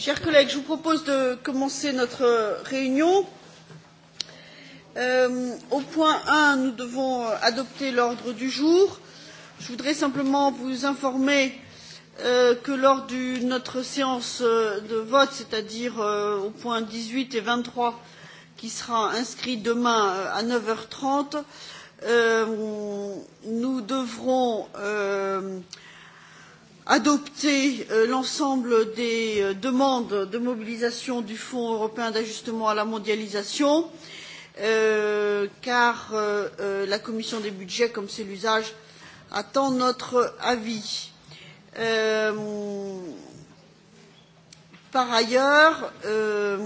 chers collègues je vous propose de commencer notre réunion. Euh, au point un nous devons adopter l'ordre du jour. je voudrais simplement vous informer euh, que lors de notre séance euh, de vote c'est à dire aux points dix huit et vingt trois qui sera inscrite demain à neuf heures trente nous devrons adopter euh, l'ensemble des euh, demandes de mobilisation du Fonds européen d'ajustement à la mondialisation, euh, car euh, euh, la Commission des budgets, comme c'est l'usage, attend notre avis. Euh, par ailleurs, euh,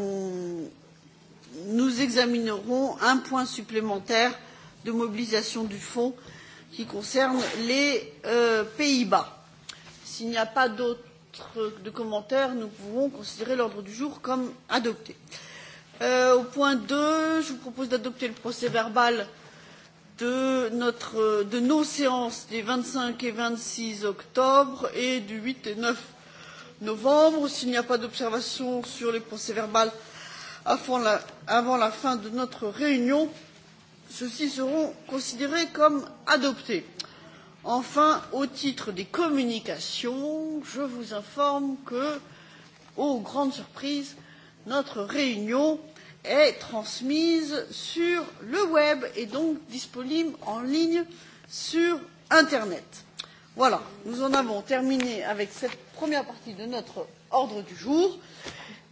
nous examinerons un point supplémentaire de mobilisation du fonds qui concerne les euh, Pays-Bas. S'il n'y a pas d'autres de commentaires, nous pouvons considérer l'ordre du jour comme adopté. Euh, au point 2, je vous propose d'adopter le procès verbal de, notre, de nos séances des 25 et 26 octobre et du 8 et 9 novembre. S'il n'y a pas d'observation sur les procès verbales avant la, avant la fin de notre réunion, ceux-ci seront considérés comme adoptés. Enfin, au titre des communications, je vous informe que, aux grandes surprises, notre réunion est transmise sur le web et donc disponible en ligne sur Internet. Voilà, nous en avons terminé avec cette première partie de notre ordre du jour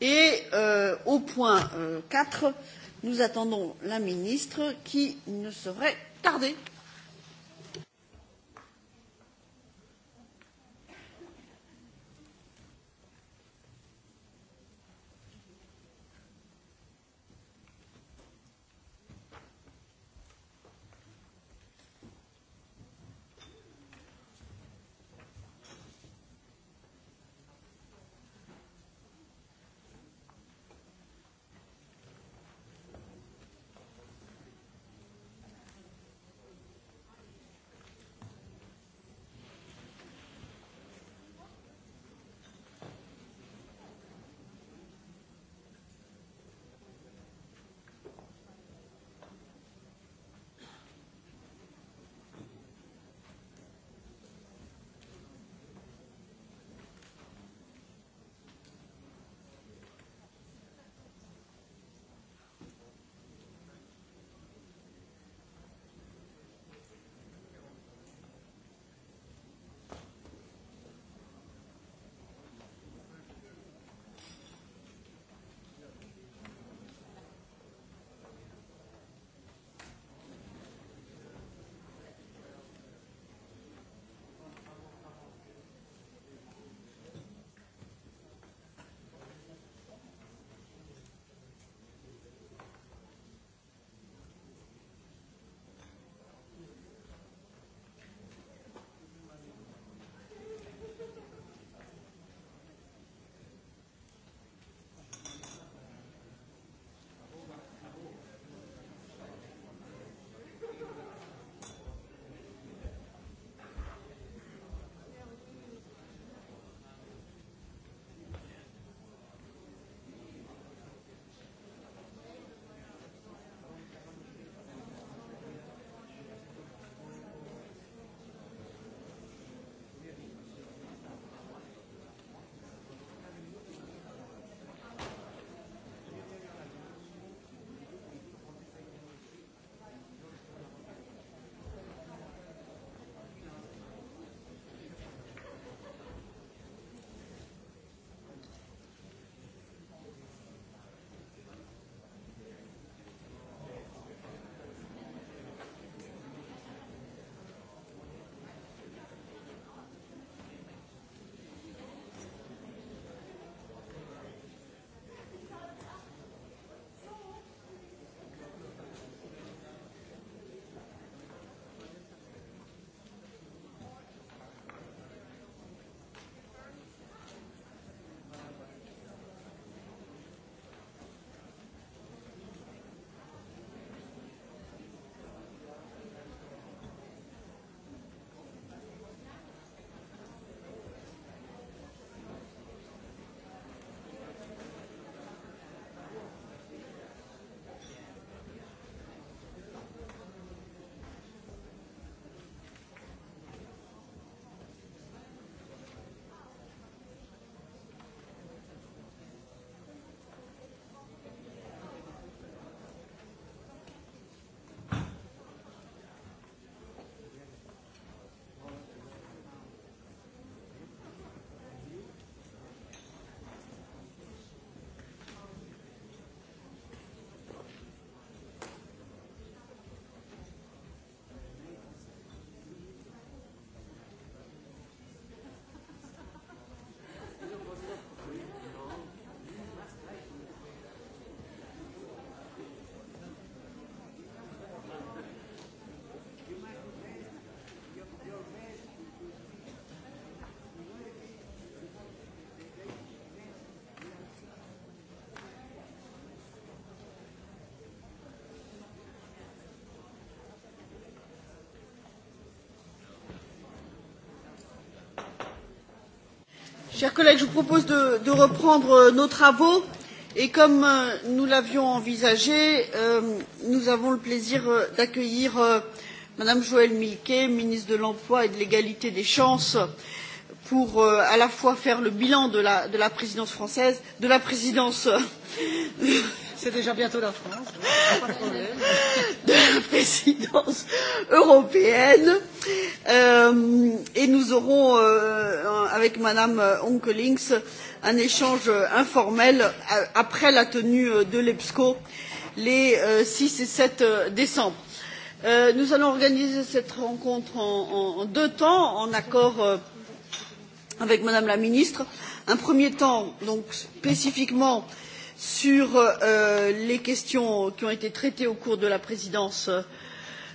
et euh, au point euh, 4, nous attendons la ministre qui ne saurait tarder. chers collègues je vous propose de, de reprendre euh, nos travaux et comme euh, nous l'avions envisagé euh, nous avons le plaisir d'accueillir mme joëlle milquet ministre de l'emploi et de l'égalité des chances pour à la fois faire le bilan de la, de la présidence française de la présidence c'est déjà bientôt la France, pas de problème. De la présidence européenne. Euh, Euh, et nous aurons euh, avec Madame euh, Onkelings un échange informel euh, après la tenue euh, de l'EPSCO les euh, 6 et 7 décembre. Euh, nous allons organiser cette rencontre en, en, en deux temps, en accord euh, avec Madame la Ministre. Un premier temps, donc spécifiquement sur euh, les questions qui ont été traitées au cours de la présidence euh,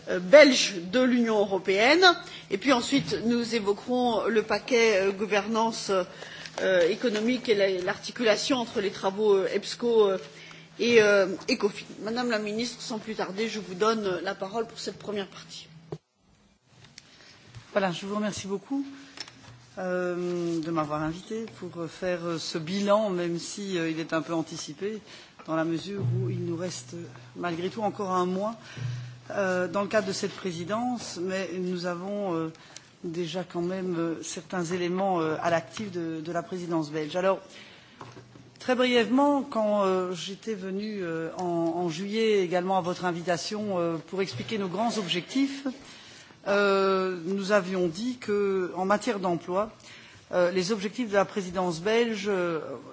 Euh, belge de l'union européenne et puis ensuite nous évoquerons le paquet euh, gouvernance euh, économique et l'articulation entre les travaux epsco et ecofin. madame la ministre sans plus tarder je vous donne la parole pour cette première partie. je vous remercie beaucoup de m'avoir invitée pour faire ce bilan même s'il est un peu anticipé dans la mesure où il nous reste malgré tout encore un mois Euh, dans le cadre de cette présidence, mais nous avons euh, déjà quand même euh, certains éléments à l'actif de, de la présidence belge. Alors, très brièvement, quand j'étais venu en, en juillet également à votre invitation pour expliquer nos grands objectifs, nous avions dit qu'en matière d'emploi, les objectifs de la présidence belge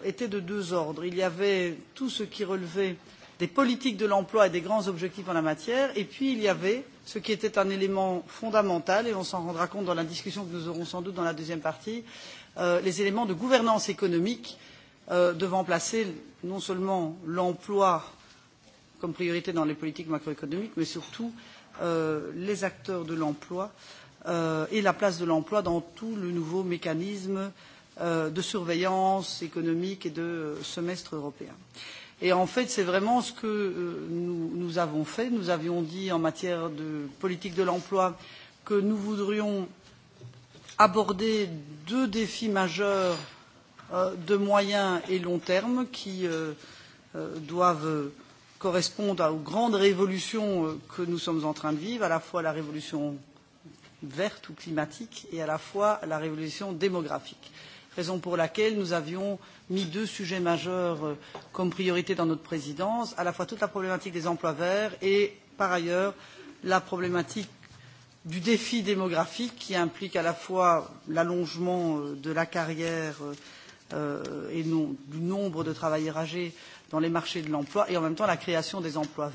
étaient de deux ordres. Il y avait tout ce qui relevait des politiques de l'emploi et des grands objectifs en la matière. Et puis il y avait ce qui était un élément fondamental, et on s'en rendra compte dans la discussion que nous aurons sans doute dans la deuxième partie, euh, les éléments de gouvernance économique euh, devant placer non seulement l'emploi comme priorité dans les politiques macroéconomiques, mais surtout euh, les acteurs de l'emploi euh, et la place de l'emploi dans tout le nouveau mécanisme euh, de surveillance économique et de euh, semestre européen. Euh, Et en fait, c'est vraiment ce que euh, nous, nous avons fait. Nous avions dit en matière de politique de l'emploi que nous voudrions aborder deux défis majeurs euh, de moyen et long terme qui euh, doivent correspondre aux grandes révolutions que nous sommes en train de vivre, à la fois la révolution verte ou climatique et à la fois la révolution démographique raison pour laquelle nous avions mis deux sujets majeurs euh, comme priorité dans notre présidence, à la fois toute la problématique des emplois verts et, par ailleurs, la problématique du défi démographique qui implique à la fois l'allongement euh, de la carrière euh, euh, et non, du nombre de travailleurs âgés dans les marchés de l'emploi et en même temps la création des emplois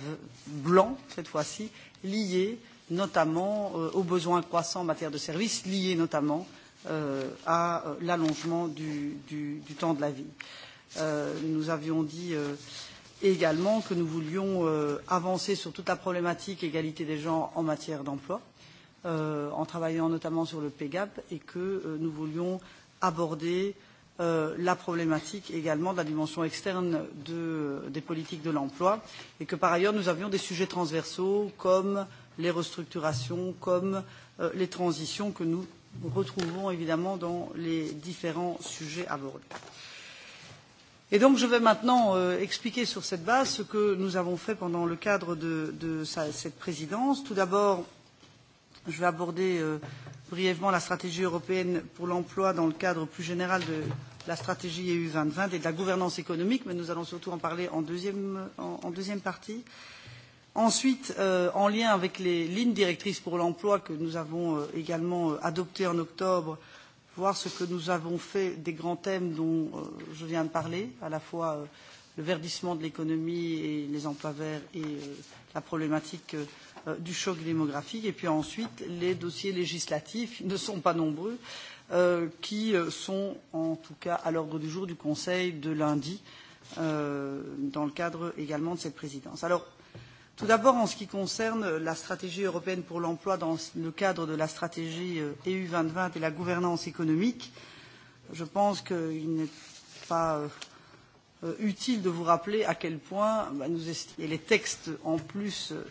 blancs, cette fois-ci, liés notamment euh, aux besoins croissants en matière de services, liés notamment euh, euh, à euh, l'allongement du, du, du temps de la vie. Euh, nous avions dit euh, également que nous voulions euh, avancer sur toute la problématique égalité des genres en matière d'emploi, euh, en travaillant notamment sur le PEGAP, et que euh, nous voulions aborder euh, la problématique également de la dimension externe de, euh, des politiques de l'emploi et que par ailleurs nous avions des sujets transversaux comme les restructurations, comme euh, les transitions que nous nous retrouverons évidemment dans les différents sujets abordés. Et donc je vais maintenant euh, expliquer sur cette base ce que nous avons fait pendant le cadre de, de sa, cette présidence. Tout d'abord, je vais aborder euh, brièvement la stratégie européenne pour l'emploi dans le cadre plus général de la stratégie EU 2020 et de la gouvernance économique, mais nous allons surtout en parler en deuxième, en, en deuxième partie. Euh, Ensuite, euh, en lien avec les lignes directrices pour l'emploi que nous avons euh, également euh, adoptées en octobre, voir ce que nous avons fait des grands thèmes dont euh, je viens de parler, à la fois euh, le verdissement de l'économie et les emplois verts et euh, la problématique euh, du choc démographique. Et puis ensuite, les dossiers législatifs ils ne sont pas nombreux. Euh, qui euh, sont en tout cas à l'ordre du jour du Conseil de lundi, euh, dans le cadre également de cette présidence. Alors, Tout d'abord, en ce qui concerne la stratégie européenne pour l'emploi dans le cadre de la stratégie EU 2020 e et la gouvernance économique, je pense qu'il n'est pas euh, euh, utile de vous rappeler à quel point, nous et les textes en plus euh,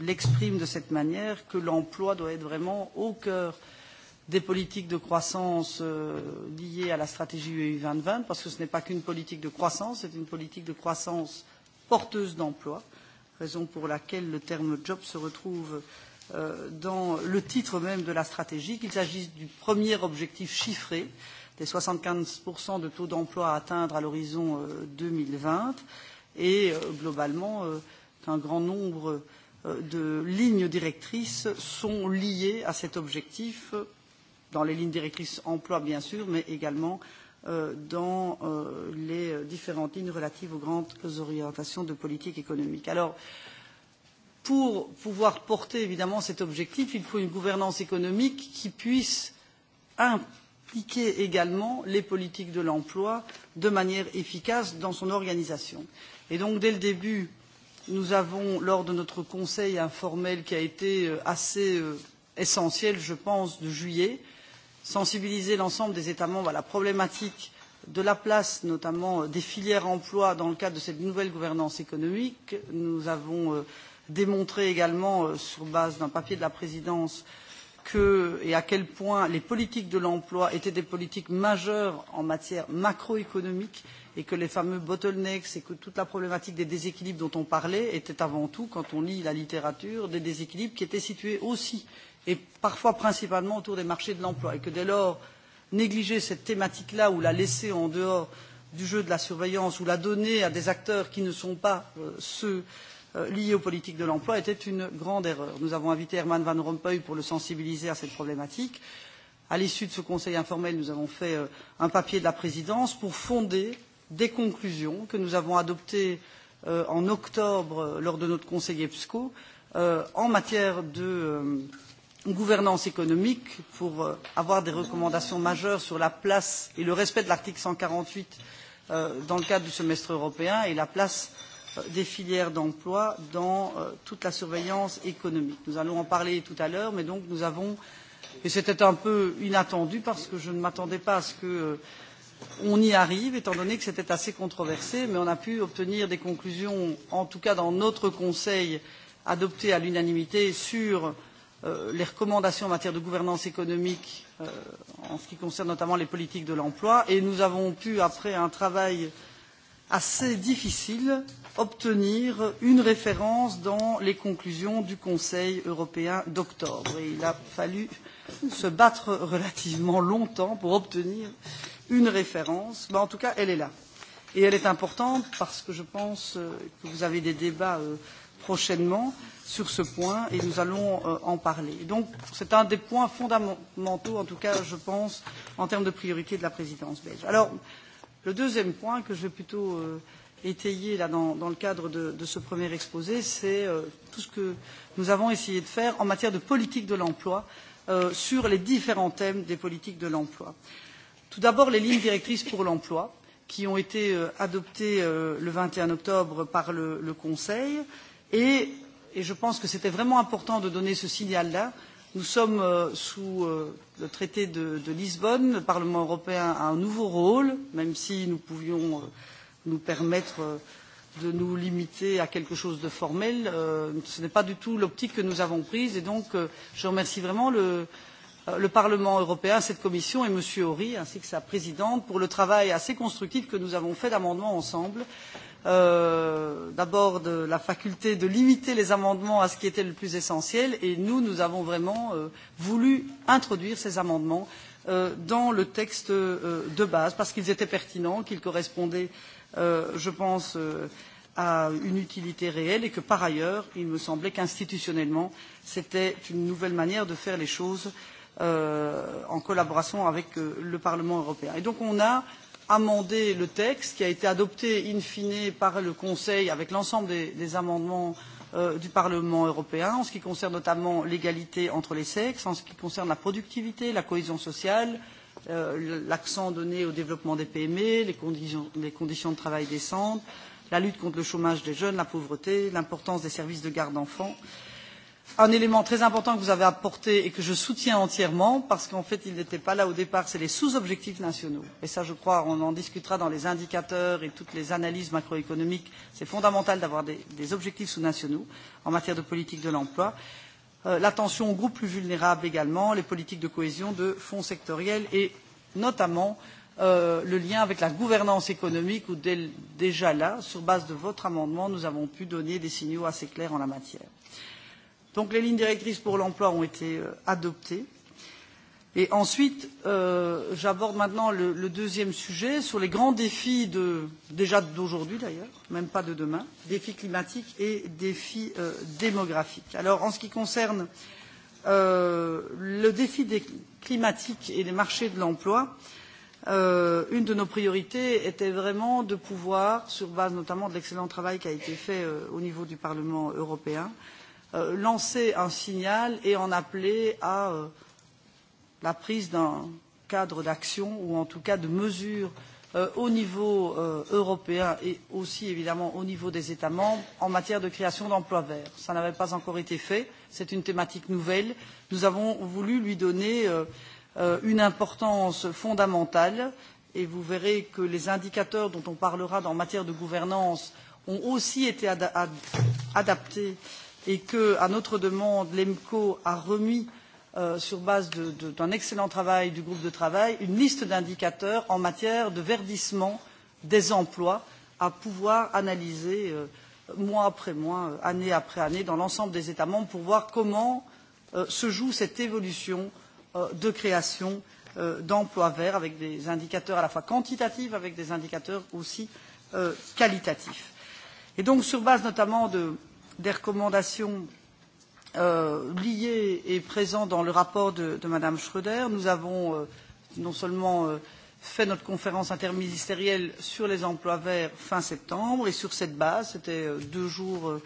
l'expriment de cette manière, que l'emploi doit être vraiment au cœur des politiques de croissance liées à la stratégie EU 2020, parce que ce n'est pas qu'une politique de croissance, c'est une politique de croissance porteuse d'emplois raison pour laquelle le terme job se retrouve euh, dans le titre même de la stratégie, qu'il s'agisse du premier objectif chiffré des 75% de taux d'emploi à atteindre à l'horizon euh, 2020 et euh, globalement qu'un euh, grand nombre euh, de lignes directrices sont liées à cet objectif, dans les lignes directrices emploi bien sûr, mais également euh, Euh, dans euh, les différentes lignes relatives aux grandes orientations de politique économique. Alors, pour pouvoir porter évidemment cet objectif, il faut une gouvernance économique qui puisse impliquer également les politiques de l'emploi de manière efficace dans son organisation. Et donc, dès le début, nous avons, lors de notre conseil informel qui a été euh, assez essentiel, je pense, de juillet, euh, sensibiliser l'ensemble des États membres à la problématique de la place notamment euh, des filières emploi dans le cadre de cette nouvelle gouvernance économique. Nous avons euh, démontré également, euh, sur base d'un papier de la présidence, que et à quel point les politiques de l'emploi étaient des politiques majeures en matière macroéconomique et que les fameux bottlenecks et que toute la problématique des déséquilibres dont on parlait étaient avant tout, quand on lit la littérature, des déséquilibres qui étaient situés aussi et parfois principalement autour des marchés de l'emploi, et que dès lors, négliger cette thématique-là ou la laisser en dehors du jeu de la surveillance ou la donner à des acteurs qui ne sont pas euh, ceux euh, liés aux politiques de l'emploi était une grande erreur. Nous avons invité Herman Van Rompuy pour le sensibiliser à cette problématique. À l'issue de ce conseil informel, nous avons fait euh, un papier de la présidence pour fonder des conclusions que nous avons adoptées euh, en octobre euh, lors de notre conseil EBSCO euh, en matière de. Euh, une gouvernance économique pour euh, avoir des recommandations majeures sur la place et le respect de l'article 148 euh, dans le cadre du semestre européen et la place euh, des filières d'emploi dans toute la surveillance économique. Nous allons en parler tout à l'heure, mais donc nous avons, et c'était un peu inattendu parce que je ne m'attendais pas à ce que on y arrive, étant donné que c'était assez controversé, mais on a pu obtenir des conclusions, en tout cas dans notre Conseil, adoptées à l'unanimité sur euh, Euh, les recommandations en matière de gouvernance économique euh, en ce qui concerne notamment les politiques de l'emploi et nous avons pu, après un travail assez difficile, obtenir une référence dans les conclusions du Conseil européen d'octobre. Il a fallu se battre relativement longtemps pour obtenir une référence, mais en tout cas, elle est là. Et elle est importante parce que je pense euh, que vous avez des débats euh, prochainement. Euh, sur ce point et nous allons euh, en parler. Donc, c'est un des points fondamentaux, en tout cas, je pense, en termes de priorité de la présidence belge. Alors, le deuxième point que je vais plutôt euh, étayer là, dans, dans le cadre de, de ce premier exposé, c'est euh, tout ce que nous avons essayé de faire en matière de politique de l'emploi euh, sur les différents thèmes des politiques de l'emploi. Tout d'abord, les lignes directrices pour l'emploi qui ont été euh, adoptées euh, le 21 octobre par le, le Conseil et et je pense que c'était vraiment important de donner ce signal là. Nous sommes euh, sous euh, le traité de, de Lisbonne, le Parlement européen a un nouveau rôle, même si nous pouvions euh, nous permettre de nous limiter à quelque chose de formel, ce n'est pas du tout l'optique que nous avons prise et donc je remercie vraiment le, le Parlement européen, cette commission et Monsieur Horry ainsi que sa présidente pour le travail assez constructif que nous avons fait d'amendements ensemble euh, d'abord de la faculté de limiter les amendements à ce qui était le plus essentiel et nous, nous avons vraiment euh, voulu introduire ces amendements euh, dans le texte euh, de base parce qu'ils étaient pertinents, qu'ils correspondaient, euh, je pense, euh, à une utilité réelle et que, par ailleurs, il me semblait qu'institutionnellement, c'était une nouvelle manière de faire les choses euh, en collaboration avec euh, le Parlement européen. Et donc, on a euh, amendé le texte qui a été adopté in fine par le Conseil avec l'ensemble des, des amendements euh, du Parlement européen en ce qui concerne notamment l'égalité entre les sexes, en ce qui concerne la productivité, la cohésion sociale, euh, l'accent donné au développement des PME, les conditions, les conditions de travail décentes, la lutte contre le chômage des jeunes, la pauvreté, l'importance des services de garde d'enfants. Euh, un élément très important que vous avez apporté et que je soutiens entièrement parce qu'en fait il n'était pas là au départ, c'est les sous-objectifs nationaux. Et ça je crois, on en discutera dans les indicateurs et toutes les analyses macroéconomiques, c'est fondamental d'avoir des, des objectifs sous-nationaux en matière de politique de l'emploi. Euh, L'attention aux groupes plus vulnérables également, les politiques de cohésion, de fonds sectoriels et notamment euh, le lien avec la gouvernance économique où dès, déjà là, sur base de votre amendement, nous avons pu donner des signaux assez clairs en la matière donc les lignes directrices pour l'emploi ont été euh, adoptées et ensuite euh, j'aborde maintenant le, le deuxième sujet sur les grands défis de, déjà d'aujourd'hui d'ailleurs même pas de demain défis climatiques et défis euh, démographiques. alors en ce qui concerne euh, le défi des climatiques et des marchés de l'emploi euh, une de nos priorités était vraiment de pouvoir, sur base notamment de l'excellent travail qui a été fait euh, au niveau du Parlement européen, Euh, lancer un signal et en appeler à euh, la prise d'un cadre d'action ou en tout cas de mesures euh, au niveau européen et aussi évidemment au niveau des États membres en matière de création d'emplois verts. Ça n'avait pas encore été fait, c'est une thématique nouvelle. Nous avons voulu lui donner une importance fondamentale et vous verrez que les indicateurs dont on parlera en matière de gouvernance ont aussi été ad ad adaptés euh, et que, à notre demande, l'EMCO a remis, euh, sur base d'un excellent travail du groupe de travail, une liste d'indicateurs en matière de verdissement des emplois à pouvoir analyser euh, mois après mois, euh, année après année, dans l'ensemble des États membres pour voir comment euh, se joue cette évolution euh, de création euh, d'emplois verts avec des indicateurs à la fois quantitatifs, avec des indicateurs aussi euh, qualitatifs. Et donc, sur base notamment de, des recommandations euh, liées et présentes dans le rapport de, de Madame Schröder. Nous avons euh, non seulement euh, fait notre conférence interministérielle sur les emplois verts fin septembre et sur cette base, c'était euh, deux jours euh,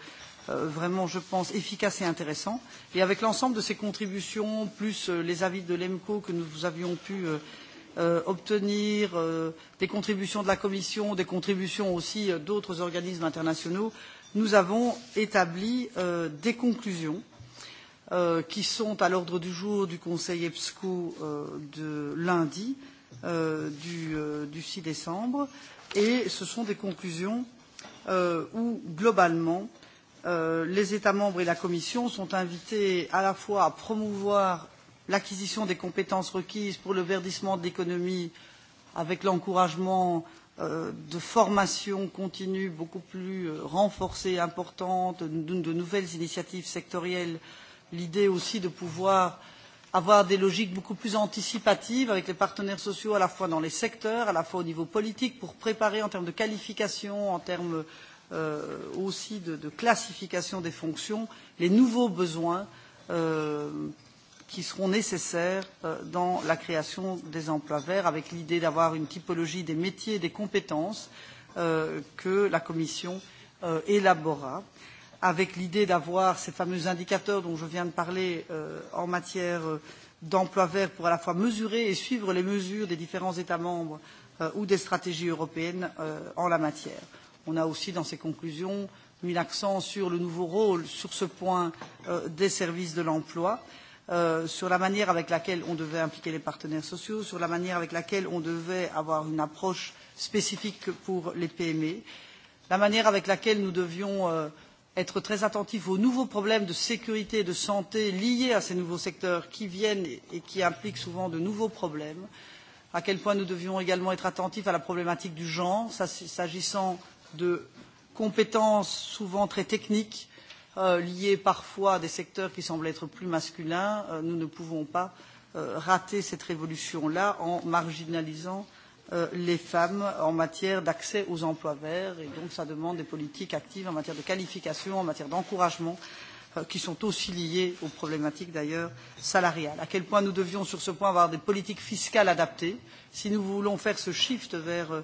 euh, vraiment, je pense, efficaces et intéressants. Et avec l'ensemble de ces contributions, plus euh, les avis de l'EMCO que nous avions pu euh, euh, obtenir, euh, des contributions de la Commission, des contributions aussi d'autres organismes internationaux, euh, nous avons établi euh, des conclusions euh, qui sont à l'ordre du jour du Conseil EBSCO euh, de lundi euh, du, euh, du 6 décembre. Et ce sont des conclusions euh, où, globalement, euh, les États membres et la Commission sont invités à la fois à promouvoir l'acquisition des compétences requises pour le verdissement de l'économie avec l'encouragement euh, Euh, de formation continue beaucoup plus euh, renforcée, importante, de, de nouvelles initiatives sectorielles, l'idée aussi de pouvoir avoir des logiques beaucoup plus anticipatives avec les partenaires sociaux à la fois dans les secteurs, à la fois au niveau politique, pour préparer en termes de qualification, en termes euh, aussi de, de classification des fonctions, les nouveaux besoins euh, qui seront nécessaires euh, dans la création des emplois verts, avec l'idée d'avoir une typologie des métiers et des compétences euh, que la Commission euh, élabora, avec l'idée d'avoir ces fameux indicateurs dont je viens de parler en matière d'emploi vert pour à la fois mesurer et suivre les mesures des différents États membres ou des stratégies européennes en la matière. On a aussi, dans ces conclusions, mis l'accent sur le nouveau rôle, sur ce point, euh, des services de l'emploi euh, Euh, sur la manière avec laquelle on devait impliquer les partenaires sociaux, sur la manière avec laquelle on devait avoir une approche spécifique pour les PME, la manière avec laquelle nous devions euh, être très attentifs aux nouveaux problèmes de sécurité et de santé liés à ces nouveaux secteurs qui viennent et qui impliquent souvent de nouveaux problèmes, à quel point nous devions également être attentifs à la problématique du genre, s'agissant de compétences souvent très techniques euh, liées parfois à des secteurs qui semblent être plus masculins, euh, nous ne pouvons pas euh, rater cette révolution-là en marginalisant euh, les femmes en matière d'accès aux emplois verts. Et donc, ça demande des politiques actives en matière de qualification, en matière d'encouragement euh, qui sont aussi liées aux problématiques d'ailleurs salariales. À quel point nous devions sur ce point avoir des politiques fiscales adaptées si nous voulons faire ce shift vers euh,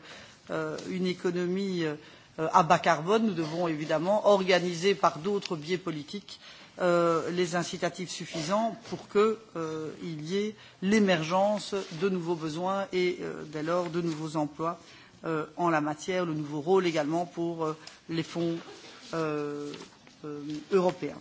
euh une économie euh, Euh, à bas carbone, nous devons évidemment organiser par d'autres biais politiques euh, les incitatifs suffisants pour qu'il euh, y ait l'émergence de nouveaux besoins et euh, dès lors de nouveaux emplois euh, en la matière, le nouveau rôle également pour euh, les fonds euh, euh, européens.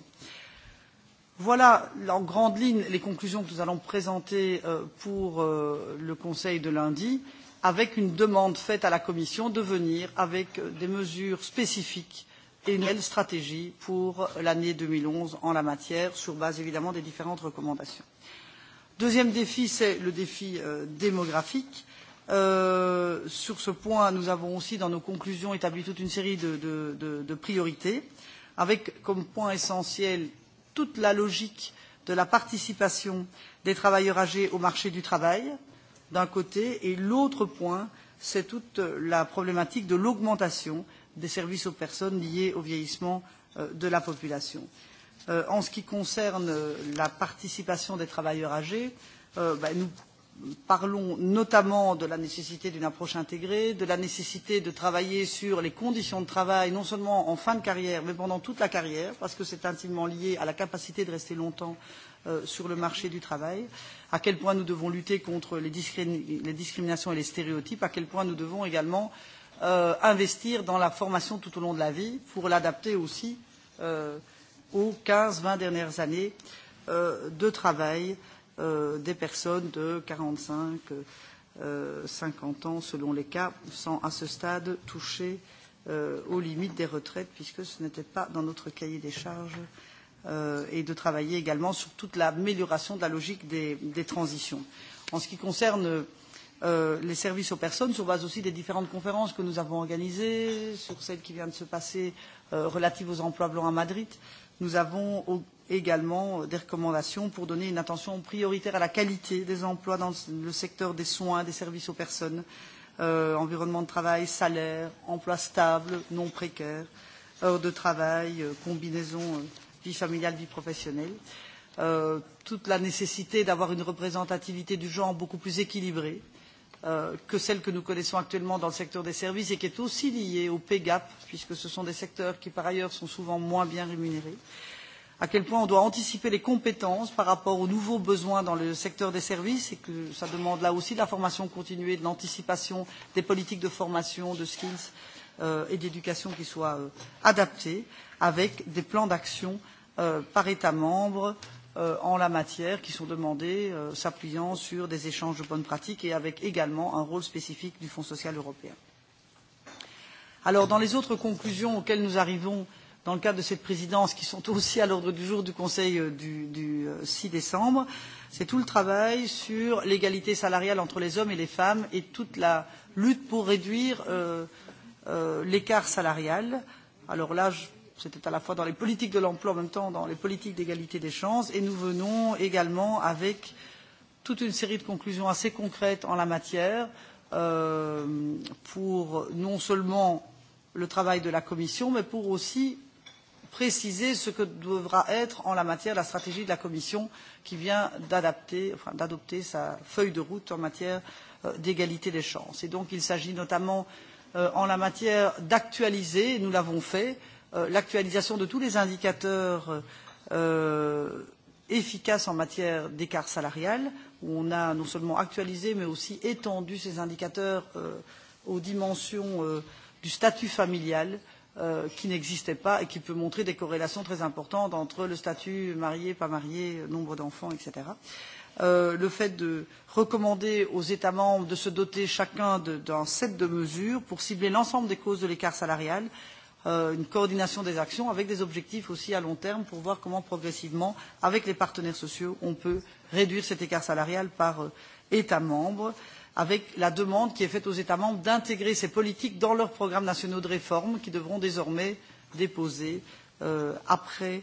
Voilà en grande ligne les conclusions que nous allons présenter euh, pour euh, le Conseil de lundi. Euh, avec une demande faite à la Commission de venir avec des mesures spécifiques et une stratégie pour l'année 2011 en la matière, sur base évidemment des différentes recommandations. Deuxième défi, c'est le défi euh, démographique. Euh, sur ce point, nous avons aussi, dans nos conclusions, établi toute une série de, de, de, de priorités, avec comme point essentiel toute la logique de la participation des travailleurs âgés au marché du travail, d'un côté, et l'autre point, c'est toute euh, la problématique de l'augmentation des services aux personnes liées au vieillissement euh, de la population. Euh, en ce qui concerne la participation des travailleurs âgés, nous parlons notamment de la nécessité d'une approche intégrée, de la nécessité de travailler sur les conditions de travail, non seulement en fin de carrière, mais pendant toute la carrière, parce que c'est intimement lié à la capacité de rester longtemps Euh, sur le marché du travail, à quel point nous devons lutter contre les, discri les discriminations et les stéréotypes, à quel point nous devons également euh, investir dans la formation tout au long de la vie pour l'adapter aussi euh, aux 15-20 dernières années euh, de travail euh, des personnes de 45, euh, 50 ans selon les cas, sans à ce stade toucher euh, aux limites des retraites puisque ce n'était pas dans notre cahier des charges euh, euh, et de travailler également sur toute l'amélioration de la logique des, des transitions. En ce qui concerne euh, les services aux personnes, sur base aussi des différentes conférences que nous avons organisées, sur celle qui vient de se passer euh, relative aux emplois blancs à Madrid, nous avons au, également euh, des recommandations pour donner une attention prioritaire à la qualité des emplois dans le secteur des soins, des services aux personnes, euh, environnement de travail, salaire, emploi stable, non précaire, heures de travail, euh, combinaisons. Euh, vie familiale, vie professionnelle. Euh, toute la nécessité d'avoir une représentativité du genre beaucoup plus équilibrée euh, que celle que nous connaissons actuellement dans le secteur des services et qui est aussi liée au pay gap, puisque ce sont des secteurs qui, par ailleurs, sont souvent moins bien rémunérés. À quel point on doit anticiper les compétences par rapport aux nouveaux besoins dans le secteur des services et que ça demande là aussi de la formation continuée, de l'anticipation des politiques de formation, de skills euh, et d'éducation qui soient euh, adaptées avec des plans d'action euh, Euh, par État membre euh, en la matière qui sont demandées euh, s'appuyant sur des échanges de bonnes pratiques et avec également un rôle spécifique du Fonds social européen. Alors, dans les autres conclusions auxquelles nous arrivons dans le cadre de cette présidence, qui sont aussi à l'ordre du jour du Conseil euh, du, du 6 euh, décembre, c'est tout le travail sur l'égalité salariale entre les hommes et les femmes et toute la lutte pour réduire euh, euh, l'écart salarial. Alors là, je c'était à la fois dans les politiques de l'emploi en même temps dans les politiques d'égalité des chances et nous venons également avec toute une série de conclusions assez concrètes en la matière euh, pour non seulement le travail de la Commission, mais pour aussi préciser ce que devra être en la matière la stratégie de la Commission qui vient d'adapter, enfin, d'adopter sa feuille de route en matière euh, d'égalité des chances. Et donc il s'agit notamment euh, en la matière d'actualiser, nous l'avons fait, euh, Euh, l'actualisation de tous les indicateurs euh, efficaces en matière d'écart salarial, où on a non seulement actualisé mais aussi étendu ces indicateurs euh, aux dimensions euh, du statut familial euh, qui n'existait pas et qui peut montrer des corrélations très importantes entre le statut marié, pas marié, nombre d'enfants, etc. Euh, le fait de recommander aux États membres de se doter chacun d'un set de mesures pour cibler l'ensemble des causes de l'écart salarial, euh, euh, une coordination des actions avec des objectifs aussi à long terme pour voir comment progressivement, avec les partenaires sociaux, on peut réduire cet écart salarial par euh, État membre, avec la demande qui est faite aux États membres d'intégrer ces politiques dans leurs programmes nationaux de réforme qui devront désormais déposer euh, après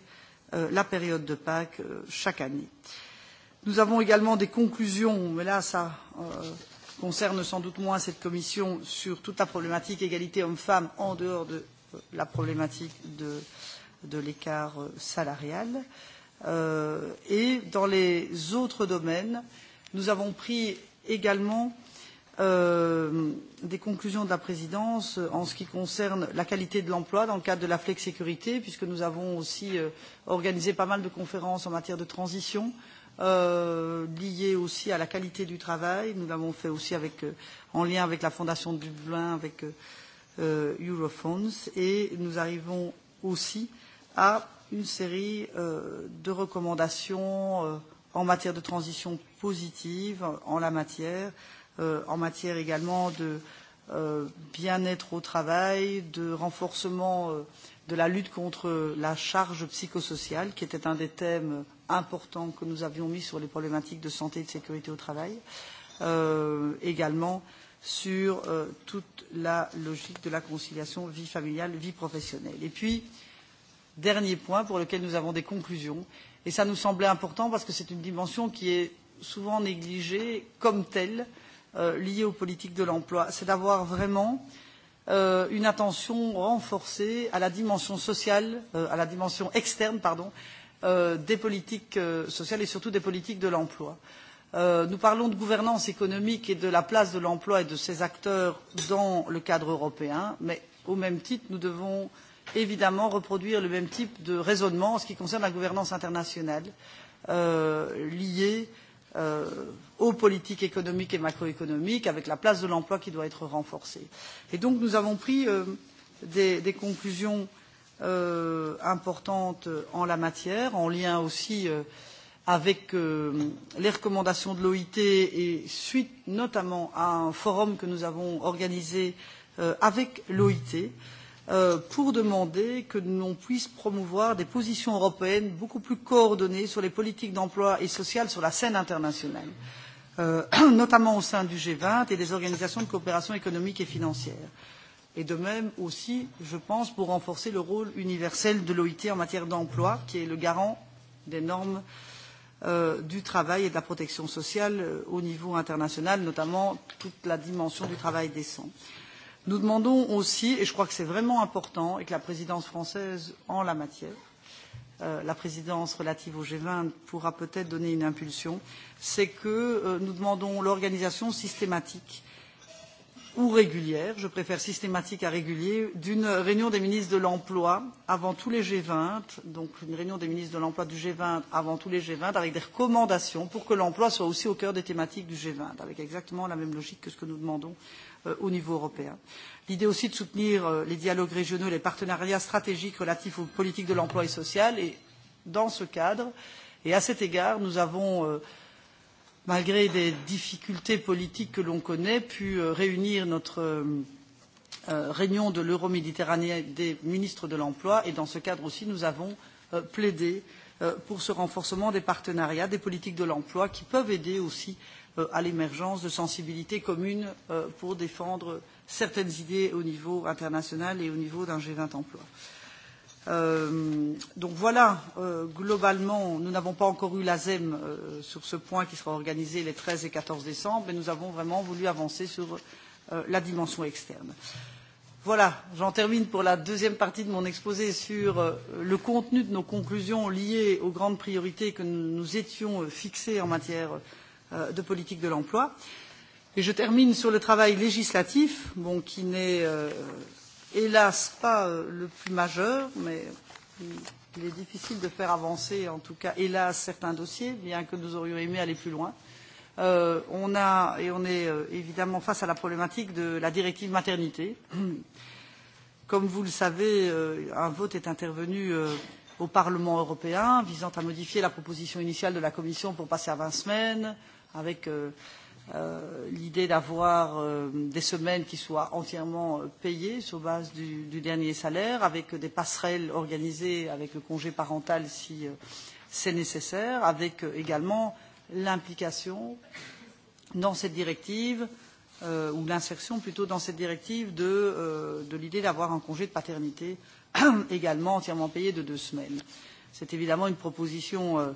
euh, la période de Pâques euh, chaque année. Nous avons également des conclusions, mais là ça euh, concerne sans doute moins cette commission sur toute la problématique égalité hommes-femmes en dehors de la problématique de, de l'écart euh, salarial. Euh, et dans les autres domaines, nous avons pris également euh, des conclusions de la présidence en ce qui concerne la qualité de l'emploi dans le cadre de la flexécurité, puisque nous avons aussi euh, organisé pas mal de conférences en matière de transition. Euh, lié aussi à la qualité du travail. Nous l'avons fait aussi avec, euh, en lien avec la Fondation de Dublin, avec euh, Euh, Eurofonds et nous arrivons aussi à une série euh, de recommandations euh, en matière de transition positive en la matière, euh, en matière également de euh, bien-être au travail, de renforcement euh, de la lutte contre la charge psychosociale, qui était un des thèmes importants que nous avions mis sur les problématiques de santé et de sécurité au travail, euh, également euh, sur euh, toute la logique de la conciliation vie familiale, vie professionnelle. Et puis, dernier point pour lequel nous avons des conclusions, et ça nous semblait important parce que c'est une dimension qui est souvent négligée comme telle, euh, liée aux politiques de l'emploi, c'est d'avoir vraiment euh, une attention renforcée à la dimension sociale, euh, à la dimension externe, pardon, euh, des politiques euh, sociales et surtout des politiques de l'emploi. Euh, Euh, nous parlons de gouvernance économique et de la place de l'emploi et de ses acteurs dans le cadre européen mais au même titre nous devons évidemment reproduire le même type de raisonnement en ce qui concerne la gouvernance internationale euh, liée euh, aux politiques économiques et macroéconomiques avec la place de l'emploi qui doit être renforcée. Et donc nous avons pris euh, des, des conclusions euh, importantes en la matière en lien aussi euh, avec euh, les recommandations de l'OIT et suite notamment à un forum que nous avons organisé euh, avec l'OIT euh, pour demander que l'on puisse promouvoir des positions européennes beaucoup plus coordonnées sur les politiques d'emploi et sociales sur la scène internationale, euh, notamment au sein du G20 et des organisations de coopération économique et financière. Et de même aussi, je pense, pour renforcer le rôle universel de l'OIT en matière d'emploi, qui est le garant des normes Euh, du travail et de la protection sociale euh, au niveau international, notamment toute la dimension du travail décent. Nous demandons aussi, et je crois que c'est vraiment important, et que la présidence française en la matière, euh, la présidence relative au G20 pourra peut-être donner une impulsion, c'est que euh, nous demandons l'organisation systématique euh, ou régulière je préfère systématique à régulier d'une réunion des ministres de l'emploi avant tous les G20 donc une réunion des ministres de l'emploi du G20 avant tous les G20 avec des recommandations pour que l'emploi soit aussi au cœur des thématiques du G20 avec exactement la même logique que ce que nous demandons euh, au niveau européen. L'idée aussi de soutenir euh, les dialogues régionaux et les partenariats stratégiques relatifs aux politiques de l'emploi et social et dans ce cadre et à cet égard nous avons euh, malgré des difficultés politiques que l'on connaît, pu euh, réunir notre euh, euh, réunion de l'Euroméditerranée des ministres de l'Emploi et dans ce cadre aussi nous avons plaidé pour ce renforcement des partenariats, des politiques de l'emploi qui peuvent aider aussi à l'émergence de sensibilités communes pour défendre certaines idées au niveau international et au niveau d'un G20 emploi. Euh, Euh, donc voilà, euh, globalement, nous n'avons pas encore eu l'ASEM euh, sur ce point qui sera organisé les 13 et 14 décembre, mais nous avons vraiment voulu avancer sur euh, la dimension externe. Voilà, j'en termine pour la deuxième partie de mon exposé sur euh, le contenu de nos conclusions liées aux grandes priorités que nous, nous étions euh, fixées en matière euh, de politique de l'emploi. Et je termine sur le travail législatif, bon, qui n'est. Euh, hélas pas euh, le plus majeur mais il est difficile de faire avancer en tout cas hélas certains dossiers bien que nous aurions aimé aller plus loin. Euh, on a et on est euh, évidemment face à la problématique de la directive maternité. Comme vous le savez, euh, un vote est intervenu euh, au Parlement européen visant à modifier la proposition initiale de la Commission pour passer à 20 semaines avec euh, Euh, l'idée d'avoir euh, des semaines qui soient entièrement euh, payées sur base du, du dernier salaire, avec des passerelles organisées avec le congé parental si euh, c'est nécessaire, avec euh, également l'implication dans cette directive, euh, ou l'insertion plutôt dans cette directive de, euh, de l'idée d'avoir un congé de paternité également entièrement payé de deux semaines. C'est évidemment une proposition euh,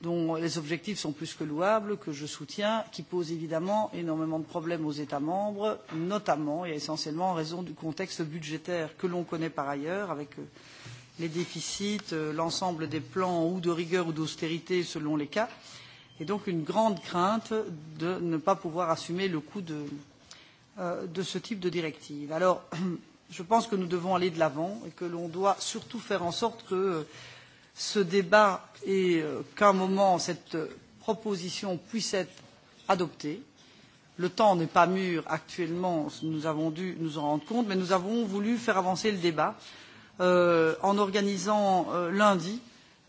dont les objectifs sont plus que louables, que je soutiens, qui pose évidemment énormément de problèmes aux États membres, notamment et essentiellement en raison du contexte budgétaire que l'on connaît par ailleurs, avec euh, les déficits, euh, l'ensemble des plans ou de rigueur ou d'austérité selon les cas, et donc une grande crainte de ne pas pouvoir assumer le coût de, euh, de ce type de directive. Alors, je pense que nous devons aller de l'avant et que l'on doit surtout faire en sorte que euh, ce débat et euh, qu'à un moment cette euh, proposition puisse être adoptée. Le temps n'est pas mûr actuellement, nous avons dû nous en rendre compte, mais nous avons voulu faire avancer le débat euh, en organisant euh, lundi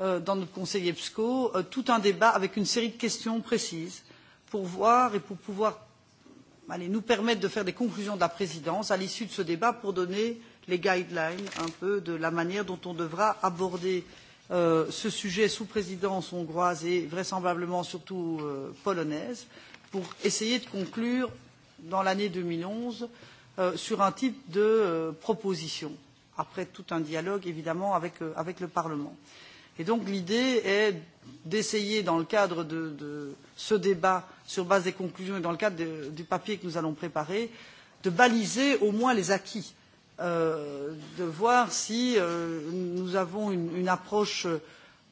euh, dans notre conseil EBSCO euh, tout un débat avec une série de questions précises pour voir et pour pouvoir allez, nous permettre de faire des conclusions de la présidence à l'issue de ce débat pour donner les guidelines un peu de la manière dont on devra aborder euh, Euh, ce sujet sous présidence hongroise et vraisemblablement surtout euh, polonaise pour essayer de conclure dans l'année 2011 euh, sur un type de euh, proposition, après tout un dialogue évidemment avec, euh, avec le Parlement. Et donc l'idée est d'essayer dans le cadre de, de ce débat sur base des conclusions et dans le cadre de, du papier que nous allons préparer, de baliser au moins les acquis Euh, de voir si euh, nous avons une, une approche euh,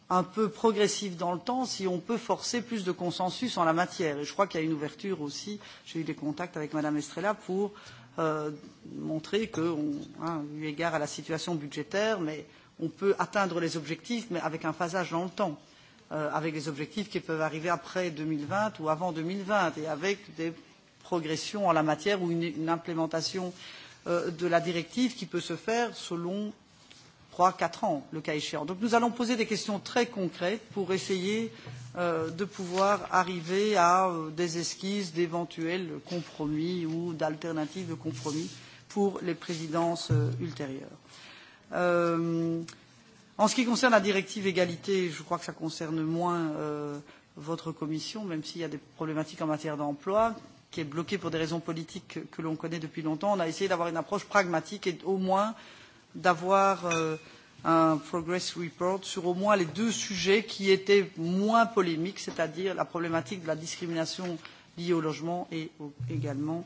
un peu progressive dans le temps, si on peut forcer plus de consensus en la matière. Et je crois qu'il y a une ouverture aussi, j'ai eu des contacts avec Mme Estrella pour euh, montrer que, on, hein, eu égard à la situation budgétaire, mais on peut atteindre les objectifs, mais avec un phasage dans le temps, euh, avec des objectifs qui peuvent arriver après 2020 ou avant 2020, et avec des progressions en la matière ou une, une implémentation euh, Euh, de la directive qui peut se faire selon trois, quatre ans, le cas échéant. Donc nous allons poser des questions très concrètes pour essayer euh, de pouvoir arriver à euh, des esquisses d'éventuels compromis ou d'alternatives de compromis pour les présidences ultérieures. Euh, en ce qui concerne la directive égalité, je crois que ça concerne moins euh, votre commission, même s'il y a des problématiques en matière d'emploi, qui est bloqué pour des raisons politiques que, que l'on connaît depuis longtemps. On a essayé d'avoir une approche pragmatique et au moins d'avoir euh, un progress report sur au moins les deux sujets qui étaient moins polémiques, c'est-à-dire la problématique de la discrimination liée au logement et au, également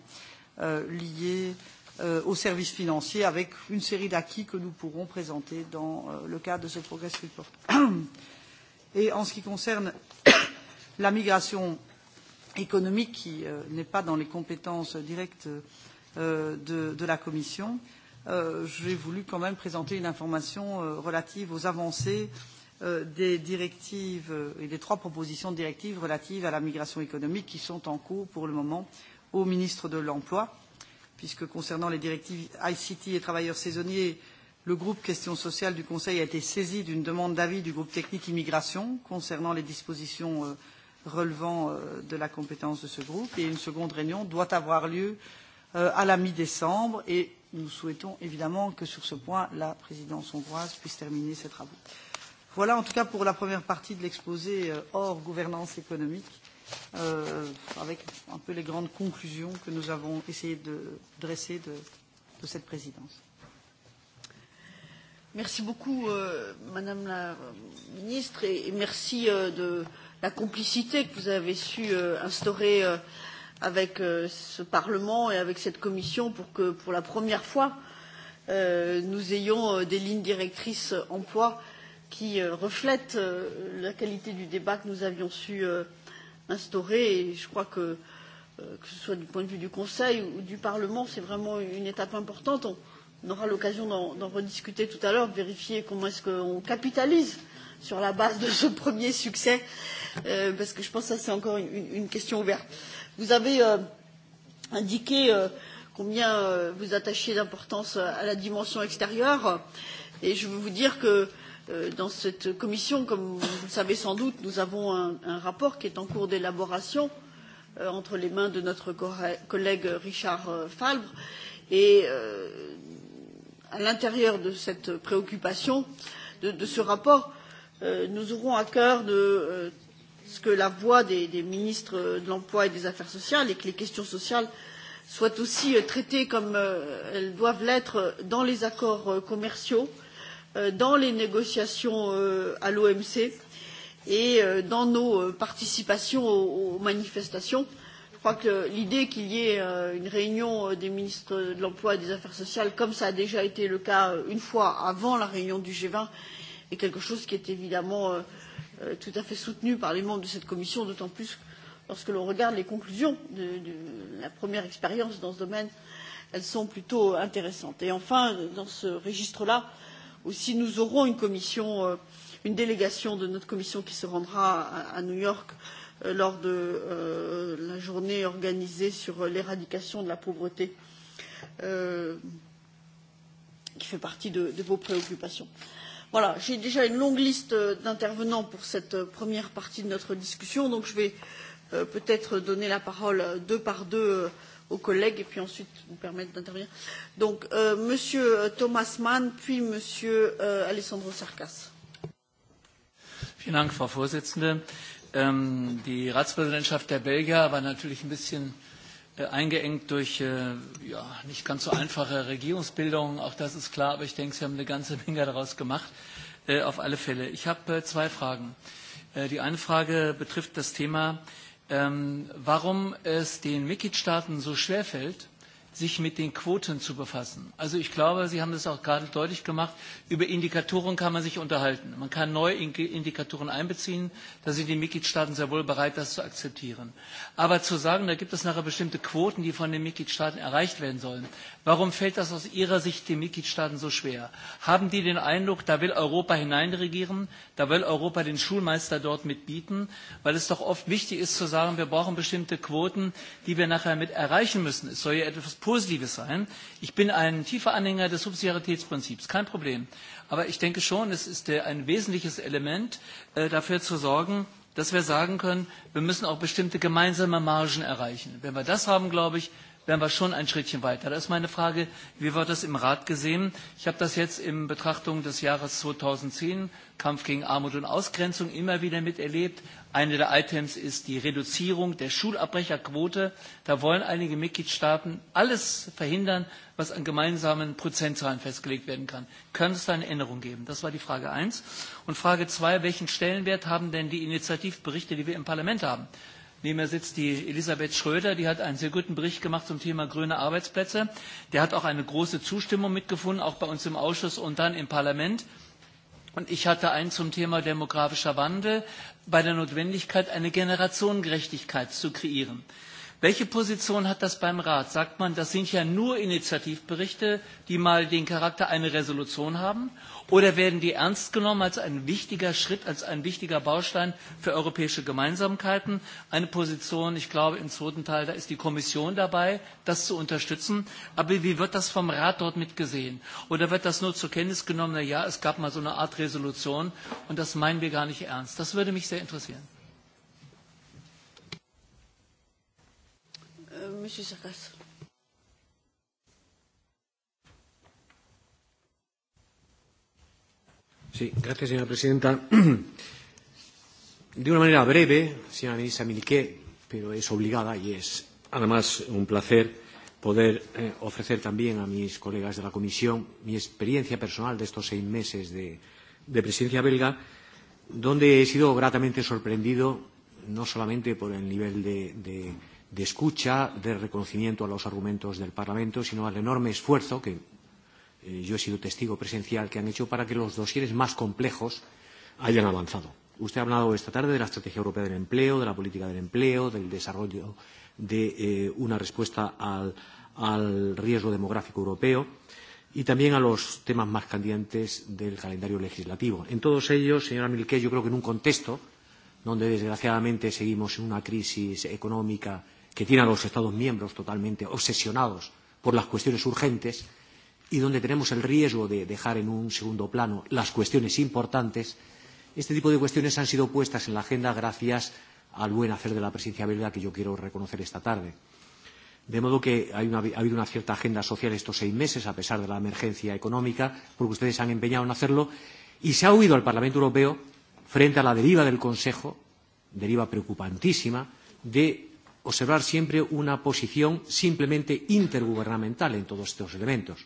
euh, liée euh, aux services financiers avec une série d'acquis que nous pourrons présenter dans euh, le cadre de ce progress report. Et en ce qui concerne la migration économique qui euh, n'est pas dans les compétences directes euh, de, de la Commission, euh, j'ai voulu quand même présenter une information euh, relative aux avancées euh, des directives euh, et des trois propositions de directives relatives à la migration économique qui sont en cours pour le moment au ministre de l'Emploi, puisque concernant les directives ICT et travailleurs saisonniers, le groupe Questions sociales du Conseil a été saisi d'une demande d'avis du groupe technique immigration concernant les dispositions euh, relevant euh, de la compétence de ce groupe et une seconde réunion doit avoir lieu euh, à la mi-décembre et nous souhaitons évidemment que sur ce point la présidence hongroise puisse terminer ses travaux. Voilà en tout cas pour la première partie de l'exposé euh, hors gouvernance économique euh, avec un peu les grandes conclusions que nous avons essayé de dresser de, de cette présidence. Merci beaucoup euh, Madame la ministre et, et merci euh, de la complicité que vous avez su euh, instaurer euh, avec euh, ce Parlement et avec cette Commission pour que, pour la première fois, euh, nous ayons euh, des lignes directrices emploi qui euh, reflètent euh, la qualité du débat que nous avions su euh, instaurer. Et je crois que, euh, que ce soit du point de vue du Conseil ou du Parlement, c'est vraiment une étape importante. On, on aura l'occasion d'en rediscuter tout à l'heure, vérifier comment est-ce qu'on capitalise sur la base de ce premier succès. Euh, parce que je pense que c'est encore une, une question ouverte. Vous avez euh, indiqué euh, combien euh, vous attachiez d'importance à la dimension extérieure et je veux vous dire que euh, dans cette commission, comme vous le savez sans doute, nous avons un, un rapport qui est en cours d'élaboration euh, entre les mains de notre collègue Richard euh, Falbre et euh, à l'intérieur de cette préoccupation, de, de ce rapport, euh, nous aurons à cœur de euh, ce que la voix des, des ministres de l'emploi et des affaires sociales et que les questions sociales soient aussi euh, traitées comme euh, elles doivent l'être dans les accords euh, commerciaux, dans les négociations à l'OMC et dans nos participations aux manifestations. Je crois que l'idée qu'il y ait une réunion des ministres de l'emploi et des affaires sociales, comme ça a déjà été le cas une fois avant la réunion du G20, est quelque chose qui est évidemment euh, Euh, tout à fait soutenue par les membres de cette commission, d'autant plus lorsque l'on regarde les conclusions de, de la première expérience dans ce domaine, elles sont plutôt intéressantes. Et enfin, dans ce registre là aussi, nous aurons une commission, euh, une délégation de notre commission qui se rendra à, à New York euh, lors de euh, la journée organisée sur l'éradication de la pauvreté, euh, qui fait partie de, de vos préoccupations. Euh, j'ai déjà une longue liste euh, d'intervenants pour cette euh, première partie de notre discussion donc je vais euh, peut être donner la parole deux par deux aux collègues et puis ensuite nous permettre d'intervenir. Donc euh, Monsieur Thomas Mann, puis Monsieur euh, Alessandro Sarkas. Vielen Dank, Frau Vorsitzende. Ähm, die Ratspräsidentschaft der Belgier war natürlich ein bisschen Äh, eingeengt durch äh, ja, nicht ganz so einfache Regierungsbildungen. Auch das ist klar, aber ich denke, Sie haben eine ganze Menge daraus gemacht, äh, auf alle Fälle. Ich habe äh, zwei Fragen. Äh, die eine Frage betrifft das Thema, ähm, warum es den Mitgliedstaaten so schwerfällt, sich mit den Quoten zu befassen. Also ich glaube, Sie haben das auch gerade deutlich gemacht, über Indikatoren kann man sich unterhalten. Man kann neue Indikatoren einbeziehen. Da sind die Mitgliedstaaten sehr wohl bereit, das zu akzeptieren. Aber zu sagen, da gibt es nachher bestimmte Quoten, die von den Mitgliedstaaten erreicht werden sollen. Warum fällt das aus Ihrer Sicht den Mitgliedstaaten so schwer? Haben die den Eindruck, da will Europa hineinregieren, da will Europa den Schulmeister dort mitbieten? Weil es doch oft wichtig ist zu sagen, wir brauchen bestimmte Quoten, die wir nachher mit erreichen müssen. Es soll ja etwas Positives sein. Ich bin ein tiefer Anhänger des Subsidiaritätsprinzips, kein Problem. Aber ich denke schon, es ist ein wesentliches Element, äh, dafür zu sorgen, dass wir sagen können, wir müssen auch bestimmte gemeinsame Margen erreichen. Wenn wir das haben, glaube ich, wären wir schon ein Schrittchen weiter. Da ist meine Frage, wie wird das im Rat gesehen? Ich habe das jetzt in Betrachtung des Jahres 2010, Kampf gegen Armut und Ausgrenzung, immer wieder miterlebt. Eine der Items ist die Reduzierung der Schulabbrecherquote. Da wollen einige Mitgliedstaaten alles verhindern, was an gemeinsamen Prozentzahlen festgelegt werden kann. Könnte es da eine Änderung geben? Das war die Frage 1. Und Frage 2, welchen Stellenwert haben denn die Initiativberichte, die wir im Parlament haben? Neben mir sitzt die Elisabeth Schröder, die hat einen sehr guten Bericht gemacht zum Thema grüne Arbeitsplätze. Der hat auch eine große Zustimmung mitgefunden, auch bei uns im Ausschuss und dann im Parlament. Und ich hatte einen zum Thema demografischer Wandel bei der Notwendigkeit, eine Generationengerechtigkeit zu kreieren. Welche Position hat das beim Rat? Sagt man, das sind ja nur Initiativberichte, die mal den Charakter einer Resolution haben? Oder werden die ernst genommen als ein wichtiger Schritt, als ein wichtiger Baustein für europäische Gemeinsamkeiten? Eine Position, ich glaube, im zweiten Teil, da ist die Kommission dabei, das zu unterstützen. Aber wie wird das vom Rat dort mitgesehen? Oder wird das nur zur Kenntnis genommen, na ja, es gab mal so eine Art Resolution und das meinen wir gar nicht ernst? Das würde mich sehr interessieren. monsieur Sarkas. Sí, gracias, señora presidenta. De una manera breve, señora ministra Miliqué, pero es obligada y es además un placer poder eh, ofrecer también a mis colegas de la Comisión mi experiencia personal de estos seis meses de, de presidencia belga, donde he sido gratamente sorprendido no solamente por el nivel de, de, de escucha, de reconocimiento a los argumentos del Parlamento, sino al enorme esfuerzo que eh, yo he sido testigo presencial que han hecho para que los dosieres más complejos hayan avanzado. Usted ha hablado esta tarde de la Estrategia Europea del Empleo, de la política del empleo, del desarrollo de eh, una respuesta al, al riesgo demográfico europeo y también a los temas más candientes del calendario legislativo. En todos ellos, señora Milqué, yo creo que en un contexto donde desgraciadamente seguimos en una crisis económica que tienen a los Estados miembros totalmente obsesionados por las cuestiones urgentes y donde tenemos el riesgo de dejar en un segundo plano las cuestiones importantes, este tipo de cuestiones han sido puestas en la agenda gracias al buen hacer de la presidencia belga que yo quiero reconocer esta tarde. De modo que hay una, ha habido una cierta agenda social estos seis meses, a pesar de la emergencia económica, porque ustedes se han empeñado en hacerlo, y se ha huido al Parlamento Europeo frente a la deriva del Consejo, deriva preocupantísima, de observar siempre una posición simplemente intergubernamental en todos estos elementos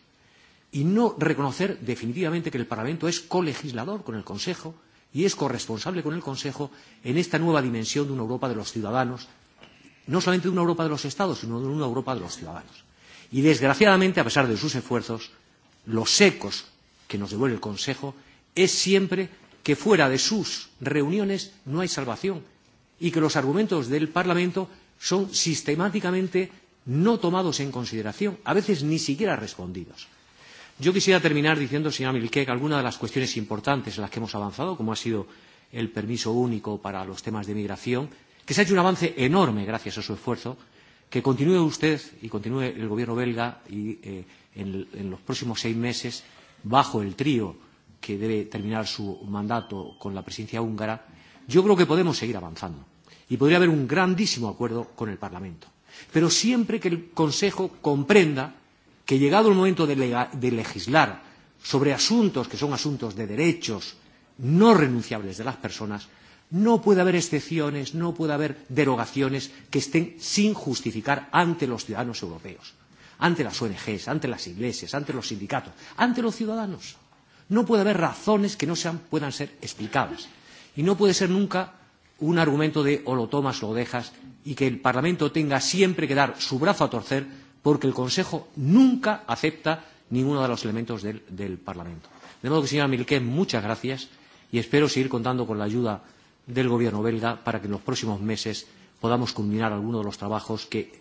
y no reconocer definitivamente que el Parlamento es colegislador con el Consejo y es corresponsable con el Consejo en esta nueva dimensión de una Europa de los ciudadanos, no solamente de una Europa de los Estados, sino de una Europa de los ciudadanos. Y desgraciadamente, a pesar de sus esfuerzos, los ecos que nos devuelve el Consejo es siempre que fuera de sus reuniones no hay salvación y que los argumentos del Parlamento son sistemáticamente no tomados en consideración, a veces ni siquiera respondidos. Yo quisiera terminar diciendo, señora Milke, que algunas de las cuestiones importantes en las que hemos avanzado, como ha sido el permiso único para los temas de migración, que se ha hecho un avance enorme gracias a su esfuerzo, que continúe usted y continúe el Gobierno belga y, eh, en, en los próximos seis meses, bajo el trío que debe terminar su mandato con la presidencia húngara, yo creo que podemos seguir avanzando y podría haber un grandísimo acuerdo con el Parlamento. Pero siempre que el Consejo comprenda que llegado el momento de, legal, de legislar sobre asuntos que son asuntos de derechos no renunciables de las personas, no puede haber excepciones, no puede haber derogaciones que estén sin justificar ante los ciudadanos europeos, ante las ONGs, ante las iglesias, ante los sindicatos, ante los ciudadanos. No puede haber razones que no sean, puedan ser explicadas. Y no puede ser nunca un argumento de o lo tomas o lo dejas y que el Parlamento tenga siempre que dar su brazo a torcer porque el Consejo nunca acepta ninguno de los elementos del, del Parlamento. De modo que, señora Milquet, muchas gracias y espero seguir contando con la ayuda del Gobierno belga para que en los próximos meses podamos culminar algunos de los trabajos que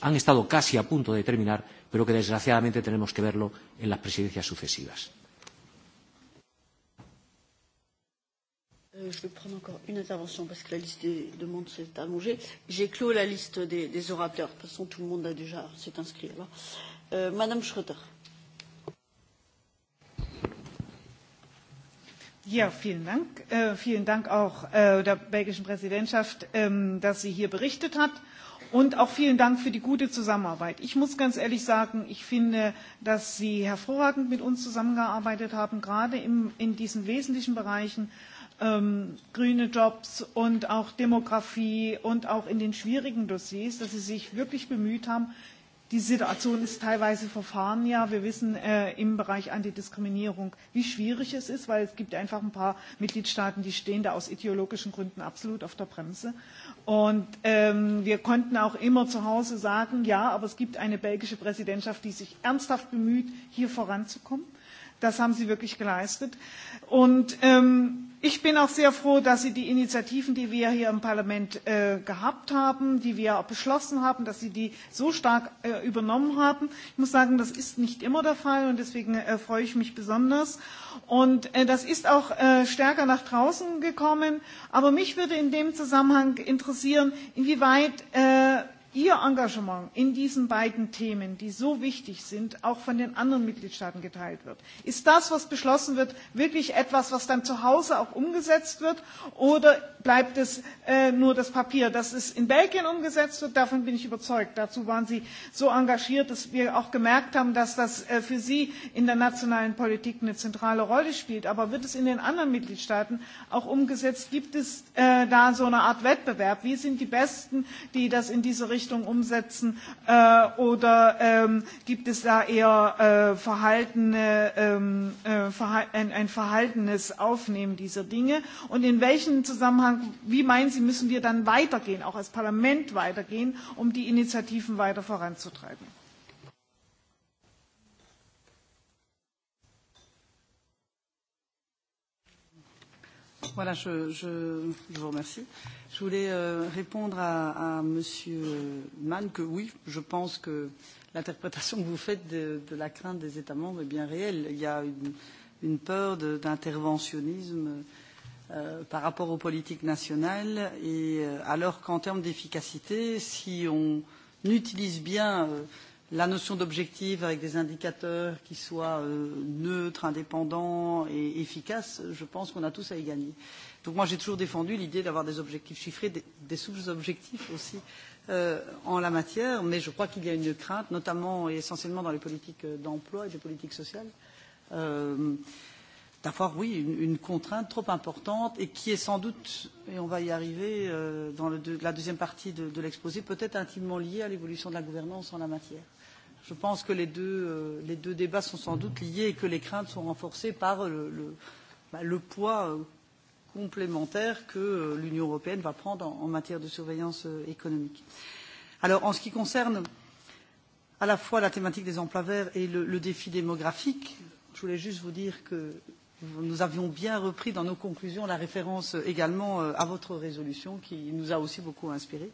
han estado casi a punto de terminar, pero que desgraciadamente tenemos que verlo en las presidencias sucesivas. Euh, je vais prendre encore une intervention parce que la liste des demandes s'est allongée. J'ai clos la liste des, des orateurs. De toute façon, tout le monde a déjà s'est inscrit. Alors, euh, Madame Schröter. Ja, vielen Dank. Äh, vielen Dank auch äh, der belgischen Präsidentschaft, ähm, dass sie hier berichtet hat. Und auch vielen Dank für die gute Zusammenarbeit. Ich muss ganz ehrlich sagen, ich finde, dass Sie hervorragend mit uns zusammengearbeitet haben, gerade im, in diesen wesentlichen Bereichen, äh, ähm, grüne Jobs und auch Demografie und auch in den schwierigen Dossiers, dass sie sich wirklich bemüht haben. Die Situation ist teilweise verfahren, ja. Wir wissen äh, im Bereich Antidiskriminierung, wie schwierig es ist, weil es gibt einfach ein paar Mitgliedstaaten, die stehen da aus ideologischen Gründen absolut auf der Bremse. Und ähm, wir konnten auch immer zu Hause sagen, ja, aber es gibt eine belgische Präsidentschaft, die sich ernsthaft bemüht, hier voranzukommen. Das haben sie wirklich geleistet. Und ähm, Ich bin auch sehr froh, dass Sie die Initiativen, die wir hier im Parlament äh, gehabt haben, die wir auch beschlossen haben, dass Sie die so stark äh, übernommen haben. Ich muss sagen, das ist nicht immer der Fall und deswegen äh, freue ich mich besonders. Und äh, das ist auch äh, stärker nach draußen gekommen. Aber mich würde in dem Zusammenhang interessieren, inwieweit äh, Ihr Engagement in diesen beiden Themen, die so wichtig sind, auch von den anderen Mitgliedstaaten geteilt wird. Ist das, was beschlossen wird, wirklich etwas, was dann zu Hause auch umgesetzt wird? Oder bleibt es äh, nur das Papier, dass es in Belgien umgesetzt wird? Davon bin ich überzeugt. Dazu waren Sie so engagiert, dass wir auch gemerkt haben, dass das äh, für Sie in der nationalen Politik eine zentrale Rolle spielt. Aber wird es in den anderen Mitgliedstaaten auch umgesetzt? Gibt es äh, da so eine Art Wettbewerb? Wie sind die Besten, die das in diese Richtung Richtung umsetzen? Äh, oder ähm, gibt es da eher äh, verhaltene, ähm, äh, verha ein, ein verhaltenes Aufnehmen dieser Dinge? Und in welchem Zusammenhang, wie meinen Sie, müssen wir dann weitergehen, auch als Parlament weitergehen, um die Initiativen weiter voranzutreiben? Voilà, je, je, je vous remercie. Je voulais euh, répondre à, à Monsieur Mann que oui, je pense que l'interprétation que vous faites de, de la crainte des États membres est bien réelle. Il y a une, une peur d'interventionnisme euh, par rapport aux politiques nationales, et euh, alors qu'en termes d'efficacité, si on utilise bien euh, la notion d'objectif avec des indicateurs qui soient euh, neutres, indépendants et efficaces, je pense qu'on a tous à y gagner. Donc moi, j'ai toujours défendu l'idée d'avoir des objectifs chiffrés, des, des sous-objectifs aussi euh, en la matière, mais je crois qu'il y a une crainte, notamment et essentiellement dans les politiques euh, d'emploi et des politiques sociales, euh, d'avoir, oui, une, une contrainte trop importante et qui est sans doute, et on va y arriver euh, dans le, de, la deuxième partie de, de l'exposé, peut-être intimement liée à l'évolution de la gouvernance en la matière je pense que les deux, euh, les deux débats sont sans doute liés et que les craintes sont renforcées par le, le, bah, le poids euh, complémentaire que euh, l'Union européenne va prendre en, en matière de surveillance économique. Alors, en ce qui concerne à la fois la thématique des emplois verts et le, le défi démographique, je voulais juste vous dire que nous avions bien repris dans nos conclusions la référence également à votre résolution qui nous a aussi beaucoup inspirés.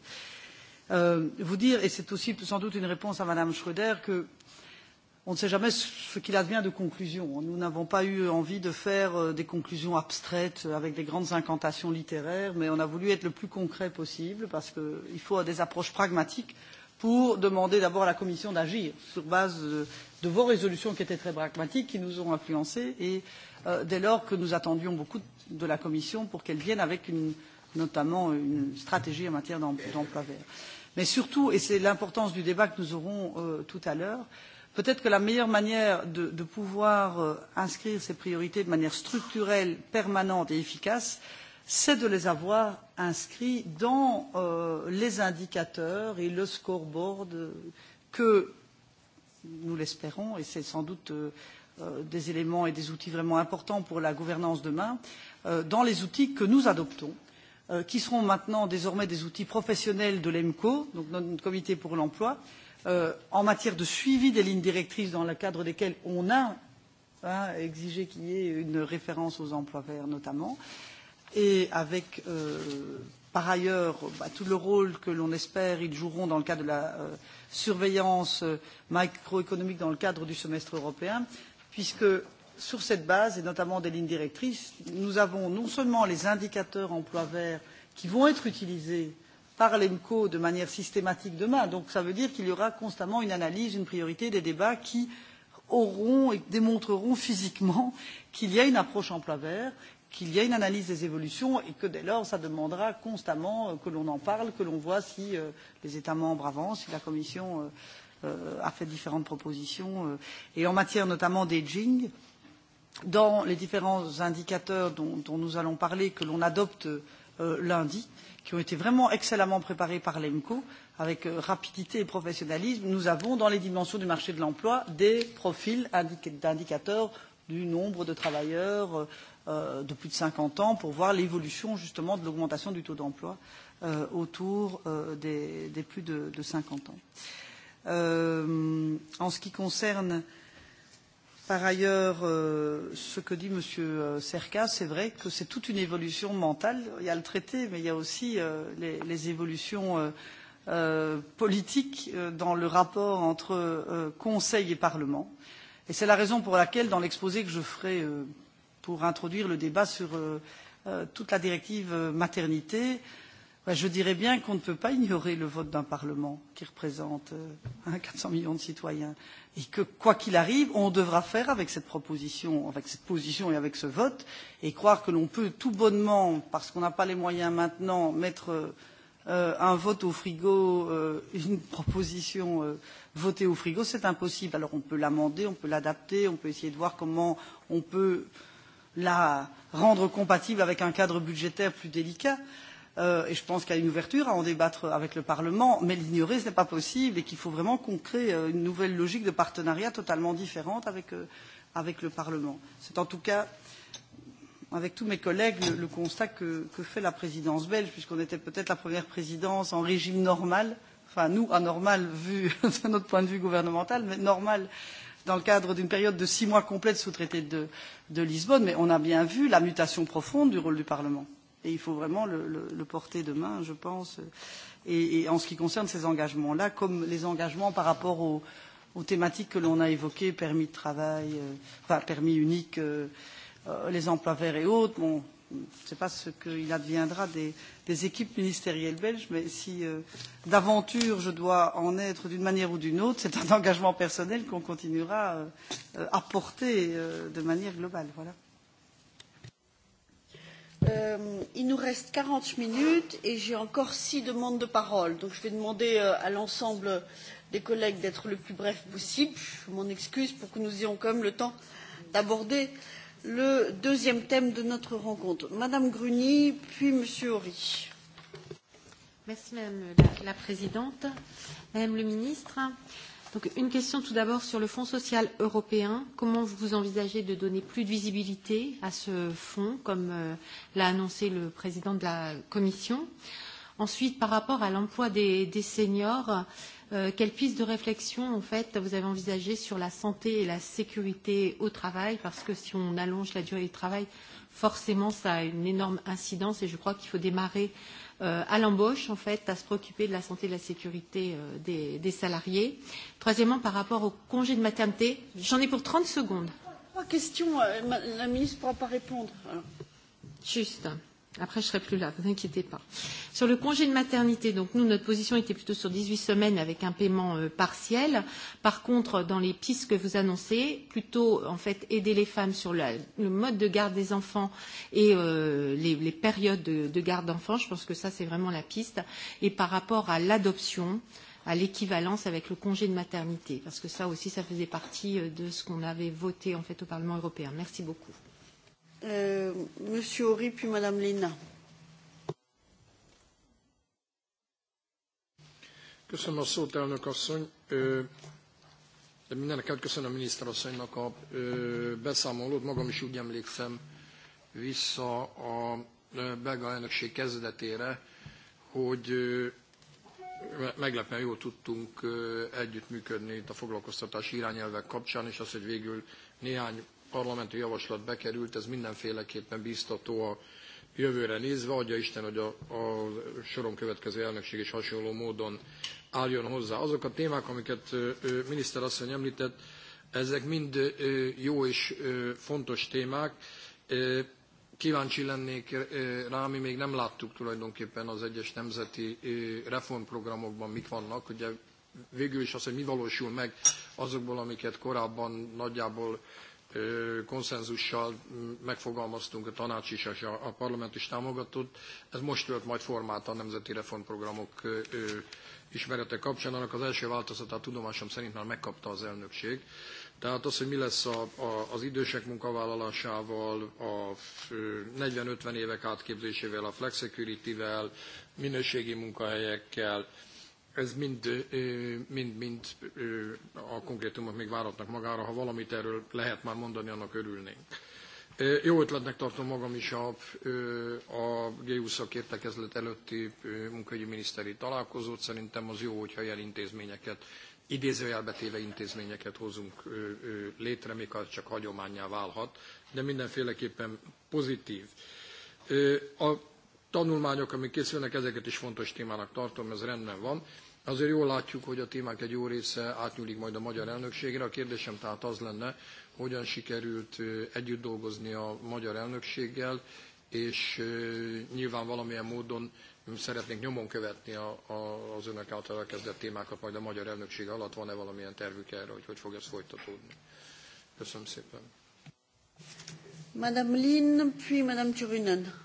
Euh, vous dire et c'est aussi sans doute une réponse à madame schroeder qu'on ne sait jamais ce qu'il advient de conclusions. nous n'avons pas eu envie de faire euh, des conclusions abstraites avec des grandes incantations littéraires mais on a voulu être le plus concret possible parce qu'il faut des approches pragmatiques pour demander d'abord à la commission d'agir sur base de, de vos résolutions qui étaient très pragmatiques qui nous ont influencés et euh, dès lors que nous attendions beaucoup de la commission pour qu'elle vienne avec une, notamment une stratégie en matière d'emploi vert. Mais surtout, et c'est l'importance du débat que nous aurons euh, tout à l'heure, peut-être que la meilleure manière de, de pouvoir euh, inscrire ces priorités de manière structurelle, permanente et efficace, c'est de les avoir inscrits dans euh, les indicateurs et le scoreboard euh, que nous l'espérons, et c'est sans doute euh, euh, des éléments et des outils vraiment importants pour la gouvernance demain, euh, dans les outils que nous adoptons Euh, qui seront maintenant désormais des outils professionnels de l'EMCO, donc notre comité pour l'emploi, euh, en matière de suivi des lignes directrices dans le cadre desquelles on a hein, exigé qu'il y ait une référence aux emplois verts notamment, et avec euh, par ailleurs bah, tout le rôle que l'on espère ils joueront dans le cadre de la euh, surveillance euh, macroéconomique dans le cadre du semestre européen, puisque sur cette base et notamment des lignes directrices nous avons non seulement les indicateurs emploi vert qui vont être utilisés par l'EMCO de manière systématique demain donc ça veut dire qu'il y aura constamment une analyse, une priorité, des débats qui auront et démontreront physiquement qu'il y a une approche emploi vert, qu'il y a une analyse des évolutions et que dès lors ça demandera constamment euh, que l'on en parle, que l'on voit si euh, les États membres avancent, si la Commission euh, a fait différentes propositions et en matière notamment d'aging, dans les différents indicateurs dont, dont nous allons parler, que l'on adopte euh, lundi, qui ont été vraiment excellemment préparés par l'EMCO, avec euh, rapidité et professionnalisme, nous avons dans les dimensions du marché de l'emploi des profils d'indicateurs du nombre de travailleurs euh, euh de plus de 50 ans pour voir l'évolution justement de l'augmentation du taux d'emploi euh, autour euh, des, des plus de, de 50 ans. Euh, en ce qui concerne euh, Par ailleurs, euh, ce que dit M. Euh, Serka, c'est vrai que c'est toute une évolution mentale. Il y a le traité, mais il y a aussi euh, les, les évolutions euh, euh, politiques euh, dans le rapport entre euh, Conseil et Parlement. Et c'est la raison pour laquelle, dans l'exposé que je ferai euh, pour introduire le débat sur euh, euh, toute la directive euh, maternité, euh, Je dirais bien qu'on ne peut pas ignorer le vote d'un Parlement qui représente hein, euh, 400 millions de citoyens et que, quoi qu'il arrive, on devra faire avec cette proposition, avec cette position et avec ce vote et croire que l'on peut tout bonnement, parce qu'on n'a pas les moyens maintenant, mettre euh, un vote au frigo, euh, une proposition euh, votée au frigo, c'est impossible. Alors on peut l'amender, on peut l'adapter, on peut essayer de voir comment on peut la rendre compatible avec un cadre budgétaire plus délicat. Euh, euh, et je pense qu'il y a une ouverture à en débattre avec le Parlement, mais l'ignorer, ce n'est pas possible et qu'il faut vraiment qu'on crée euh, une nouvelle logique de partenariat totalement différente avec, euh, avec le Parlement. C'est en tout cas, avec tous mes collègues, le, le constat que, que fait la présidence belge, puisqu'on était peut-être la première présidence en régime normal, enfin nous, anormal vu de notre point de vue gouvernemental, mais normal dans le cadre d'une période de six mois complète sous traité de, de Lisbonne, mais on a bien vu la mutation profonde du rôle du Parlement et il faut vraiment le, le, le porter demain, je pense. Et, et en ce qui concerne ces engagements-là, comme les engagements par rapport aux, aux thématiques que l'on a évoquées, permis de travail, euh, enfin permis unique, euh, euh, les emplois verts et autres, bon, je ne sais pas ce qu'il adviendra des, des équipes ministérielles belges, mais si euh, d'aventure je dois en être d'une manière ou d'une autre, c'est un engagement personnel qu'on continuera euh, euh, à porter euh, de manière globale. Voilà. Euh, il nous reste quarante minutes et j'ai encore six demandes de parole donc je vais demander euh, à l'ensemble des collègues d'être le plus bref possible je m'en excuse pour que nous ayons quand même le temps d'aborder le deuxième thème de notre rencontre madame gruny puis monsieur ry. Merci Madame la Présidente, Madame le Ministre. Euh, Donc une question tout d'abord sur le Fonds social européen. Comment vous envisagez de donner plus de visibilité à ce fonds, comme euh, l'a annoncé le président de la Commission Ensuite, par rapport à l'emploi des, des seniors, euh, quelle piste de réflexion en fait vous avez envisagé sur la santé et la sécurité au travail Parce que si on allonge la durée du travail, forcément ça a une énorme incidence et je crois qu'il faut démarrer euh, euh, à l'embauche, en fait, à se préoccuper de la santé et de la sécurité euh, des, des salariés. Troisièmement, par rapport au congé de maternité, j'en ai pour 30 secondes. Trois questions, euh, la ministre ne pourra pas répondre. Alors. Juste. Euh, Après, je serai plus là, ne vous inquiétez pas. Sur le congé de maternité, donc nous, notre position était plutôt sur 18 semaines avec un paiement euh, partiel. Par contre, dans les pistes que vous annoncez, plutôt en fait aider les femmes sur la, le mode de garde des enfants et euh, les, les périodes de, de garde d'enfants, je pense que ça, c'est vraiment la piste. Et par rapport à l'adoption, à l'équivalence avec le congé de maternité, parce que ça aussi, ça faisait partie euh, de ce qu'on avait voté en fait au Parlement européen. Merci beaucoup. Euh, Monsieur Horry, puis Madame Lena. Köszönöm a szót, elnök asszony. Ö, de mindeneket köszönöm a miniszterasszonynak a ö, beszámolót. Magam is úgy emlékszem vissza a belga elnökség kezdetére, hogy meglepően jól tudtunk együttműködni itt a foglalkoztatási irányelvek kapcsán, és az, hogy végül néhány parlamenti javaslat bekerült, ez mindenféleképpen biztató a jövőre nézve, adja Isten, hogy a, a soron következő elnökség is hasonló módon álljon hozzá. Azok a témák, amiket ö, miniszter asszony említett, ezek mind ö, jó és ö, fontos témák. Ö, kíváncsi lennék rá, mi még nem láttuk tulajdonképpen az egyes nemzeti ö, reformprogramokban mik vannak, ugye végül is az, hogy mi valósul meg azokból, amiket korábban nagyjából konszenzussal megfogalmaztunk a tanács is, és a parlament is támogatott. Ez most tölt majd formát a nemzeti reformprogramok ismerete kapcsán. Annak az első változatát tudomásom szerint már megkapta az elnökség. Tehát az, hogy mi lesz a, a, az idősek munkavállalásával, a 40-50 évek átképzésével, a flexicurity-vel, minőségi munkahelyekkel, Ez mind, mind, mind a konkrétumok még váratnak magára, ha valamit erről lehet már mondani, annak örülnénk. Jó ötletnek tartom magam is a, a GU szakértekezlet előtti munkahelyi miniszteri találkozót. Szerintem az jó, hogyha ilyen intézményeket, idézőjelbetéve intézményeket hozunk létre, még csak hagyományá válhat, de mindenféleképpen pozitív. A tanulmányok, amik készülnek, ezeket is fontos témának tartom, ez rendben van. Azért jól látjuk, hogy a témák egy jó része átnyúlik majd a magyar elnökségre. A kérdésem tehát az lenne, hogyan sikerült együtt dolgozni a magyar elnökséggel, és nyilván valamilyen módon szeretnénk nyomon követni a, a, az önök által elkezdett témákat majd a magyar elnökség alatt. Van-e valamilyen tervük erre, hogy hogy fog ez folytatódni? Köszönöm szépen. Madame Lynn, puis Madame Turunen.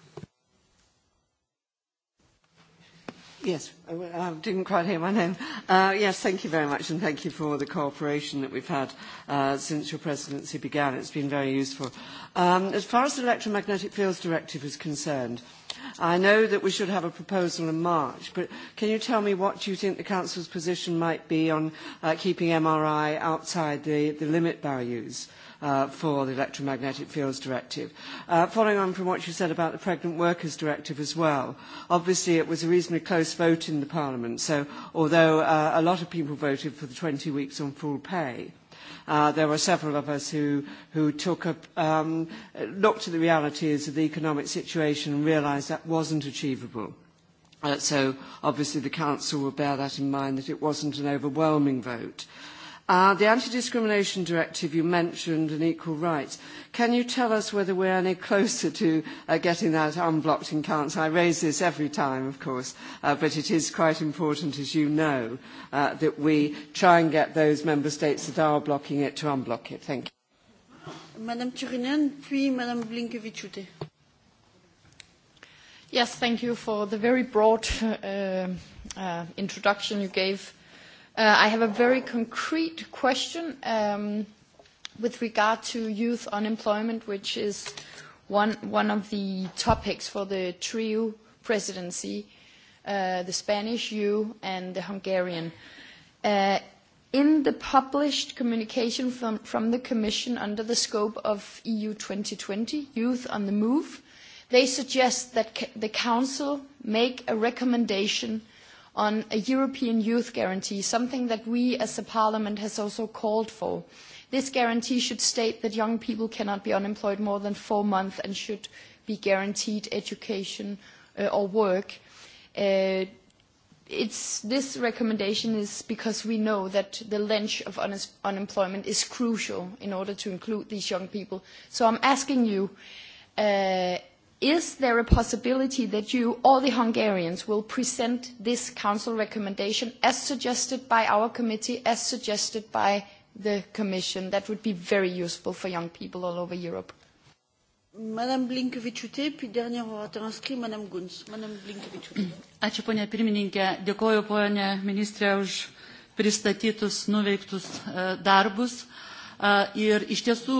Yes, uh, I didn't quite hear my name. Uh, yes, thank you very much, and thank you for the cooperation that we've had uh, since your presidency began. It's been very useful. Um, as far as the Electromagnetic Fields Directive is concerned, I know that we should have a proposal in March, but can you tell me what you think the Council's position might be on uh, keeping MRI outside the, the limit values? Uh, Uh, for the Electromagnetic Fields Directive. Uh, following on from what you said about the Pregnant Workers Directive as well, obviously it was a reasonably close vote in the Parliament, so although uh, a lot of people voted for the 20 weeks on full pay, uh, there were several of us who, who took a, um, looked at the realities of the economic situation and realised that wasn't achievable. Uh, so obviously the Council will bear that in mind that it wasn't an overwhelming vote. Uh, the Anti-Discrimination Directive you mentioned and equal rights, can you tell us whether we're any closer to uh, getting that unblocked in council? I raise this every time, of course, uh, but it is quite important, as you know, uh, that we try and get those member states that are blocking it to unblock it. Thank you. Madame Turinen, puis Madame blinkevich Yes, thank you for the very broad uh, uh, introduction you gave. Uh, I have a very concrete question um, with regard to youth unemployment, which is one, one of the topics for the TRIU presidency, uh, the Spanish EU and the Hungarian. Uh, in the published communication from, from the Commission under the scope of EU 2020, Youth on the Move, they suggest that ca- the Council make a recommendation uh, on a European youth guarantee, something that we as a parliament has also called for. This guarantee should state that young people cannot be unemployed more than four months and should be guaranteed education uh, or work. Uh, it's, this recommendation is because we know that the length of un unemployment is crucial in order to include these young people. So I'm asking you, uh, Is there a possibility that you or the Hungarians will present this Council recommendation as suggested by our committee, as suggested by the Commission? That would be very useful for young people all over Europe. Madame blinkevich puis dernier orateur inscrit, Madame Guns. Madame blinkevich Ačiū, ponia pirmininkė. Dėkoju, ponia ministrė, už pristatytus nuveiktus uh, darbus. Uh, Ir iš tiesų,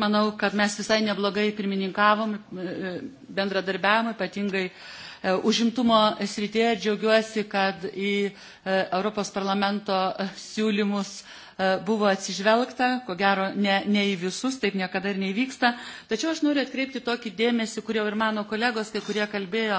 manau, kad mes visai neblogai pirmininkavom e, bendradarbiavimui, ypatingai e, užimtumo srityje džiaugiuosi, kad į e, Europos parlamento siūlymus buvo atsižvelgta, ko gero ne, ne į visus, taip niekada ir nevyksta. Tačiau aš noriu atkreipti tokį dėmesį, kurio ir mano kolegos, kai kurie kalbėjo,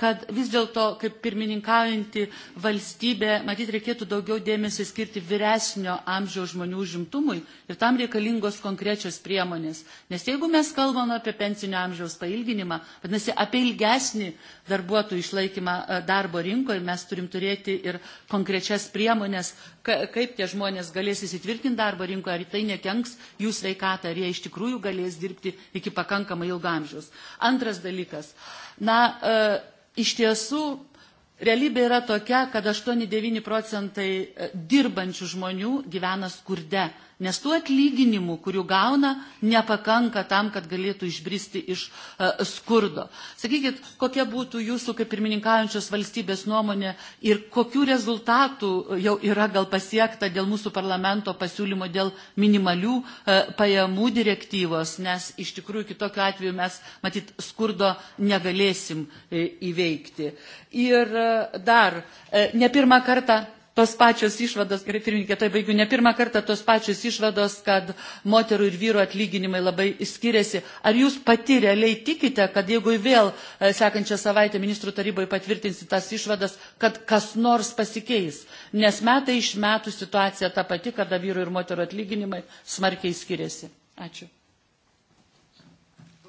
kad vis dėlto, kaip pirmininkaujantį valstybę, matyt, reikėtų daugiau dėmesio skirti vyresnio amžiaus žmonių žimtumui ir tam reikalingos konkrečios priemonės. Nes jeigu mes kalbame apie pensinio amžiaus pailginimą, vadinasi, apie ilgesnį darbuotojų išlaikymą darbo rinkoje, mes turim turėti ir konkrečias priemonės, kaip tie žmonės galės įsitvirtinti darbo rinkoje, ar tai nekenks jų sveikatą, ar jie iš tikrųjų galės dirbti iki pakankamai ilgą amžiaus. Antras dalykas. Na, e, iš tiesų, realybė yra tokia, kad 8-9 procentai e, dirbančių žmonių gyvena skurde. Nes tų atlyginimų, kurių gauna, nepakanka tam, kad galėtų išbristi iš uh, skurdo. Sakykit, kokia būtų jūsų kaip pirmininkaujančios valstybės nuomonė ir kokių rezultatų jau yra gal pasiekta dėl mūsų parlamento pasiūlymo dėl minimalių uh, pajamų direktyvos, nes iš tikrųjų kitokiu atveju mes, matyt, skurdo negalėsim uh, įveikti. Ir uh, dar, uh, ne pirmą kartą tos pačios išvados, gerai, pirmininkė, tai baigiu, ne pirmą kartą tos pačios išvados, kad moterų ir vyrų atlyginimai labai skiriasi. Ar jūs pati realiai tikite, kad jeigu vėl e, sekančią savaitę ministrų taryboje patvirtinsit tas išvadas, kad kas nors pasikeis? Nes metai iš metų situacija ta pati, kada vyrų ir moterų atlyginimai smarkiai skiriasi. Ačiū.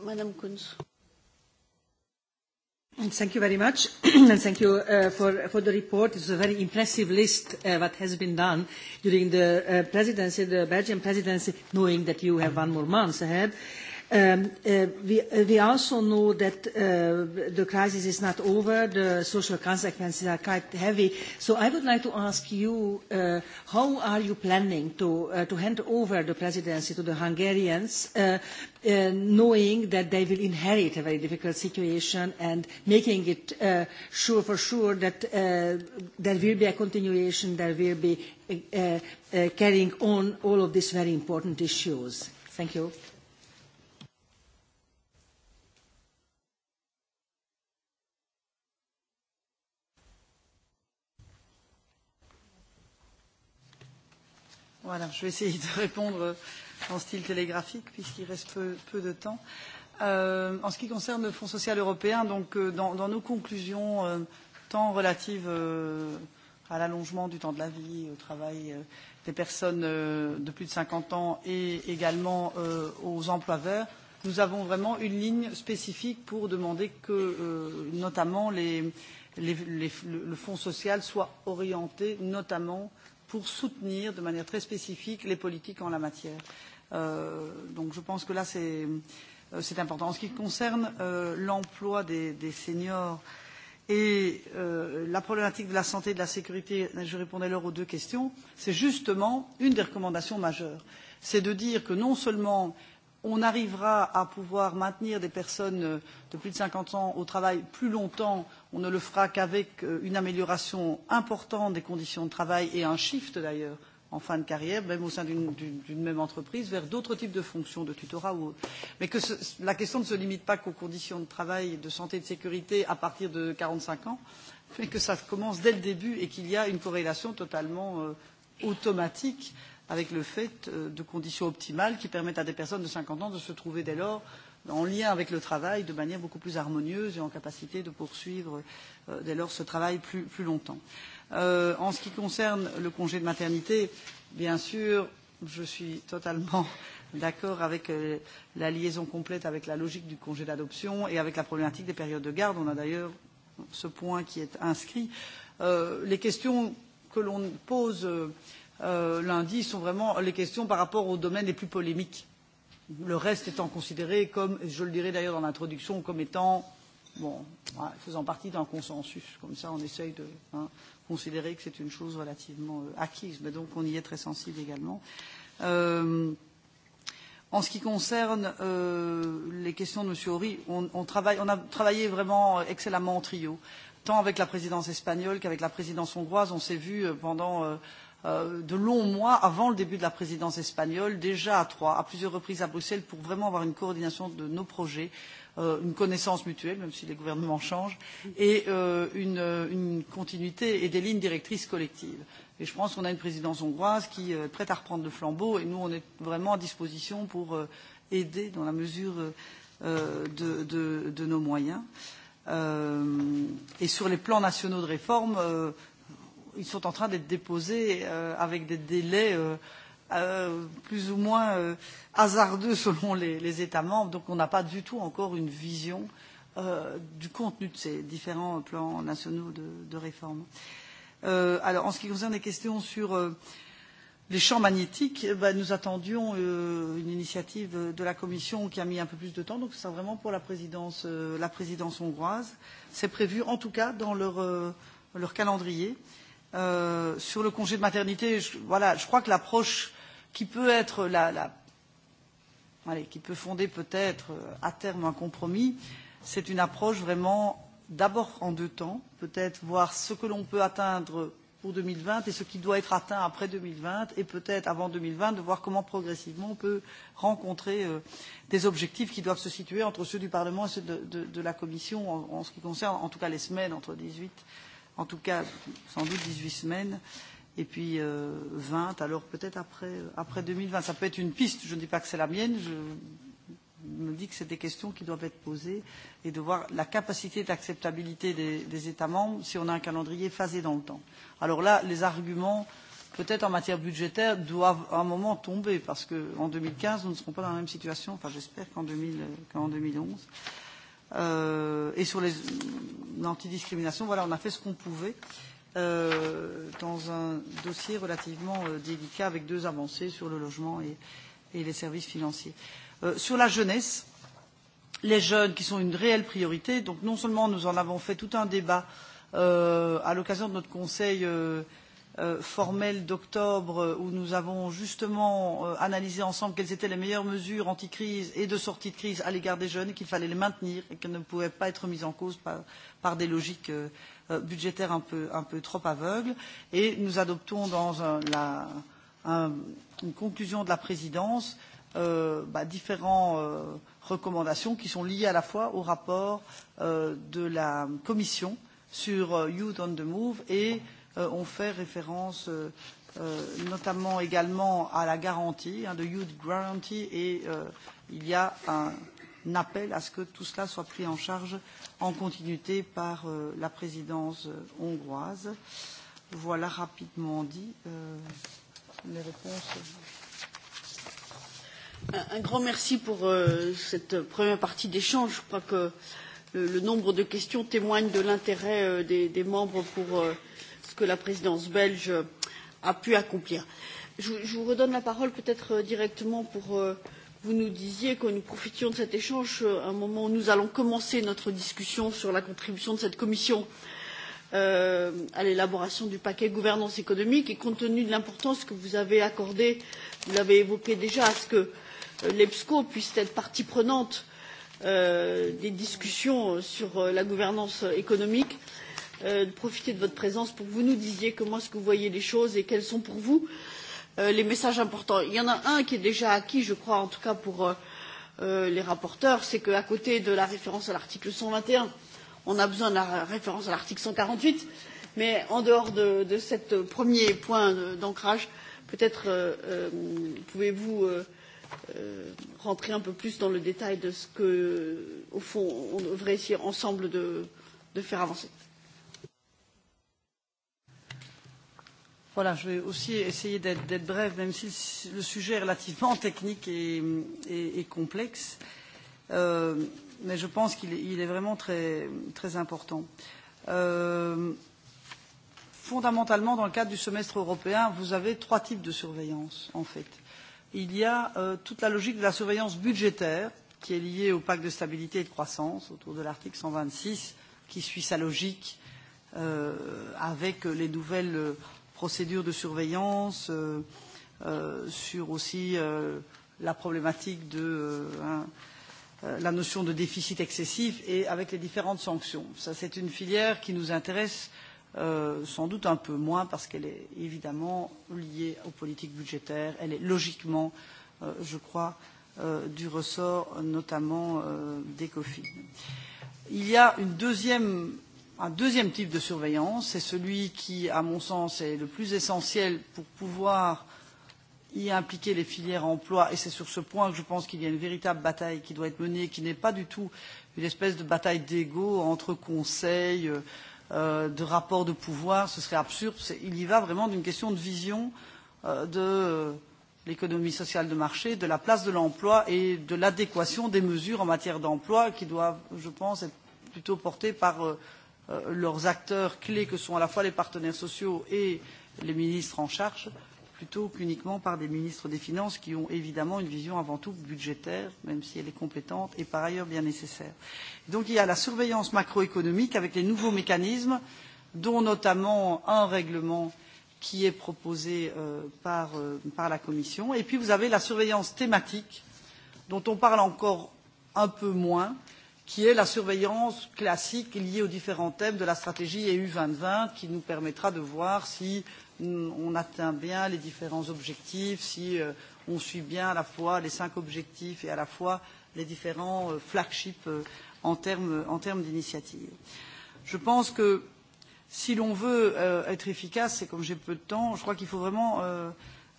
Madam Kunz thank you very much and thank you uh, for, for the report. It's a very impressive list uh, what has been done during the uh, presidency, the Belgian presidency, knowing that you have one more month ahead. Uh, Um, uh, we, uh, we also know that uh, the crisis is not over. The social consequences are quite heavy. So I would like to ask you, uh, how are you planning to, uh, to hand over the presidency to the Hungarians, uh, uh, knowing that they will inherit a very difficult situation and making it uh, sure for sure that uh, there will be a continuation, there will be uh, uh, carrying on all of these very important issues? Thank you. Voilà, je vais essayer de répondre en style télégraphique puisqu'il reste peu, peu de temps. Euh, en ce qui concerne le Fonds social européen, donc, euh, dans, dans nos conclusions, euh, tant relatives euh, à l'allongement du temps de la vie, au travail euh, des personnes euh, de plus de 50 ans et également euh, aux emplois verts, nous avons vraiment une ligne spécifique pour demander que euh, notamment les, les, les, le Fonds social soit orienté notamment pour soutenir de manière très spécifique les politiques en la matière. Euh, donc je pense que là, euh, c'est important. En ce qui concerne euh, l'emploi des, des seniors et euh, la problématique de la santé et de la sécurité, je répondais alors aux deux questions, c'est justement une des recommandations majeures. C'est de dire que non seulement on arrivera à pouvoir maintenir des personnes de plus de 50 ans au travail plus longtemps On ne le fera qu'avec euh, une amélioration importante des conditions de travail et un shift d'ailleurs en fin de carrière, même au sein d'une même entreprise, vers d'autres types de fonctions de tutorat. Ou autre. Mais que ce, la question ne se limite pas qu'aux conditions de travail, de santé et de sécurité à partir de 45 ans, mais que ça commence dès le début et qu'il y a une corrélation totalement euh, automatique avec le fait euh, de conditions optimales qui permettent à des personnes de 50 ans de se trouver dès lors euh, en lien avec le travail de manière beaucoup plus harmonieuse et en capacité de poursuivre euh, dès lors ce travail plus, plus longtemps. Euh, en ce qui concerne le congé de maternité, bien sûr, je suis totalement d'accord avec euh, la liaison complète avec la logique du congé d'adoption et avec la problématique des périodes de garde. On a d'ailleurs ce point qui est inscrit. Euh, les questions que l'on pose euh, euh lundi sont vraiment les questions par rapport aux domaines les plus polémiques le reste étant considéré comme, je le dirai d'ailleurs dans l'introduction, comme étant, bon, ouais, ah, faisant partie d'un consensus. Comme ça, on essaye de hein, considérer que c'est une chose relativement euh, acquise, mais donc on y est très sensible également. Euh, en ce qui concerne euh, les questions de M. Horry, on, on, travaille, on a travaillé vraiment excellemment en trio, tant avec la présidence espagnole qu'avec la présidence hongroise. On s'est vu euh, pendant. Euh, Euh, de longs mois avant le début de la présidence espagnole, déjà à trois, à plusieurs reprises à Bruxelles, pour vraiment avoir une coordination de nos projets, euh, une connaissance mutuelle, même si les gouvernements changent, et euh, une, euh, une continuité et des lignes directrices collectives. Et je pense qu'on a une présidence hongroise qui euh, est prête à reprendre le flambeau, et nous, on est vraiment à disposition pour euh, aider dans la mesure euh, de, de, de nos moyens. Euh, et sur les plans nationaux de réforme, euh, ils sont en train d'être déposés euh, avec des délais euh, euh, plus ou moins euh, hasardeux selon les, les États membres. Donc on n'a pas du tout encore une vision euh, du contenu de ces différents plans nationaux de, de réforme. Euh, alors en ce qui concerne les questions sur euh, les champs magnétiques, eh ben, nous attendions euh, une initiative de la Commission qui a mis un peu plus de temps, donc ce sera vraiment pour la présidence, euh, la présidence hongroise. C'est prévu en tout cas dans leur, euh, leur calendrier. Euh, Euh, sur le congé de maternité, je, voilà, je crois que l'approche qui peut être la, la, allez, qui peut fonder peut-être euh, à terme un compromis, c'est une approche vraiment d'abord en deux temps, peut-être voir ce que l'on peut atteindre pour 2020 et ce qui doit être atteint après 2020 et peut-être avant 2020 de voir comment progressivement on peut rencontrer euh, des objectifs qui doivent se situer entre ceux du Parlement et ceux de, de, de la Commission en, en ce qui concerne en tout cas les semaines entre 18 en tout cas sans doute 18 semaines, et puis euh, 20, alors peut-être après, après 2020. Ça peut être une piste, je ne dis pas que c'est la mienne, je me dis que c'est des questions qui doivent être posées, et de voir la capacité d'acceptabilité des, des États membres si on a un calendrier phasé dans le temps. Alors là, les arguments, peut-être en matière budgétaire, doivent à un moment tomber, parce qu'en 2015, nous ne serons pas dans la même situation, enfin j'espère qu'en qu 2011 euh, et sur l'antidiscrimination. Voilà, on a fait ce qu'on pouvait euh, dans un dossier relativement euh, délicat avec deux avancées sur le logement et, et les services financiers. Euh, sur la jeunesse, les jeunes qui sont une réelle priorité, donc non seulement nous en avons fait tout un débat euh, à l'occasion de notre conseil euh, Euh, formelle d'octobre euh, où nous avons justement euh, analysé ensemble quelles étaient les meilleures mesures anti-crise et de sortie de crise à l'égard des jeunes et qu'il fallait les maintenir et qu'elles ne pouvaient pas être mises en cause par, par des logiques budgétaires un peu, un peu trop aveugles. Et nous adoptons dans un, la, un, une conclusion de la présidence euh, bah, différents euh, recommandations qui sont liées à la fois au rapport euh, de la Commission sur euh, Youth on the Move et euh, euh, ont fait référence euh, euh, notamment également à la garantie, hein, de Youth Guarantee, et euh, il y a un appel à ce que tout cela soit pris en charge en continuité par euh, la présidence euh, hongroise. Voilà rapidement dit euh, les réponses. Un grand merci pour euh, cette première partie d'échange. Je crois que le, euh, le nombre de questions témoigne de l'intérêt euh, des, des membres pour. Euh, que la présidence belge a pu accomplir. je vous redonne la parole peut être euh, directement pour euh, que vous nous disiez que nous profitions de cet échange à euh, un moment où nous allons commencer notre discussion sur la contribution de cette commission à l'élaboration du paquet gouvernance économique et compte tenu de l'importance que vous avez accordée vous l'avez évoqué déjà à ce que l'epsco puisse être partie prenante des discussions sur la gouvernance économique euh, Euh, profiter de votre présence pour que vous nous disiez comment est-ce que vous voyez les choses et quels sont pour vous euh, les messages importants. Il y en a un qui est déjà acquis, je crois, en tout cas pour euh, euh les rapporteurs, c'est qu'à côté de la référence à l'article 121, on a besoin de la référence à l'article 148, mais en dehors de, de ce premier point d'ancrage, peut-être euh, euh, pouvez-vous euh, euh, rentrer un peu plus dans le détail de ce que, au fond, on devrait essayer ensemble de, de faire avancer. Voilà, je vais aussi essayer d'être, d'être bref, même si le sujet est relativement technique et, et, et complexe. Euh, mais je pense qu'il est, il est vraiment très, très important. Euh, fondamentalement, dans le cadre du semestre européen, vous avez trois types de surveillance, en fait. Il y a euh, toute la logique de la surveillance budgétaire, qui est liée au pacte de stabilité et de croissance, autour de l'article 126, qui suit sa logique euh, avec les nouvelles. Euh, procédures de surveillance, euh, euh, sur aussi euh, la problématique de euh, hein, euh, la notion de déficit excessif et avec les différentes sanctions. Ça, c'est une filière qui nous intéresse euh, sans doute un peu moins parce qu'elle est évidemment liée aux politiques budgétaires. Elle est logiquement, euh, je crois, euh, du ressort notamment euh, d'ECOFIN. Il y a une deuxième Un deuxième type de surveillance, c'est celui qui, à mon sens, est le plus essentiel pour pouvoir y impliquer les filières emploi, et c'est sur ce point que je pense qu'il y a une véritable bataille qui doit être menée, qui n'est pas du tout une espèce de bataille d'ego entre conseils, euh, de rapports de pouvoir, ce serait absurde. Il y va vraiment d'une question de vision euh, de l'économie sociale de marché, de la place de l'emploi et de l'adéquation des mesures en matière d'emploi qui doivent, je pense, être plutôt portées par. Euh, Euh, leurs acteurs clés que sont à la fois les partenaires sociaux et les ministres en charge plutôt qu'uniquement par des ministres des Finances qui ont évidemment une vision avant tout budgétaire, même si elle est compétente et par ailleurs bien nécessaire. Donc il y a la surveillance macroéconomique avec les nouveaux mécanismes, dont notamment un règlement qui est proposé euh, par, euh, par la Commission. Et puis vous avez la surveillance thématique, dont on parle encore un peu moins, qui est la surveillance classique liée aux différents thèmes de la stratégie EU 2020, qui nous permettra de voir si mm, on atteint bien les différents objectifs, si euh, on suit bien à la fois les cinq objectifs et à la fois les différents euh, flagships euh, en termes, en termes d'initiatives. Je pense que si l'on veut être efficace, et comme j'ai peu de temps, je crois qu'il faut vraiment euh,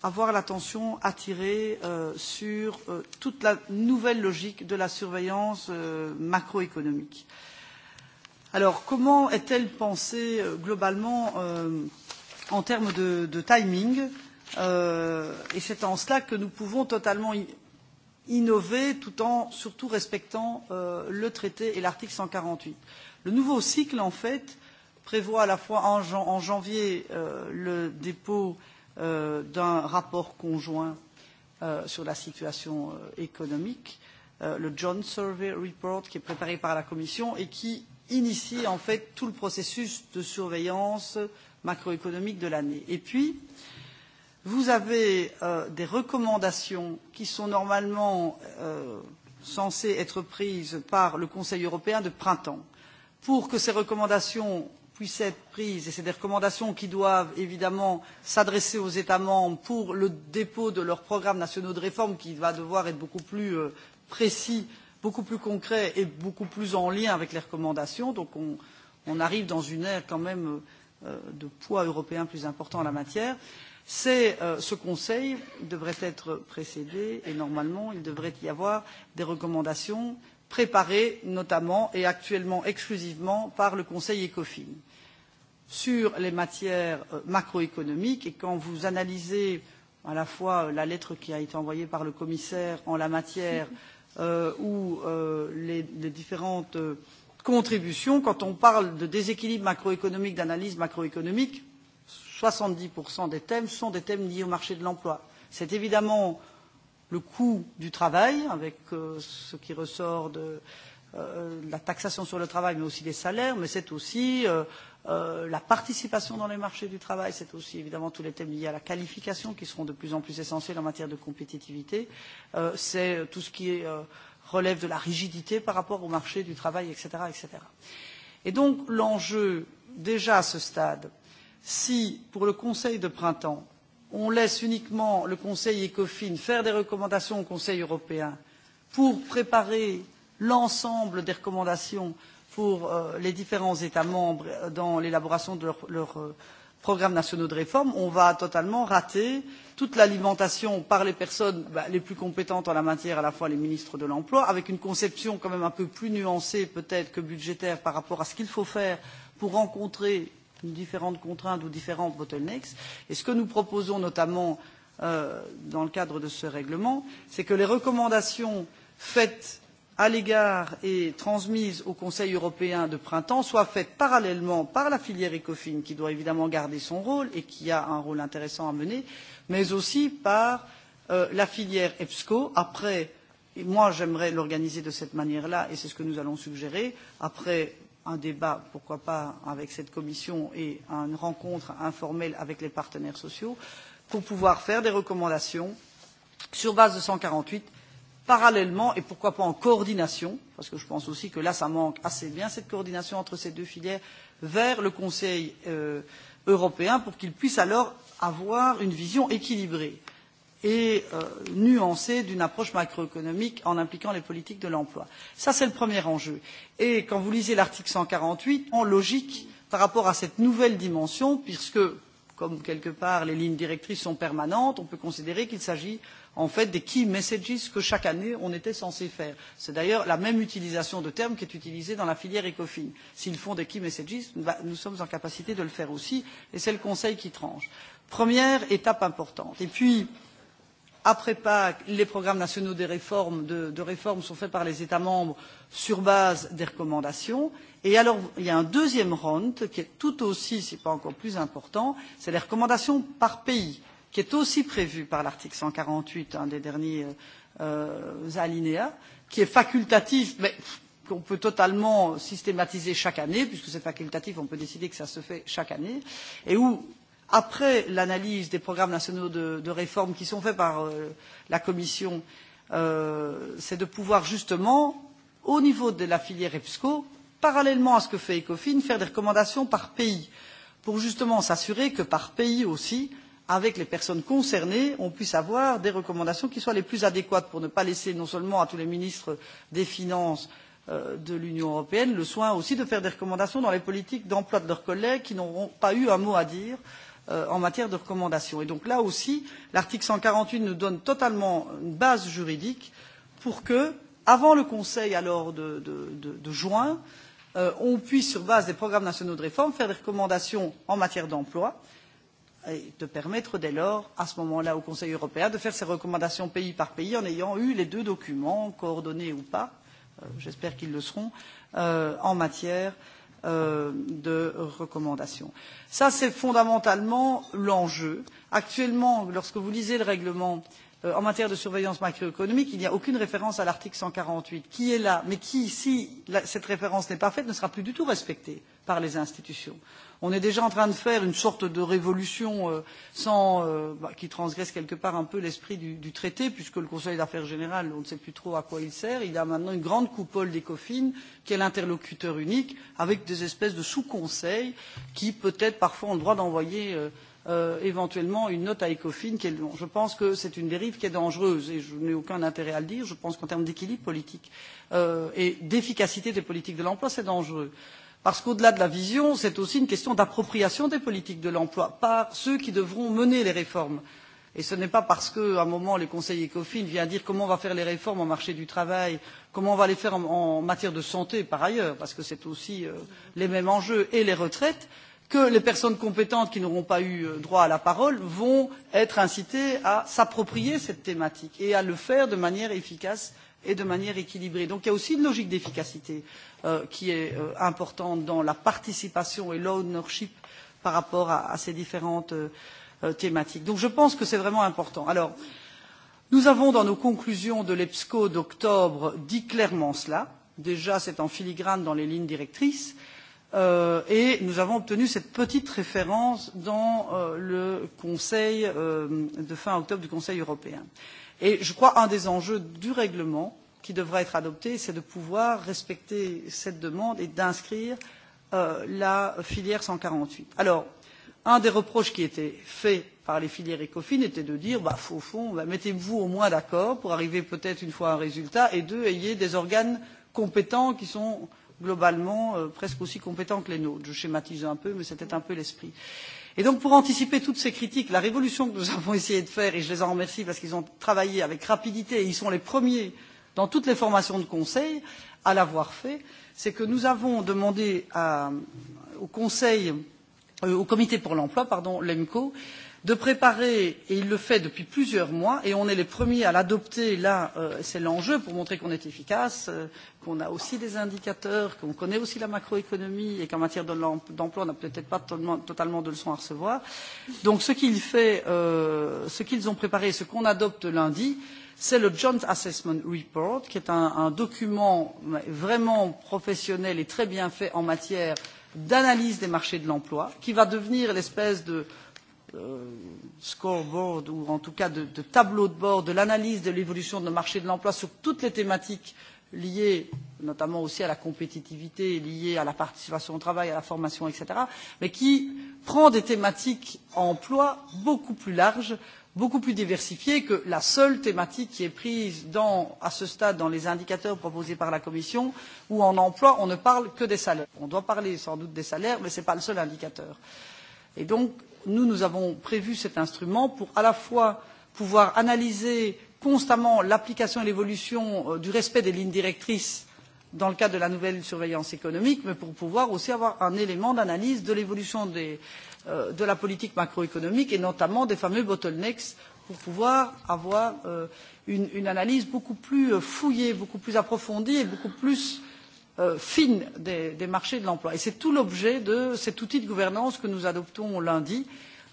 avoir l'attention attirée euh, sur euh, toute la nouvelle logique de la surveillance euh, macroéconomique. Alors, comment est-elle pensée euh, globalement euh, en termes de, de timing euh, Et c'est en cela que nous pouvons totalement innover tout en surtout respectant euh, le traité et l'article 148. Le nouveau cycle, en fait, prévoit à la fois en, en janvier euh, le dépôt euh, Euh, d'un rapport conjoint euh, sur la situation euh, économique, euh, le John Survey Report, qui est préparé par la Commission et qui initie en fait tout le processus de surveillance macroéconomique de l'année. Et puis, vous avez euh, des recommandations qui sont normalement euh, censées être prises par le Conseil européen de printemps. Pour que ces recommandations puisse être prise et c'est des recommandations qui doivent évidemment s'adresser aux États membres pour le dépôt de leurs programmes nationaux de réforme qui va devoir être beaucoup plus euh, précis, beaucoup plus concret et beaucoup plus en lien avec les recommandations. Donc on, on arrive dans une ère quand même euh, euh, de poids européen plus important en la matière. C'est euh, ce conseil devrait être précédé et normalement il devrait y avoir des recommandations préparée notamment et actuellement exclusivement par le Conseil ECOFIN. Sur les matières euh, macroéconomiques, et quand vous analysez à la fois euh, la lettre qui a été envoyée par le commissaire en la matière euh, ou euh, les, les différentes euh, contributions, quand on parle de déséquilibre macroéconomique, d'analyse macroéconomique, 70% des thèmes sont des thèmes liés au marché de l'emploi. C'est évidemment euh, le coût du travail, avec euh, ce qui ressort euh, de la taxation sur le travail, mais aussi les salaires, mais c'est aussi euh, la participation dans les marchés du travail, c'est aussi évidemment tous les thèmes liés à la qualification qui seront de plus en plus essentiels en matière de compétitivité, c'est tout ce qui relève de la rigidité par rapport au marché du travail, etc. etc. Et donc l'enjeu, déjà à ce stade, si pour le Conseil de printemps, on laisse uniquement le Conseil ECOFIN faire des recommandations au Conseil européen pour préparer l'ensemble des recommandations pour euh, les différents États membres euh, dans l'élaboration de leurs leur, euh, programmes nationaux de réforme, on va totalement rater toute l'alimentation par les personnes bah, les plus compétentes en la matière, à la fois les ministres de l'emploi, avec une conception quand même un peu plus nuancée peut-être que budgétaire par rapport à ce qu'il faut faire pour rencontrer différentes contraintes ou différents bottlenecks. Et ce que nous proposons notamment euh, dans le cadre de ce règlement, c'est que les recommandations faites à l'égard et transmises au Conseil européen de printemps soient faites parallèlement par la filière ECOFIN, qui doit évidemment garder son rôle et qui a un rôle intéressant à mener, mais aussi par euh, la filière EBSCO, après, et moi j'aimerais l'organiser de cette manière-là, et c'est ce que nous allons suggérer, après un débat, pourquoi pas, avec cette commission et une rencontre informelle avec les partenaires sociaux pour pouvoir faire des recommandations sur base de 148 parallèlement et pourquoi pas en coordination, parce que je pense aussi que là, ça manque assez bien cette coordination entre ces deux filières vers le Conseil euh, européen pour qu'il puisse alors avoir une vision équilibrée et euh, nuancée d'une approche macroéconomique en impliquant les politiques de l'emploi. Ça, c'est le premier enjeu. Et quand vous lisez l'article 148, en logique par rapport à cette nouvelle dimension, puisque, comme quelque part, les lignes directrices sont permanentes, on peut considérer qu'il s'agit en fait des key messages que chaque année on était censé faire. C'est d'ailleurs la même utilisation de termes qui est utilisée dans la filière ECOFIN. S'ils font des key messages, nous sommes en capacité de le faire aussi, et c'est le Conseil qui tranche. Première étape importante. Et puis, après Pâques, les programmes nationaux de réformes de, de réforme sont faits par les États membres sur base des recommandations. Et alors, il y a un deuxième round qui est tout aussi, si pas encore plus important, c'est les recommandations par pays, qui est aussi prévu par l'article 148, un des derniers euh, alinéas, qui est facultatif, mais qu'on peut totalement systématiser chaque année, puisque c'est facultatif, on peut décider que ça se fait chaque année, et où après l'analyse des programmes nationaux de, de réforme qui sont faits par euh, la Commission, euh, c'est de pouvoir justement, au niveau de la filière EPSCO, parallèlement à ce que fait ECOFIN, faire des recommandations par pays, pour justement s'assurer que par pays aussi, avec les personnes concernées, on puisse avoir des recommandations qui soient les plus adéquates pour ne pas laisser non seulement à tous les ministres des Finances euh, de l'Union européenne le soin aussi de faire des recommandations dans les politiques d'emploi de leurs collègues qui n'auront pas eu un mot à dire euh, euh, en matière de recommandations. Et donc là aussi, l'article 148 nous donne totalement une base juridique pour que, avant le Conseil alors de, de, de, de juin, euh, on puisse, sur base des programmes nationaux de réforme, faire des recommandations en matière d'emploi et de permettre dès lors, à ce moment-là, au Conseil européen de faire ses recommandations pays par pays en ayant eu les deux documents, coordonnés ou pas, euh, j'espère qu'ils le seront, euh, en matière euh, euh, de recommandations. Ça, c'est fondamentalement l'enjeu. Actuellement, lorsque vous lisez le règlement euh, en matière de surveillance macroéconomique, il n'y a aucune référence à l'article 148, qui est là, mais qui, si la, cette référence n'est pas faite, ne sera plus du tout respectée par les institutions. On est déjà en train de faire une sorte de révolution euh, sans, euh, bah, qui transgresse quelque part un peu l'esprit du, du traité, puisque le Conseil d'affaires générales, on ne sait plus trop à quoi il sert. Il y a maintenant une grande coupole d'écofines qui est l'interlocuteur unique, avec des espèces de sous-conseils qui, peut-être, parfois ont le droit d'envoyer euh, euh, éventuellement une note à ECOFIN. Qui est, bon, je pense que c'est une dérive qui est dangereuse et je n'ai aucun intérêt à le dire. Je pense qu'en termes d'équilibre politique euh, et d'efficacité des politiques de l'emploi, c'est dangereux. Parce qu'au delà de la vision, c'est aussi une question d'appropriation des politiques de l'emploi par ceux qui devront mener les réformes. Et ce n'est pas parce qu'à un moment, le Conseil ECOFIN vient dire comment on va faire les réformes en marché du travail, comment on va les faire en, en matière de santé par ailleurs, parce que c'est aussi euh, les mêmes enjeux et les retraites, que les personnes compétentes qui n'auront pas eu euh, droit à la parole vont être incitées à s'approprier cette thématique et à le faire de manière efficace euh, et de manière équilibrée. il y a aussi une logique d'efficacité euh, qui est euh, importante dans la participation et l'ownership par rapport à ces différentes euh, thématiques. je pense que c'est vraiment important. nous avons dans nos conclusions de l'epsco d'octobre dit clairement cela déjà c'est en filigrane dans les lignes directrices euh, et nous avons obtenu cette petite référence dans euh, le conseil euh, de fin octobre du conseil européen. Et je crois qu'un des enjeux du règlement qui devra être adopté, c'est de pouvoir respecter cette demande et d'inscrire euh, la filière 148. Alors, un des reproches qui était fait par les filières ECOFIN était de dire, bah, au fond, bah, mettez-vous au moins d'accord pour arriver peut-être une fois à un résultat, et deux, ayez des organes compétents qui sont globalement euh, presque aussi compétents que les nôtres. Je schématise un peu, mais c'était un peu l'esprit. Euh, Et donc, pour anticiper toutes ces critiques, la révolution que nous avons essayé de faire, et je les en remercie parce qu'ils ont travaillé avec rapidité, et ils sont les premiers dans toutes les formations de conseil à l'avoir fait, c'est que nous avons demandé à, au conseil, euh, au comité pour l'emploi, pardon, l'EMCO, euh, de préparer et il le fait depuis plusieurs mois et on est les premiers à l'adopter là euh, c'est l'enjeu pour montrer qu'on est efficace euh, qu'on a aussi des indicateurs qu'on connaît aussi la macroéconomie et qu'en matière d'emploi de on n'a peut-être pas totalement, totalement de leçons à recevoir donc ce qu'il fait euh, ce qu'ils ont préparé ce qu'on adopte lundi c'est le Joint Assessment Report qui est un, un document vraiment professionnel et très bien fait en matière d'analyse des marchés de l'emploi qui va devenir l'espèce de euh, scoreboard ou en tout cas de, de tableau de bord de l'analyse de l'évolution de marché de l'emploi sur toutes les thématiques liées notamment aussi à la compétitivité, liées à la participation au travail, à la formation, etc., mais qui prend des thématiques emploi beaucoup plus larges, beaucoup plus diversifiées que la seule thématique qui est prise dans, à ce stade dans les indicateurs proposés par la Commission, où en emploi, on ne parle que des salaires. On doit parler sans doute des salaires, mais ce n'est pas le seul indicateur. Et donc, nous, nous avons prévu cet instrument pour à la fois pouvoir analyser constamment l'application et l'évolution euh, du respect des lignes directrices dans le cadre de la nouvelle surveillance économique, mais pour pouvoir aussi avoir un élément d'analyse de l'évolution des, euh, de la politique macroéconomique et notamment des fameux bottlenecks pour pouvoir avoir euh, une, une analyse beaucoup plus euh, fouillée, beaucoup plus approfondie et beaucoup plus euh, Euh, fine des marchés de l'emploi et c'est tout l'objet de cet outil de gouvernance que nous adoptons lundi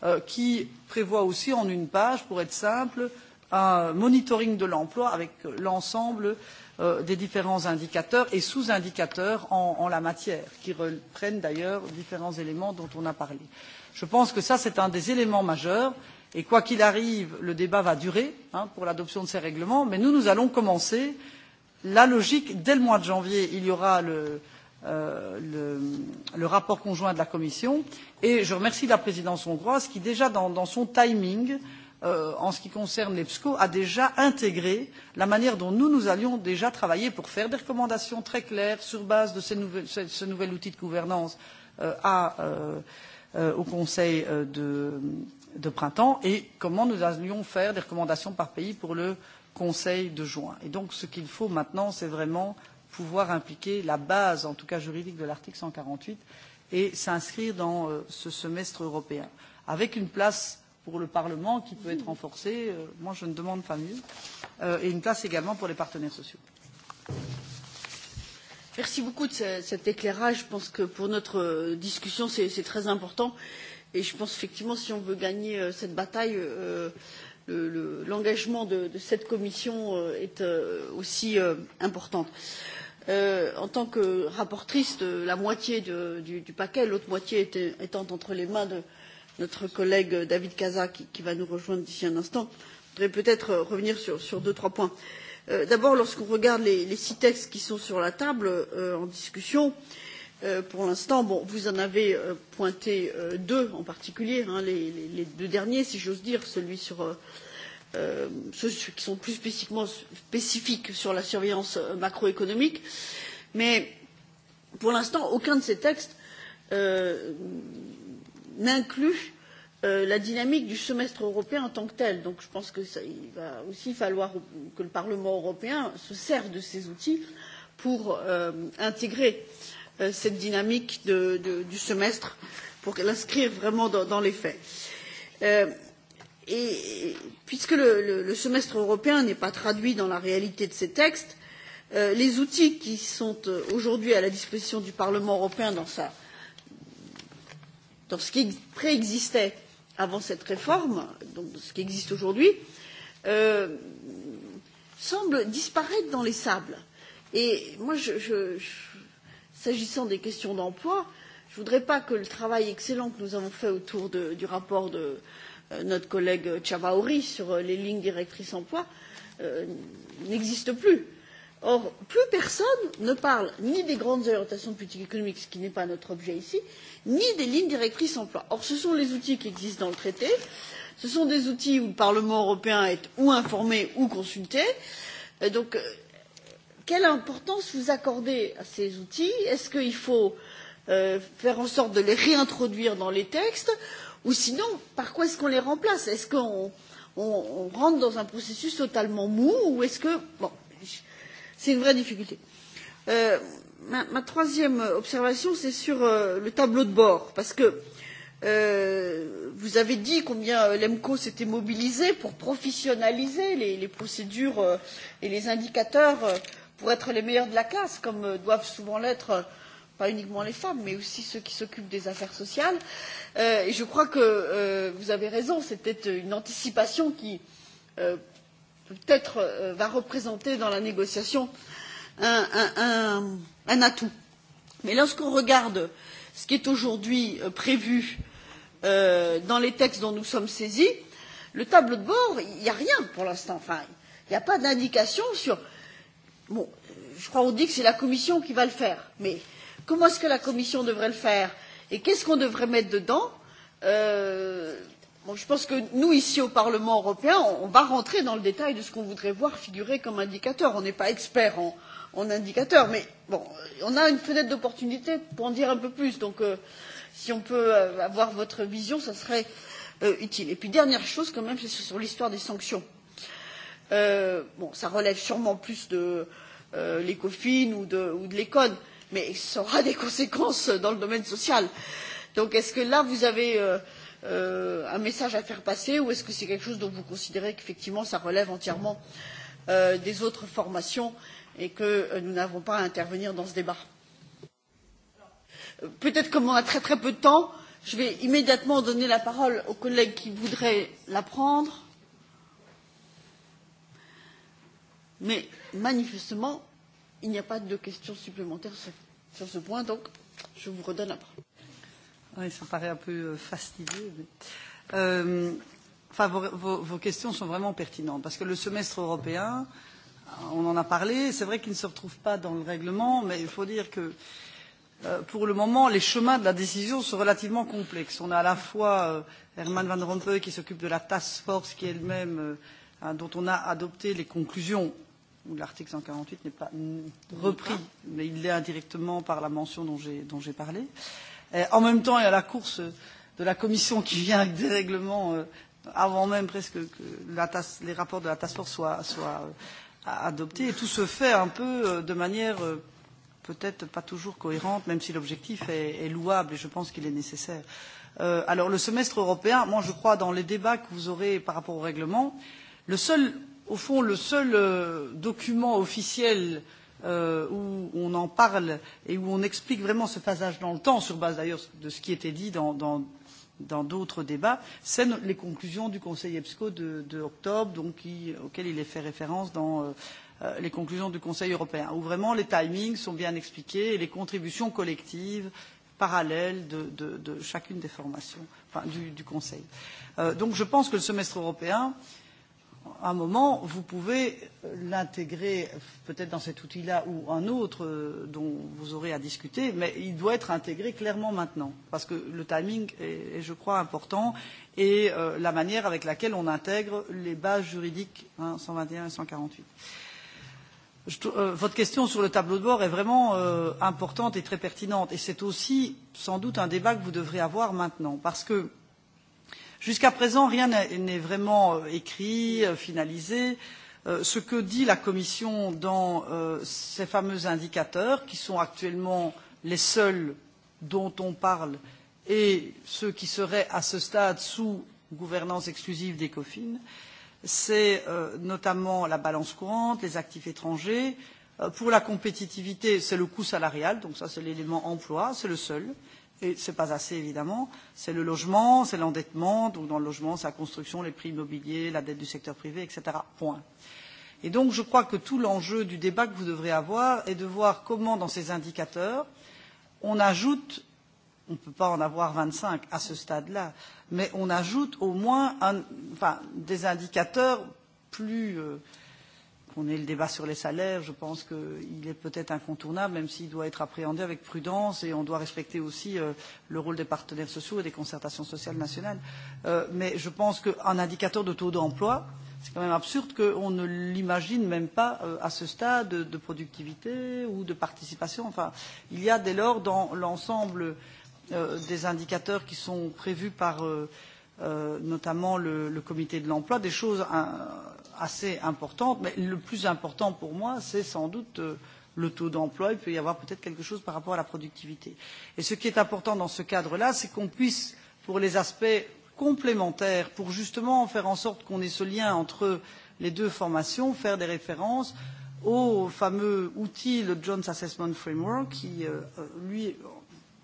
euh, qui prévoit aussi en une page pour être simple un monitoring de l'emploi avec l'ensemble euh, des différents indicateurs et sous indicateurs en, en la matière qui reprennent d'ailleurs différents éléments dont on a parlé. Je pense que ça c'est un des éléments majeurs et quoi qu'il arrive le débat va durer hein, pour l'adoption de ces règlements mais nous nous allons commencer euh, la logique dès le mois de janvier il y aura le, euh, le, le rapport conjoint de la commission et je remercie la présidence hongroise qui déjà dans, dans son timing euh, en ce qui concerne l'epsco a déjà intégré la manière dont nous nous allions déjà travailler pour faire des recommandations très claires sur base de ces nouvel, ce, ce nouvel outil de gouvernance euh, à, euh, euh, au conseil euh, de de printemps et comment nous allions faire des recommandations par pays pour le conseil de juin. Et donc, ce qu'il faut maintenant, c'est vraiment pouvoir impliquer la base, en tout cas juridique, de l'article 148 et s'inscrire dans euh, ce semestre européen, avec une place pour le Parlement qui peut être renforcée, euh, moi je ne demande pas mieux, euh, et une place également pour les partenaires sociaux. Merci beaucoup de ce, cet éclairage. Je pense que pour notre euh, discussion, c'est très important. Et je pense effectivement, si on veut gagner euh, cette bataille. Euh, l'engagement le, le, de, de cette commission euh, est euh, aussi euh, importante. Euh, en tant que rapportrice de la moitié de, du, du paquet, l'autre moitié était, étant entre les mains de notre collègue David Casa qui, qui va nous rejoindre d'ici un instant, je voudrais peut-être revenir sur, sur deux, trois points. Euh, D'abord, lorsqu'on regarde les, les six textes qui sont sur la table euh, en discussion, euh, Euh, pour l'instant. vous en avez euh, pointé euh, deux en particulier les deux derniers si j'ose dire celui sur ceux qui sont plus spécifiques sur la surveillance macroéconomique mais pour l'instant aucun de ces textes n'inclut la dynamique du semestre européen en tant que tel. donc je pense qu'il va aussi falloir que le parlement européen se serve de ces outils pour intégrer euh, Euh, cette dynamique du semestre pour l'inscrire vraiment dans les faits. Euh, puisque le semestre européen n'est pas traduit dans la réalité de ces textes euh, les outils qui sont aujourd'hui à la disposition du parlement européen dans ce qui préexistait avant cette réforme donc ce qui existe aujourd'hui euh, semblent disparaître dans les sables et moi je, je, je s'agissant des questions d'emploi, je ne voudrais pas que le travail excellent que nous avons fait autour de, du rapport de euh, notre collègue Chavaori sur euh, les lignes directrices emploi euh, n'existe plus. Or, plus personne ne parle ni des grandes orientations de politique économique, ce qui n'est pas notre objet ici, ni des lignes directrices emploi. Or, ce sont les outils qui existent dans le traité, ce sont des outils où le Parlement européen est ou informé ou consulté. Et donc, euh, quelle importance vous accordez à ces outils est ce qu'il faut euh, faire en sorte de les réintroduire dans les textes ou sinon par quoi est ce qu'on les remplace est ce qu'on on, on rentre dans un processus totalement mou ou est ce que bon c'est une vraie difficulté euh, ma, ma troisième observation c'est sur euh, le tableau de bord parce que euh, vous avez dit combien l'EMCO s'était mobilisé pour professionnaliser les, les procédures euh, et les indicateurs euh, pour être les meilleurs de la classe, comme euh, doivent souvent l'être euh, pas uniquement les femmes, mais aussi ceux qui s'occupent des affaires sociales. Euh, et je crois que euh, vous avez raison, c'était une anticipation qui euh, peut-être euh, va représenter dans la négociation un, un, un, un atout. Mais lorsqu'on regarde ce qui est aujourd'hui euh, prévu euh, dans les textes dont nous sommes saisis, le tableau de bord, il n'y a rien pour l'instant. Enfin, il n'y a pas d'indication sur euh, bon, je crois qu'on dit que c'est la Commission qui va le faire, mais comment est-ce que la Commission devrait le faire et qu'est-ce qu'on devrait mettre dedans euh, bon, Je pense que nous, ici au Parlement européen, on, on va rentrer dans le détail de ce qu'on voudrait voir figurer comme indicateur. On n'est pas expert en, en indicateur, mais bon, on a une fenêtre d'opportunité pour en dire un peu plus. Donc, euh, si on peut euh, avoir votre vision, ça serait euh, utile. Et puis, dernière chose, quand même, c'est sur l'histoire des sanctions. Euh, bon, ça relève sûrement plus de, euh, Euh, l'ecofin ou de l'econ mais cela aura des conséquences dans le domaine social. donc est ce que là vous avez euh, euh, un message à faire passer ou est ce que c'est quelque chose dont vous considérez qu'effectivement ça relève entièrement des autres formations et que nous n'avons pas à intervenir dans ce débat? peut être comme on a très très peu de temps je vais immédiatement donner la parole aux collègues qui voudraient la prendre. mais manifestement il n'y a pas de questions supplémentaires sur, sur ce point donc je vous redonne la parole. Oui, ça me paraît un peu euh, fastidieux. Mais... Euh, enfin, vos, vos, vos questions sont vraiment pertinentes parce que le semestre européen, on en a parlé, c'est vrai qu'il ne se retrouve pas dans le règlement, mais il faut dire que euh, pour le moment, les chemins de la décision sont relativement complexes. On a à la fois euh, Herman Van Rompuy qui s'occupe de la task force qui est elle-même, euh, hein, dont on a adopté les conclusions où l'article 148 n'est pas repris, mais il l'est indirectement par la mention dont j'ai parlé. Et en même temps, il y a la course de la Commission qui vient avec des règlements euh, avant même presque que la tasse, les rapports de la Task Force soient, soient euh, adoptés. Et tout se fait un peu euh, de manière euh, peut-être pas toujours cohérente, même si l'objectif est, est louable et je pense qu'il est nécessaire. Euh, alors, le semestre européen, moi je crois dans les débats que vous aurez par rapport au règlement, le seul au fond, le seul euh, document officiel euh, où on en parle et où on explique vraiment ce passage dans le temps, sur base d'ailleurs de ce qui était dit dans. dans dans d'autres débats, c'est no-, les conclusions du Conseil EBSCO de, de octobre, donc qui, auxquelles il est fait référence dans euh, euh, les conclusions du Conseil européen, où vraiment les timings sont bien expliqués et les contributions collectives parallèles de, de, de chacune des formations enfin, du, du Conseil. Euh, donc je pense que le semestre européen euh, un moment, vous pouvez l'intégrer peut-être dans cet outil-là ou un autre euh, dont vous aurez à discuter, mais il doit être intégré clairement maintenant, parce que le timing est, est je crois, important et euh, la manière avec laquelle on intègre les bases juridiques hein, 121 et 148. Je, euh, votre question sur le tableau de bord est vraiment euh, importante et très pertinente, et c'est aussi sans doute un débat que vous devrez avoir maintenant, parce que euh, jusqu'à présent rien n'est vraiment euh, écrit euh, finalisé euh, ce que dit la commission dans ces fameux indicateurs qui sont actuellement les seuls dont on parle et ceux qui seraient à ce stade sous gouvernance exclusive d'ECOFIN, c'est notamment la balance courante, les actifs étrangers. Pour la compétitivité, c'est le coût salarial, donc ça c'est l'élément emploi, c'est le seul. Euh, Et c'est pas assez, évidemment. C'est le logement, c'est l'endettement. Donc, dans le logement, c'est la construction, les prix immobiliers, la dette du secteur privé, etc. Point. Et donc, je crois que tout l'enjeu du débat que vous devrez avoir est de voir comment, dans ces indicateurs, on ajoute, on ne peut pas en avoir 25 à ce stade-là, mais on ajoute au moins un, enfin, des indicateurs plus. Euh, qu'on ait le débat sur les salaires, je pense qu'il est peut-être incontournable, même s'il doit être appréhendé avec prudence et on doit respecter aussi euh, le rôle des partenaires sociaux et des concertations sociales nationales. Euh, mais je pense qu'un indicateur de taux d'emploi, c'est quand même absurde qu'on ne l'imagine même pas euh, à ce stade de productivité ou de participation. Enfin, il y a dès lors dans l'ensemble euh, des indicateurs qui sont prévus par euh, euh, notamment le, le comité de l'emploi des choses. Euh, assez importante, mais le plus important pour moi, c'est sans doute euh, le taux d'emploi. Il peut y avoir peut-être quelque chose par rapport à la productivité. Et ce qui est important dans ce cadre-là, c'est qu'on puisse, pour les aspects complémentaires, pour justement faire en sorte qu'on ait ce lien entre les deux formations, faire des références au fameux outil, le Jones Assessment Framework, qui, euh, euh, lui,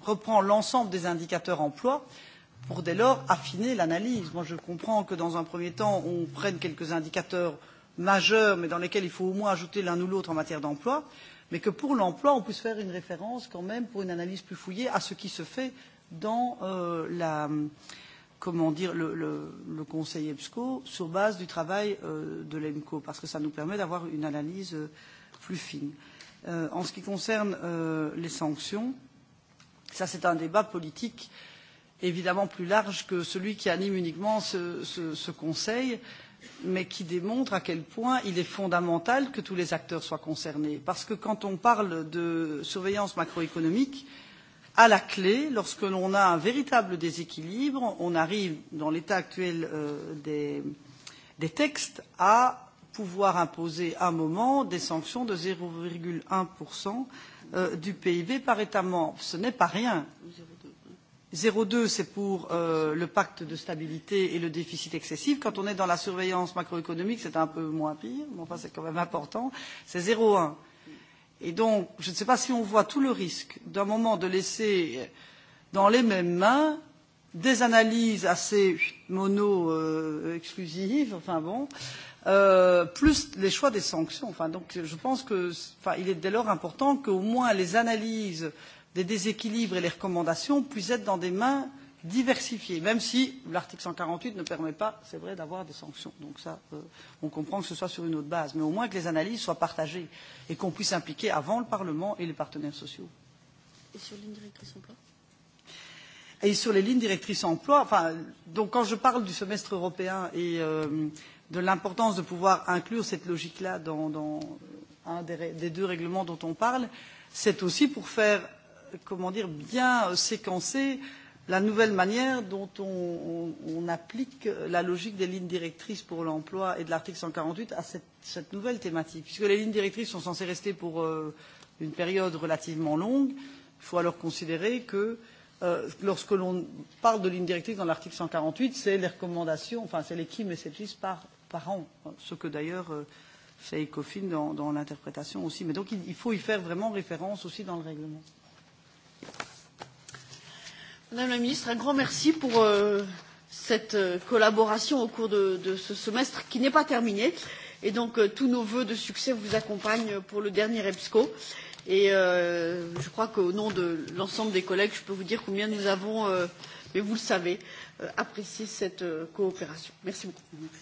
reprend l'ensemble des indicateurs emploi. Euh, pour dès lors affiner l'analyse. Moi, je comprends que dans un premier temps, on prenne quelques indicateurs majeurs, mais dans lesquels il faut au moins ajouter l'un ou l'autre en matière d'emploi, mais que pour l'emploi, on puisse faire une référence quand même pour une analyse plus fouillée à ce qui se fait dans euh, la, comment dire, le, le, le Conseil EBSCO sur base du travail euh, de l'EMCO, parce que ça nous permet d'avoir une analyse euh, plus fine. Euh, en ce qui concerne euh, les sanctions, ça c'est un débat politique euh, évidemment plus large que celui qui anime uniquement ce, ce, ce Conseil, mais qui démontre à quel point il est fondamental que tous les acteurs soient concernés. Parce que quand on parle de surveillance macroéconomique, à la clé, lorsque l'on a un véritable déséquilibre, on arrive, dans l'état actuel euh, des, des textes, à pouvoir imposer à un moment des sanctions de 0,1% euh, du PIB par État membre. Ce n'est pas rien. 0,2 c'est pour euh, le pacte de stabilité et le déficit excessif. Quand on est dans la surveillance macroéconomique, c'est un peu moins pire, mais enfin c'est quand même important. C'est 0,1. Et donc, je ne sais pas si on voit tout le risque d'un moment de laisser dans les mêmes mains des analyses assez mono-exclusives, euh, enfin bon, euh, plus les choix des sanctions. Enfin, donc, je pense qu'il enfin, est dès lors important qu'au moins les analyses des déséquilibres et les recommandations puissent être dans des mains diversifiées, même si l'article 148 ne permet pas, c'est vrai, d'avoir des sanctions. Donc ça, euh, on comprend que ce soit sur une autre base, mais au moins que les analyses soient partagées et qu'on puisse impliquer avant le Parlement et les partenaires sociaux. Et sur les directrices emploi Et sur les lignes directrices emploi, enfin, donc quand je parle du semestre européen et euh, de l'importance de pouvoir inclure cette logique-là dans, dans un des, des deux règlements dont on parle, c'est aussi pour faire comment dire, bien séquencer la nouvelle manière dont on, on, on applique la logique des lignes directrices pour l'emploi et de l'article 148 à cette, cette nouvelle thématique. Puisque les lignes directrices sont censées rester pour euh, une période relativement longue, il faut alors considérer que euh, lorsque l'on parle de lignes directrices dans l'article 148, c'est les recommandations, enfin c'est les key messages par, par an, ce que d'ailleurs euh, fait Ecofin dans, dans l'interprétation aussi. Mais donc il, il faut y faire vraiment référence aussi dans le règlement. Euh, Madame la ministre, un grand merci pour euh, cette euh, collaboration au cours de, de ce semestre qui n'est pas terminé. Et donc, euh, tous nos voeux de succès vous accompagnent pour le dernier EBSCO. Et euh, je crois qu'au nom de l'ensemble des collègues, je peux vous dire combien nous avons, euh, mais vous le savez, euh, apprécié cette euh, coopération. Merci beaucoup. Merci.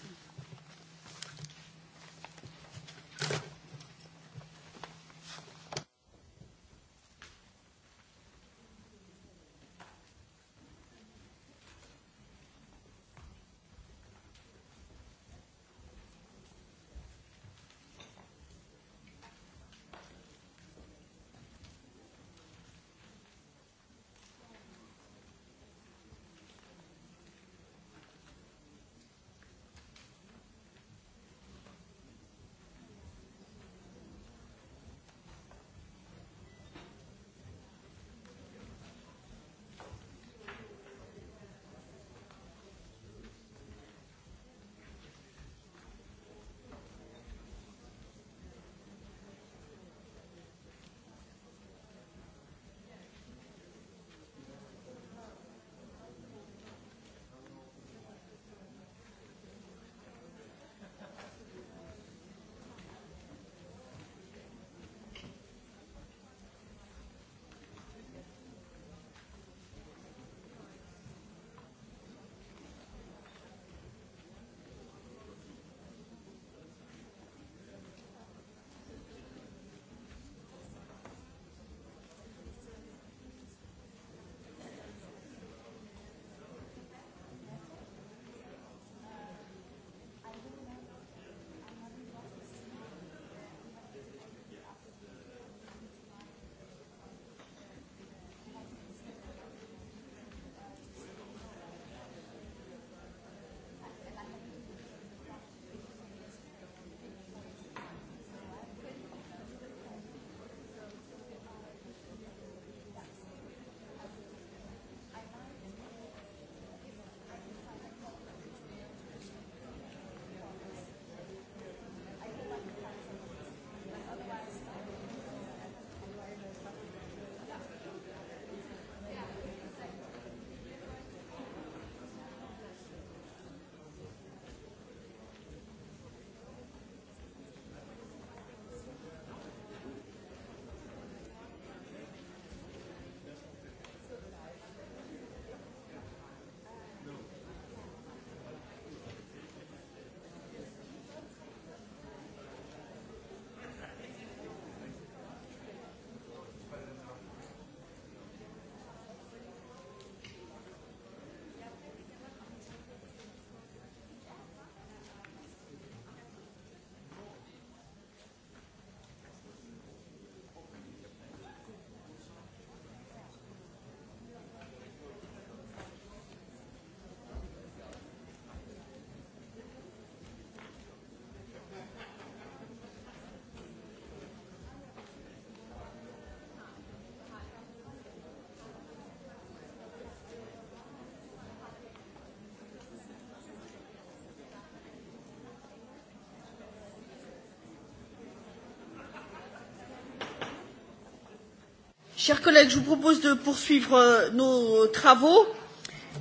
chers collègues je vous propose de poursuivre euh, nos euh, travaux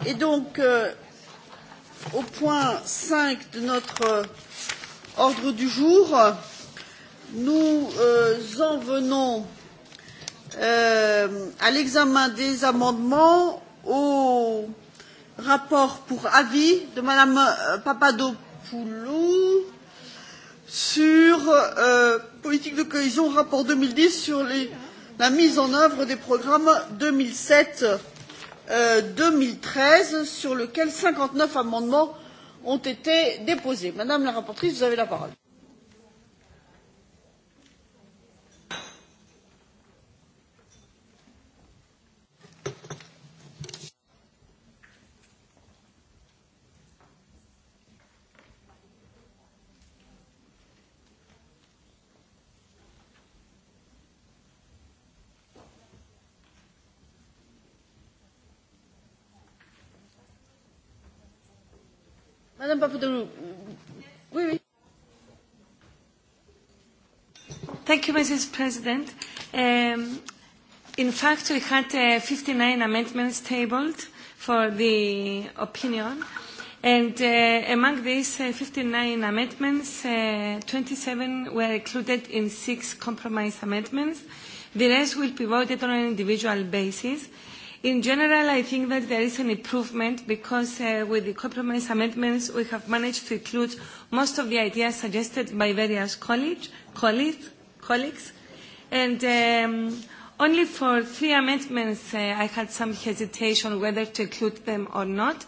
et donc euh, au point cinq de notre ordre du jour nous en venons à l'examen des amendements au rapport pour avis de mme papadopoulou sur politique de cohésion rapport deux mille dix sur les la mise en œuvre des programmes deux mille sept euh, deux mille treize sur lesquels cinquante neuf amendements ont été déposés. madame la rapporteure vous avez la parole. Madame Papadourou. Oui, oui. Thank you, Mrs. President. Um, in fact, we had uh, 59 amendments tabled for the opinion. And uh, among these uh, 59 amendments, uh, 27 were included in six compromise amendments. The rest will be voted on an individual basis. In general, I think that there is an improvement because uh, with the compromise amendments, we have managed to include most of the ideas suggested by various college, college, colleagues. And um, only for three amendments, uh, I had some hesitation whether to include them or not.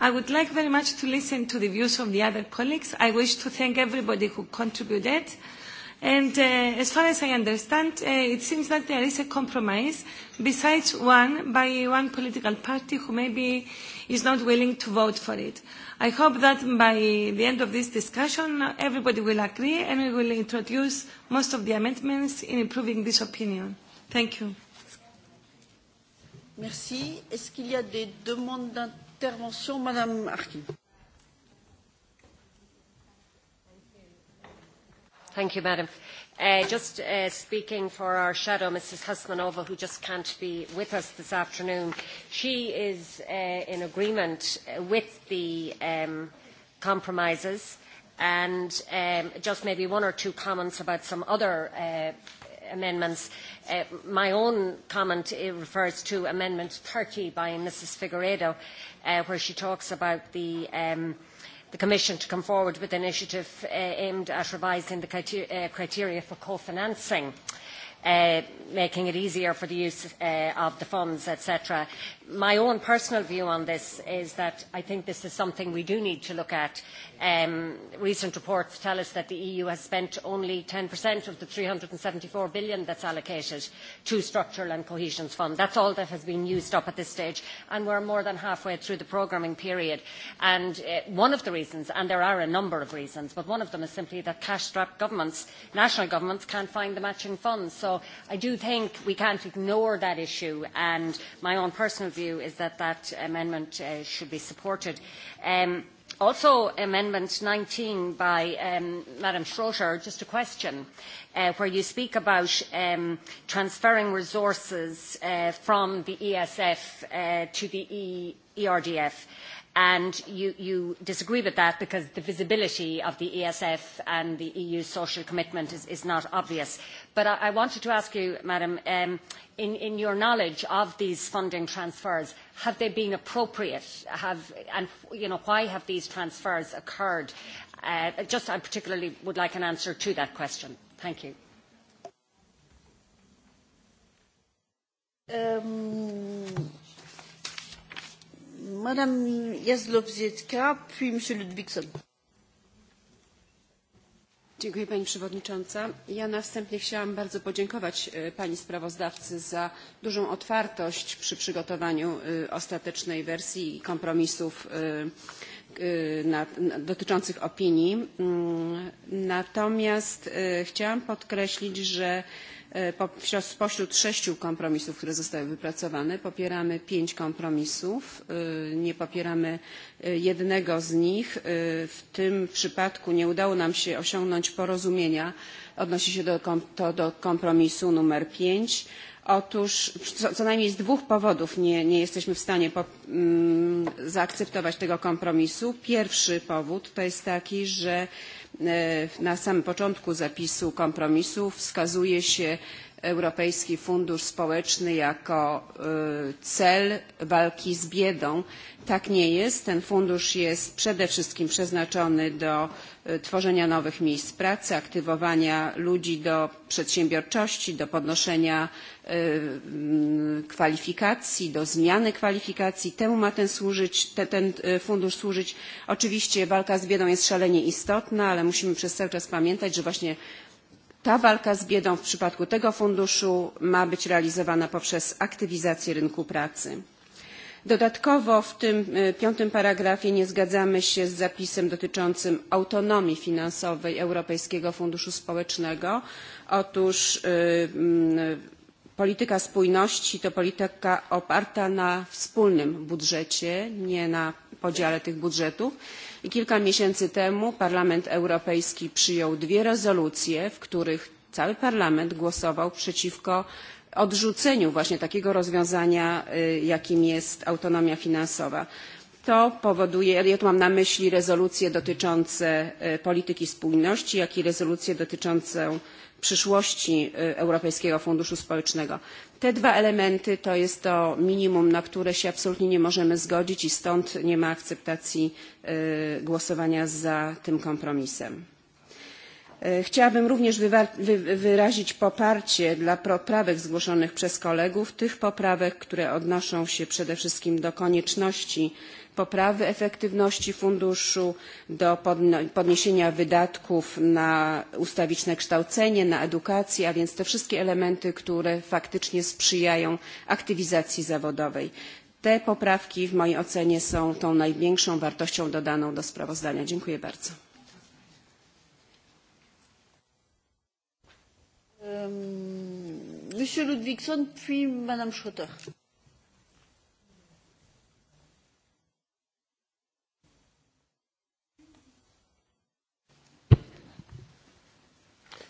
I would like very much to listen to the views of the other colleagues. I wish to thank everybody who contributed. And uh, as far as I understand, uh, it seems that there is a compromise besides one by one political party who maybe is not willing to vote for it. I hope that by the end of this discussion, everybody will agree and we will introduce most of the amendments in improving this opinion. Thank you. Merci. Est-ce qu'il y a des demandes d'intervention, Madame Arkin? madam president uh, just uh, speaking for our shadow ms husmanova who just cannot be with us this afternoon she is uh, in agreement with the um, compromises and um, just maybe one or two comments about some other amendments. my own comment refers to amendment thirty by ms figueiredo where she talks about the um, the commission to come forward with an initiative uh, aimed at revising the uh, criteria for co financing uh, making it easier for the use of the funds etc. my own personal view on this is that i think this is something we do need to look at. Um, recent reports tell us that the eu has spent only ten of the eur three hundred and seventy four billion that is allocated to the structural and cohesion fund. that is all that has been used up at this stage and we are more than halfway through the programming period. Uh, one of the reasons and there are a number of reasons but one of them is simply that cash strapped governments national governments cannot find the matching funds. so i do think we cannot ignore that issue and my own personal view is that that amendment uh, should be supported. Um, Also, Amendment 19 by um, Madam Schroeter, just a question, uh, where you speak about um, transferring resources uh, from the ESF uh, to the e- ERDF and you disagree with that because the visibility of the esf and the eu social commitment is not obvious but i wanted to ask you madam um, in your knowledge of these funding transfers have they been appropriate and why have these transfers occurred? Uh, i particularly would like an answer to that question. thank you. Um, Madame Jazlowska, puis Monsieur Ludwigson. Dziękuję Pani Przewodnicząca. Ja na wstępie chciałam bardzo podziękować e, Pani sprawozdawcy za dużą otwartość przy przygotowaniu e, ostatecznej wersji i kompromisów e, dotyczących opinii. Mm, natomiast chciałam podkreślić, że spośród e, sześciu kompromisów które zostały wypracowane popieramy pięć kompromisów e, nie popieramy e, jednego z nich. w tym przypadku nie udało nam się osiągnąć porozumienia odnosi się to do kompromisu nr. pięć otóż co najmniej z dwóch powodów nie jesteśmy w stanie mm, zaakceptować tego kompromisu. pierwszy powód to jest taki że E, na samym początku zapisu kompromisu wskazuje się europejski fundusz społeczny jako e, cel walki z biedą. tak nie jest ten fundusz jest przede wszystkim przeznaczony do e, tworzenia nowych miejsc pracy aktywowania ludzi do przedsiębiorczości do podnoszenia e, kwalifikacji do zmiany kwalifikacji temu ma ten, służyć, te, ten fundusz służyć. oczywiście walka z biedą jest szalenie istotna ale musimy przez cały czas pamiętać że właśnie ta walka z biedą w przypadku tego funduszu ma być realizowana poprzez aktywizację rynku pracy. Dodatkowo w tym piątym paragrafie nie zgadzamy się z zapisem dotyczącym autonomii finansowej Europejskiego Funduszu Społecznego. Otóż yy, mm, polityka spójności to polityka oparta na wspólnym budżecie, nie na podziale tych budżetów i kilka miesięcy temu parlament europejski przyjął dwie rezolucje w których cały parlament głosował przeciwko odrzuceniu właśnie takiego rozwiązania jakim jest autonomia finansowa. to powoduje ja, ja tu mam na myśli rezolucje dotyczące polityki spójności jak i rezolucję dotyczącą przyszłości e, europejskiego funduszu społecznego. te dwa elementy to jest to minimum na które się absolutnie nie możemy zgodzić i stąd nie ma akceptacji e, głosowania za tym kompromisem. E, chciałabym również wyrazić poparcie dla poprawek zgłoszonych przez kolegów tych poprawek które odnoszą się przede wszystkim do konieczności poprawy efektywności funduszu do podniesienia wydatków na ustawiczne kształcenie na edukację a więc te wszystkie elementy które faktycznie sprzyjają aktywizacji zawodowej. te poprawki w mojej ocenie są tą największą wartością dodaną do sprawozdania. dziękuję bardzo.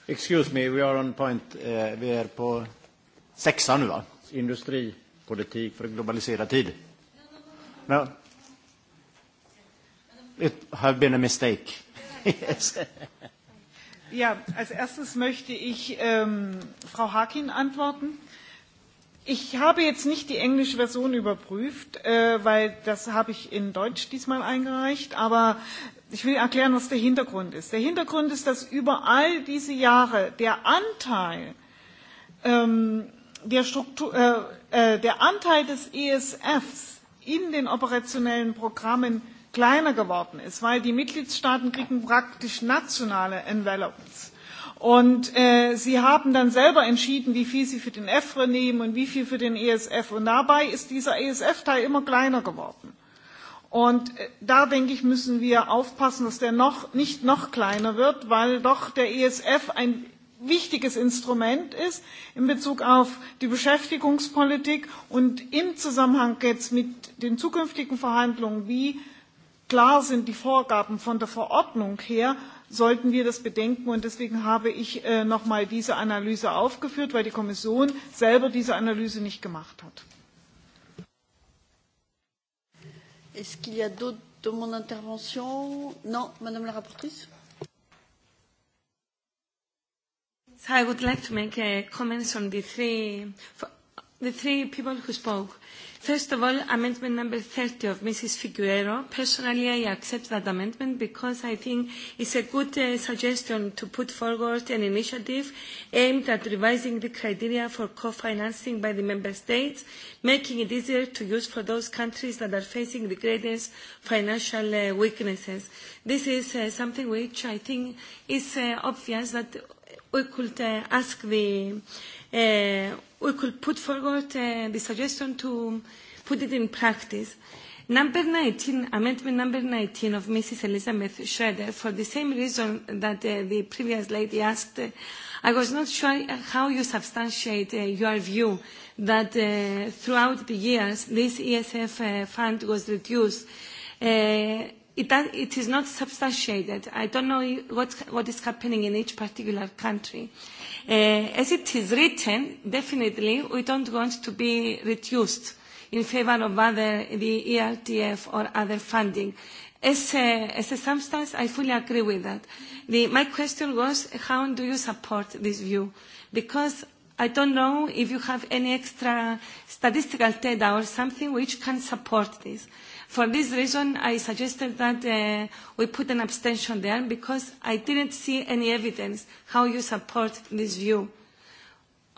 Excuse me, we are on point. Eh, vi är er på sexan nu, va? Industripolitik för globaliserad tid. No. It has been a mistake. yes. Ja, als erstes möchte ich ähm, Frau Harkin antworten. Ich habe jetzt nicht die englische Version überprüft, äh, weil das habe ich in Deutsch diesmal eingereicht. Aber Ich will erklären, was der Hintergrund ist. Der Hintergrund ist, dass über all diese Jahre der Anteil, ähm, der, Struktur, äh, äh, der Anteil des ESFs in den operationellen Programmen kleiner geworden ist, weil die Mitgliedstaaten kriegen praktisch nationale Envelopes. Und äh, sie haben dann selber entschieden, wie viel sie für den EFRE nehmen und wie viel für den ESF. Und dabei ist dieser ESF-Teil immer kleiner geworden. Und äh, da denke ich, müssen wir aufpassen, dass der noch nicht noch kleiner wird, weil doch der ESF ein wichtiges Instrument ist in Bezug auf die Beschäftigungspolitik und im Zusammenhang jetzt mit den zukünftigen Verhandlungen, wie klar sind die Vorgaben von der Verordnung her, sollten wir das bedenken und deswegen habe ich äh, noch mal diese Analyse aufgeführt, weil die Kommission selber diese Analyse nicht gemacht hat. Est-ce qu'il y a d'autres demandes d'intervention Non, Madame la rapporteuse So I would like to make a comment on the three, the three people who spoke. First of all, amendment number 30 of Mrs. Figuero. Personally, I accept that amendment because I think it's a good uh, suggestion to put forward an initiative aimed at revising the criteria for co-financing by the member states, making it easier to use for those countries that are facing the greatest financial uh, weaknesses. This is uh, something which I think is uh, obvious that occulte ask the uh, eh, we could put forward uh, the suggestion to put it in practice. Number 19, amendment number 19 of Mrs. Elizabeth Schroeder, for the same reason that uh, the previous lady asked, uh, I was not sure how you substantiate uh, your view that uh, throughout the years this ESF uh, fund was reduced. Uh, it, does, it is not substantiated. I don't know what, what is happening in each particular country. Uh, as it is written, definitely we don't want to be reduced in favor of other, the ERTF or other funding. As a, as a substance, I fully agree with that. The, my question was, how do you support this view? Because I don't know if you have any extra statistical data or something which can support this. Uh, for this reason, I suggested that uh, we put an abstention there because I didn't see any evidence how you support this view.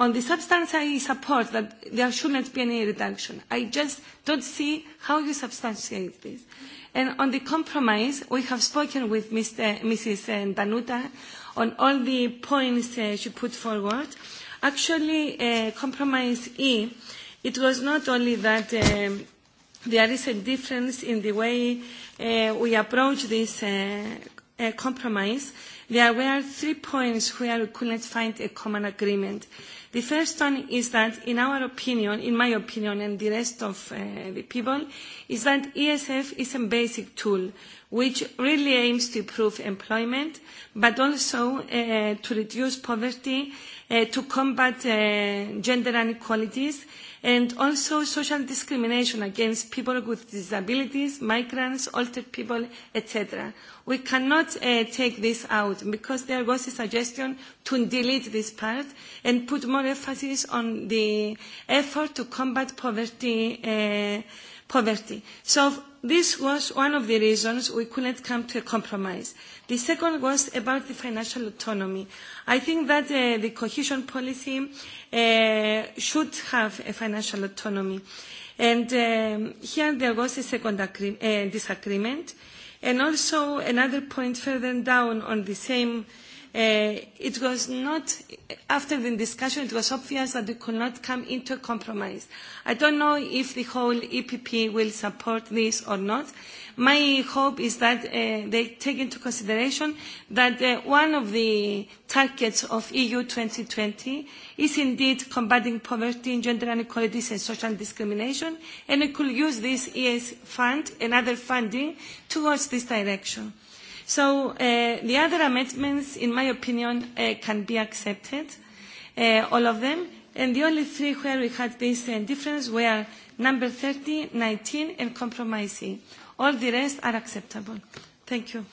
On the substance, I support that there shouldn't be any reduction. I just don't see how you substantiate this. And on the compromise, we have spoken with Mr. Mrs. Uh, Danuta on all the points uh, she put forward. Actually, uh, compromise E, it was not only that. Uh, there is a difference in the way uh, we approach this uh, uh, compromise. There were three points where we couldn't find a common agreement. The first one is that, in our opinion, in my opinion and the rest of uh, the people, is that ESF is a basic tool which really aims to improve employment, but also uh, to reduce poverty, uh, to combat uh, gender inequalities, and also social discrimination against people with disabilities, migrants, altered people, etc. We cannot uh, take this out because there was a suggestion to delete this part and put more emphasis on the effort to combat poverty uh, poverty. So this was one of the reasons we couldn't come to a compromise. The second was about the financial autonomy. I think that uh, the cohesion policy uh, should have a financial autonomy. And um, here there was a second agree- uh, disagreement. And also another point further down on the same uh, it was not, after the discussion, it was obvious that we could not come into a compromise. I don't know if the whole EPP will support this or not. My hope is that uh, they take into consideration that uh, one of the targets of EU 2020 is indeed combating poverty, gender inequalities and social discrimination, and it could use this ES fund and other funding towards this direction. So uh, the other amendments, in my opinion, uh, can be accepted, uh, all of them. And the only three where we had this uh, difference were number 30, 19, and compromising. All the rest are acceptable. Thank you.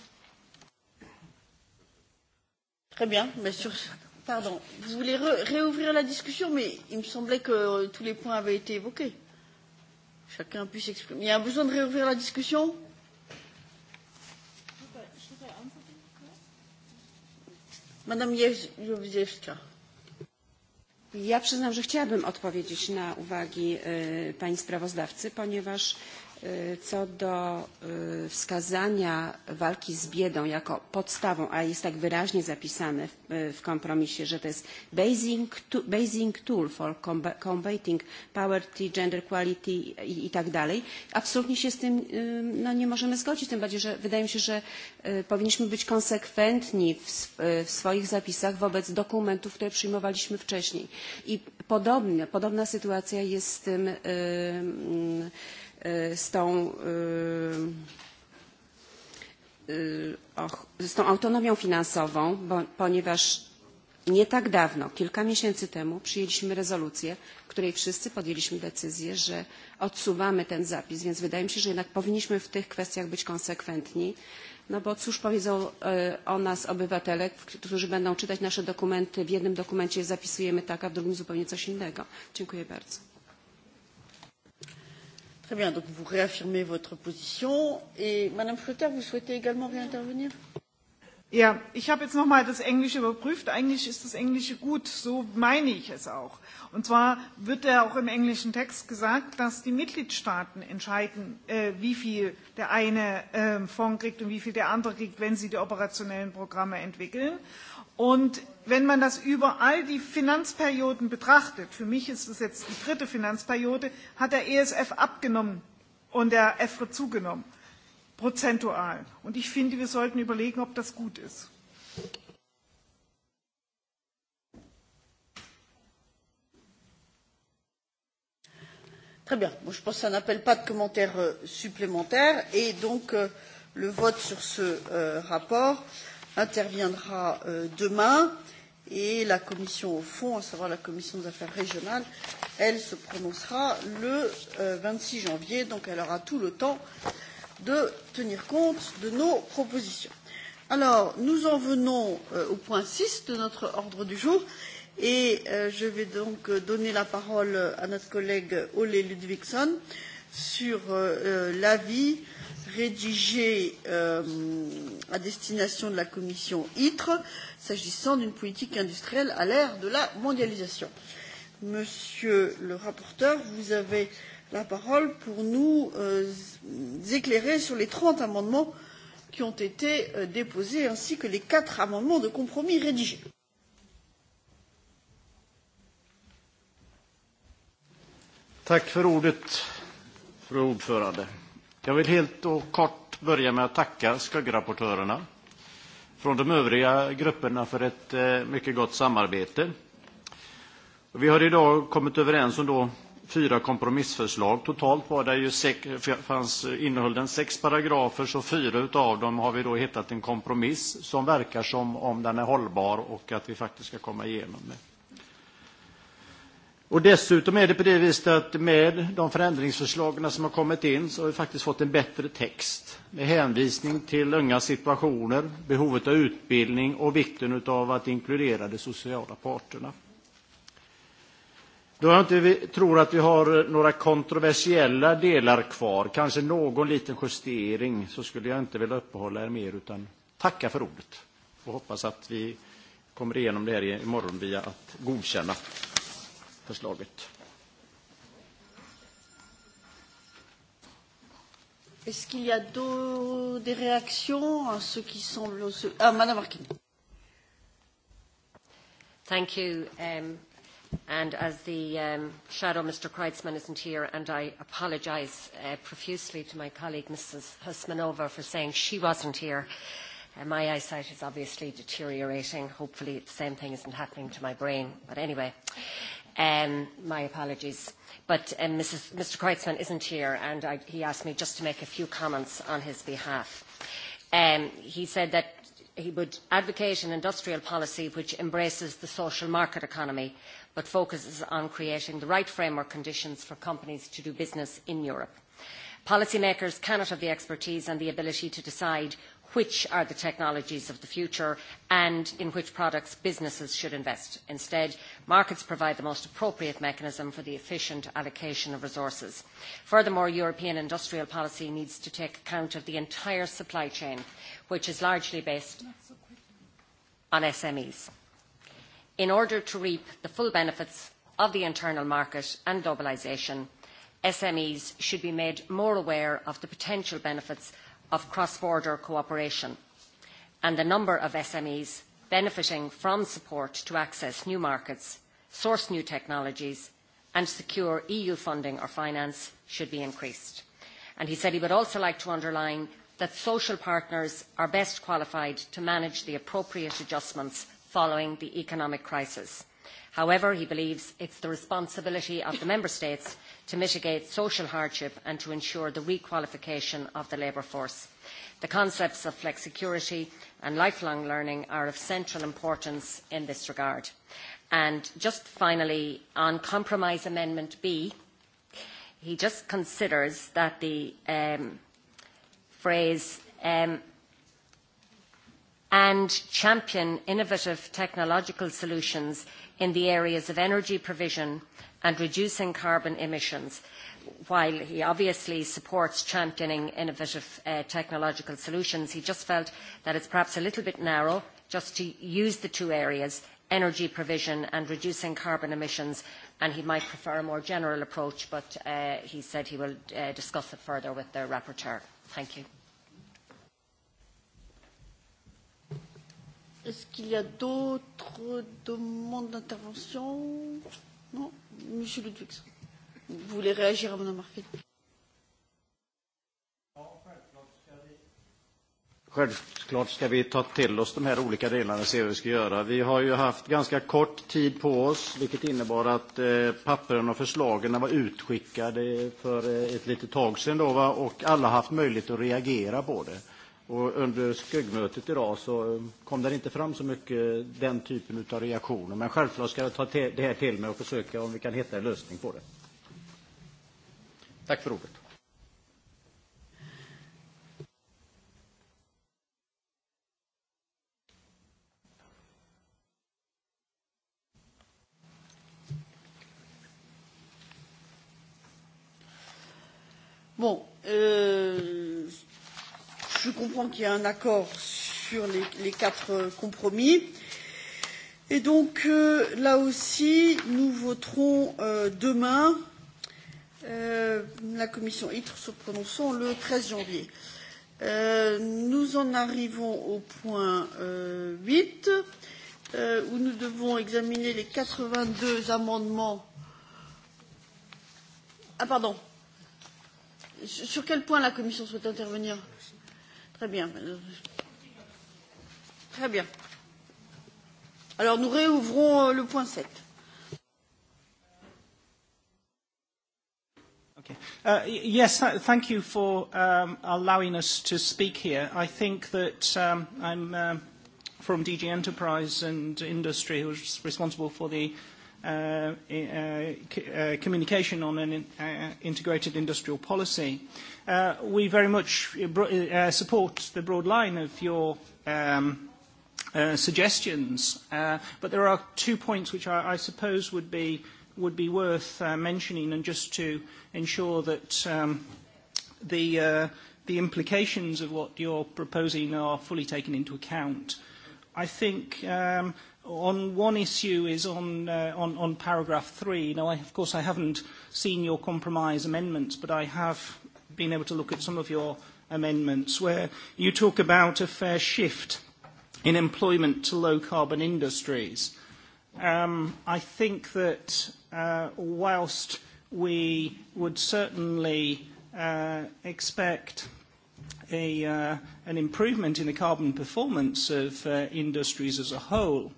Très bien, mais sur... Pardon, vous voulez réouvrir la discussion, mais il me semblait que euh, tous les points avaient été évoqués. Chacun puisse s'exprimer. Il y a un besoin de réouvrir la discussion Madame Jóździewska. Ja przyznam, że chciałabym odpowiedzieć na uwagi e, pani sprawozdawcy, ponieważ E, co do e, wskazania walki z biedą jako podstawą, a jest tak wyraźnie zapisane w, e, w kompromisie, że to jest basing, to, basing tool for combating poverty, gender equality i, i tak dalej. Absolutnie się z tym no, nie możemy zgodzić, tym bardziej, że wydaje mi się, że powinniśmy być konsekwentni w, w swoich zapisach wobec dokumentów, które przyjmowaliśmy wcześniej. I podobne, podobna sytuacja jest z tym yy, mm, E, z tą, e, e, z tą autonomią finansową, bo, ponieważ nie tak dawno, kilka miesięcy temu, przyjęliśmy rezolucję, w której wszyscy podjęliśmy decyzję, że odsuwamy ten zapis, więc wydaje mi się, że jednak powinniśmy w tych kwestiach być konsekwentni. No bo cóż powiedzą o nas obywatele, którzy będą czytać nasze dokumenty, w jednym dokumencie zapisujemy tak, a w drugim zupełnie coś innego. Dziękuję bardzo. Très bien, donc vous réaffirmez votre position. Et Madame Flotter, vous souhaitez également réintervenir Ja, ich habe jetzt nochmal das Englische überprüft. Eigentlich ist das Englische gut, so meine ich es auch. Und zwar wird ja auch im englischen Text gesagt, dass die Mitgliedstaaten entscheiden, äh, wie viel der eine äh, Fonds kriegt und wie viel der andere kriegt, wenn sie die operationellen Programme entwickeln. Und wenn man das über all die Finanzperioden betrachtet, für mich ist es jetzt die dritte Finanzperiode, hat der ESF abgenommen und der EFRE zugenommen, prozentual. Und ich finde, wir sollten überlegen, ob das gut ist. Très bien. Bon, je pense que ça n'appelle pas de commentaires euh, supplémentaires et donc euh, le vote sur ce euh, rapport interviendra euh, demain et la commission au fond, à savoir la commission des affaires régionales, elle se prononcera le 26 euh, janvier, donc elle aura tout le temps de tenir compte de nos propositions. Alors, nous en venons euh, au point 6 de notre ordre du jour et je vais donc donner la parole à notre collègue Ole Ludvigson sur l'avis rédigé euh, à destination de la commission ITRE s'agissant d'une politique industrielle à l'ère de la mondialisation. Monsieur le rapporteur, vous avez la parole pour nous euh, éclairer sur les 30 amendements qui ont été euh, déposés ainsi que les quatre amendements de compromis rédigés. Tack för ordet, fru ordförande. Jag vill helt och kort börja med att tacka SKUG-rapportörerna från de övriga grupperna för ett eh, mycket gott samarbete. Vi har idag kommit överens om då fyra kompromissförslag. Totalt var det ju sex, fanns eh, innehållen sex paragrafer, så fyra av dem har vi då hittat en kompromiss som verkar som om den är hållbar och att vi faktiskt ska komma igenom med. Och dessutom är det på det viset att med de förändringsförslagen som har kommit in så har vi faktiskt fått en bättre text med hänvisning till unga situationer, behovet av utbildning och vikten av att inkludera de sociala parterna. Då jag inte vi tror att vi har några kontroversiella delar kvar, kanske någon liten justering, så skulle jag inte vilja uppehålla er mer utan tacka för ordet och hoppas att vi kommer igenom det här imorgon via att godkänna förslaget. Est-ce qu'il y a des réactions à ce qui semble... Ce... Ah, Madame Arkin. Thank you. Um, and as the um, shadow, Mr. Kreitzman isn't here, and I apologize uh, profusely to my colleague, Mrs. Husmanova, for saying she wasn't here. Uh, my eyesight is obviously deteriorating. Hopefully the same thing isn't happening to my brain. But anyway... Um, my apologies. But um, Mrs. Mr. Kreutzmann isn't here, and I, he asked me just to make a few comments on his behalf. Um, he said that he would advocate an industrial policy which embraces the social market economy, but focuses on creating the right framework conditions for companies to do business in Europe. Policymakers cannot have the expertise and the ability to decide which are the technologies of the future and in which products businesses should invest. Instead, markets provide the most appropriate mechanism for the efficient allocation of resources. Furthermore, European industrial policy needs to take account of the entire supply chain, which is largely based on SMEs. In order to reap the full benefits of the internal market and globalisation, SMEs should be made more aware of the potential benefits of cross-border cooperation and the number of SMEs benefiting from support to access new markets, source new technologies and secure EU funding or finance should be increased. And he said he would also like to underline that social partners are best qualified to manage the appropriate adjustments following the economic crisis. However, he believes it's the responsibility of the Member States to mitigate social hardship and to ensure the requalification of the labour force. the concepts of flexicurity and lifelong learning are of central importance in this regard. and just finally on compromise amendment b he just considers that the um, phrase um, and champion innovative technological solutions in the areas of energy provision and reducing carbon emissions while he obviously supports championing innovative uh, technological solutions he just felt that it's perhaps a little bit narrow just to use the two areas energy provision and reducing carbon emissions and he might prefer a more general approach but uh, he said he will uh, discuss it further with the rapporteur thank you est-ce qu'il y a d'autres demandes d'intervention Non, Monsieur Ludwig, vous voulez réagir à mon remarque Självklart ska vi ta till oss de här olika delarna och se hur vi ska göra. Vi har ju haft ganska kort tid på oss, vilket innebar att eh, pappren och förslagen var utskickade för eh, ett litet tag sedan då, och alla haft möjlighet att reagera på det. Och under skuggmötet idag så eh, kom det inte fram så mycket den typen av reaktioner. Men självklart ska jag ta det här till mig och försöka om vi kan hitta en lösning på det. Tack för ordet. Bon, euh, je comprends qu'il y ait un accord sur les, les quatre euh, compromis. Et donc, euh, là aussi, nous voterons euh, demain euh, la commission ITRE se prononçant le 13 janvier. Euh, nous en arrivons au point euh, 8, euh, où nous devons examiner les 82 amendements. Ah, pardon. Sur quel point la commission souhaite intervenir euh, Très bien. Très bien. Alors nous réouvrons euh, le point 7. Uh, yes, th thank you for um, allowing us to speak here. I think that um, I'm uh, from DG Enterprise and Industry, who's responsible for the uh, uh, c uh, communication on an in uh, integrated industrial policy. Uh, uh, we very much uh, uh, support the broad line of your um, uh, suggestions, uh, but there are two points which I, I suppose would be, would be worth uh, mentioning and just to ensure that um, the, uh, the implications of what you're proposing are fully taken into account. I think um, on one issue is on, uh, on, on paragraph three. Now, I, of course, I haven't seen your compromise amendments, but I have been able to look at some of your amendments where you talk about a fair shift in employment to low carbon industries. Um, I think that uh, whilst we would certainly uh, expect a, uh, an improvement in the carbon performance of uh, industries as a whole,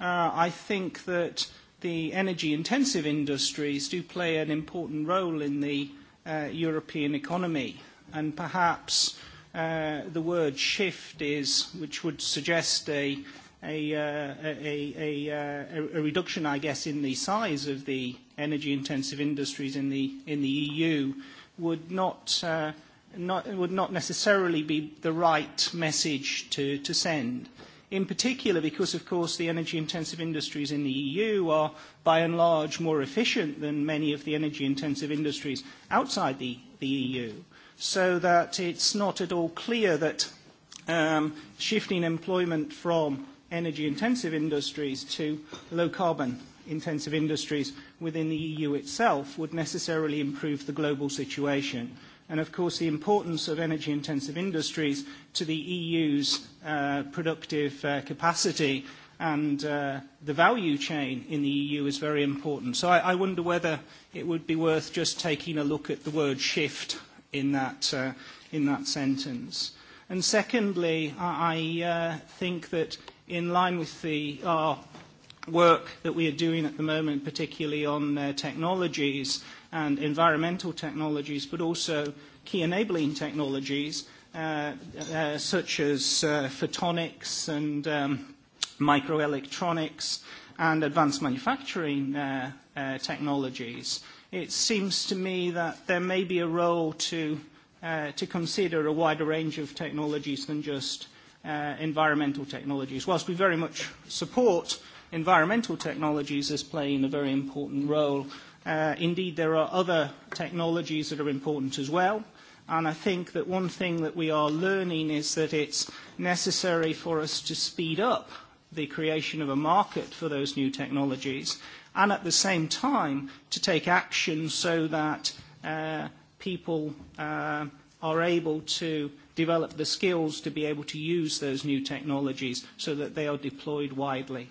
uh, I think that the energy intensive industries do play an important role in the uh, uh, European economy. And perhaps uh, the word shift is, which would suggest a, a, uh, a, a, a, uh, a reduction, I guess, in the size of the energy-intensive industries in the, in the EU, would not, uh, not, would not necessarily be the right message to, to send. Uh, in particular because, of course, the energy intensive industries in the EU are by and large more efficient than many of the energy intensive industries outside the, the EU. So that it's not at all clear that um, shifting employment from energy intensive industries to low carbon intensive industries within the EU itself would necessarily improve the global situation and of course the importance of energy intensive industries to the EU's uh, productive uh, capacity and uh, the value chain in the EU is very important. So I, I wonder whether it would be worth just taking a look at the word shift in that, uh, in that sentence. And secondly, I, I uh, think that in line with the, our work that we are doing at the moment, particularly on uh, technologies, uh, and environmental technologies, but also key enabling technologies uh, uh, such as uh, photonics and um, microelectronics and advanced manufacturing uh, uh, technologies. It seems to me that there may be a role to, uh, to consider a wider range of technologies than just uh, environmental technologies. Whilst we very much support environmental technologies as playing a very important role, Uh, indeed, there are other technologies that are important as well. I think that one thing that we are learning is that it's necessary for us to speed up the creation of a market for those new technologies, and at the same time, to take action so that uh, people uh, are able to develop the skills to be able to use those new technologies so that they are deployed widely.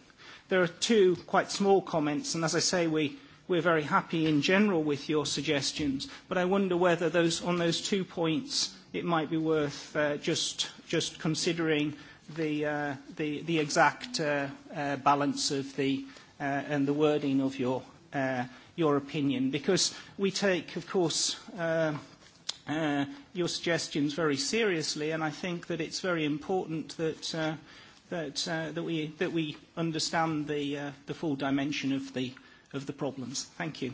There are two quite small comments, and as I say, we we're very happy in general with your suggestions, but I wonder whether those, on those two points it might be worth uh, just, just considering the, uh, the, the exact uh, uh, balance of the, uh, and the wording of your, uh, your opinion. Because we take, of course, uh, uh, your suggestions very seriously, and I think that it's very important that, uh, that, uh, that, we, that we understand the, uh, the full dimension of the, uh, of the problems. Thank you.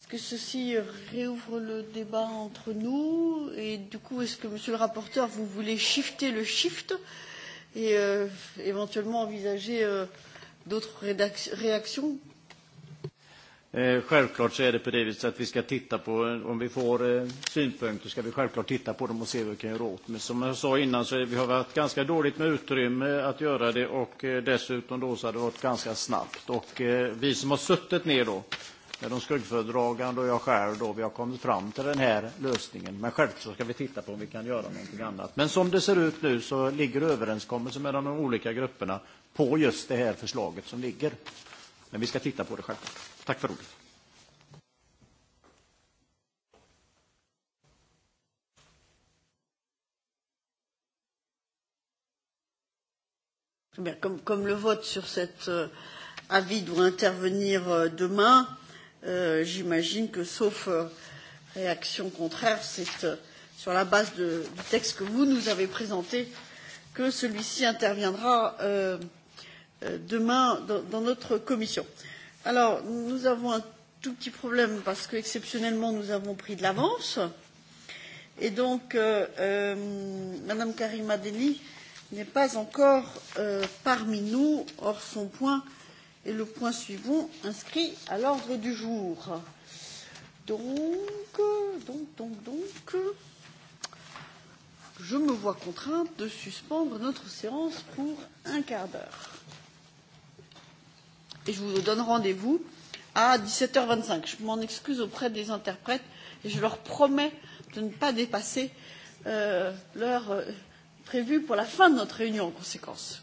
Est-ce que ceci réouvre le débat entre nous Et du coup, est-ce que, monsieur le rapporteur, vous voulez shifter le shift et euh, éventuellement envisager euh, d'autres réactions Eh, självklart så är det på det viset att vi ska titta på, om vi får eh, synpunkter ska vi självklart titta på dem och se vad vi kan göra åt. Men som jag sa innan så har vi haft ganska dåligt med utrymme att göra det och eh, dessutom då så har det varit ganska snabbt. Och vi som har suttit ner då, med de skuggföredragande och jag själv då, vi har kommit fram till den här lösningen. Men självklart ska vi titta på om vi kan göra någonting annat. Men som det ser ut nu så ligger överenskommelsen mellan de olika grupperna på just det här förslaget som ligger. Men vi ska titta på det självklart. Tack för ordet. Bien, comme, comme le vote sur cet euh, avis doit intervenir euh, demain, euh, j'imagine que sauf euh, réaction contraire, c'est euh, sur la base de, du texte que vous nous avez présenté que celui-ci interviendra euh, euh, demain dans, dans notre commission. Euh, Alors, nous avons un tout petit problème parce que exceptionnellement nous avons pris de l'avance. Et donc, euh, euh, Madame Karima Deli n'est pas encore euh, parmi nous, hors son point, et le point suivant inscrit à l'ordre du jour. Donc, donc, donc, donc, je me vois contrainte de suspendre notre séance pour un quart d'heure et je vous donne rendez vous à dix sept heures vingt cinq je m'en excuse auprès des interprètes et je leur promets de ne pas dépasser euh, l'heure euh, prévue pour la fin de notre réunion en conséquence.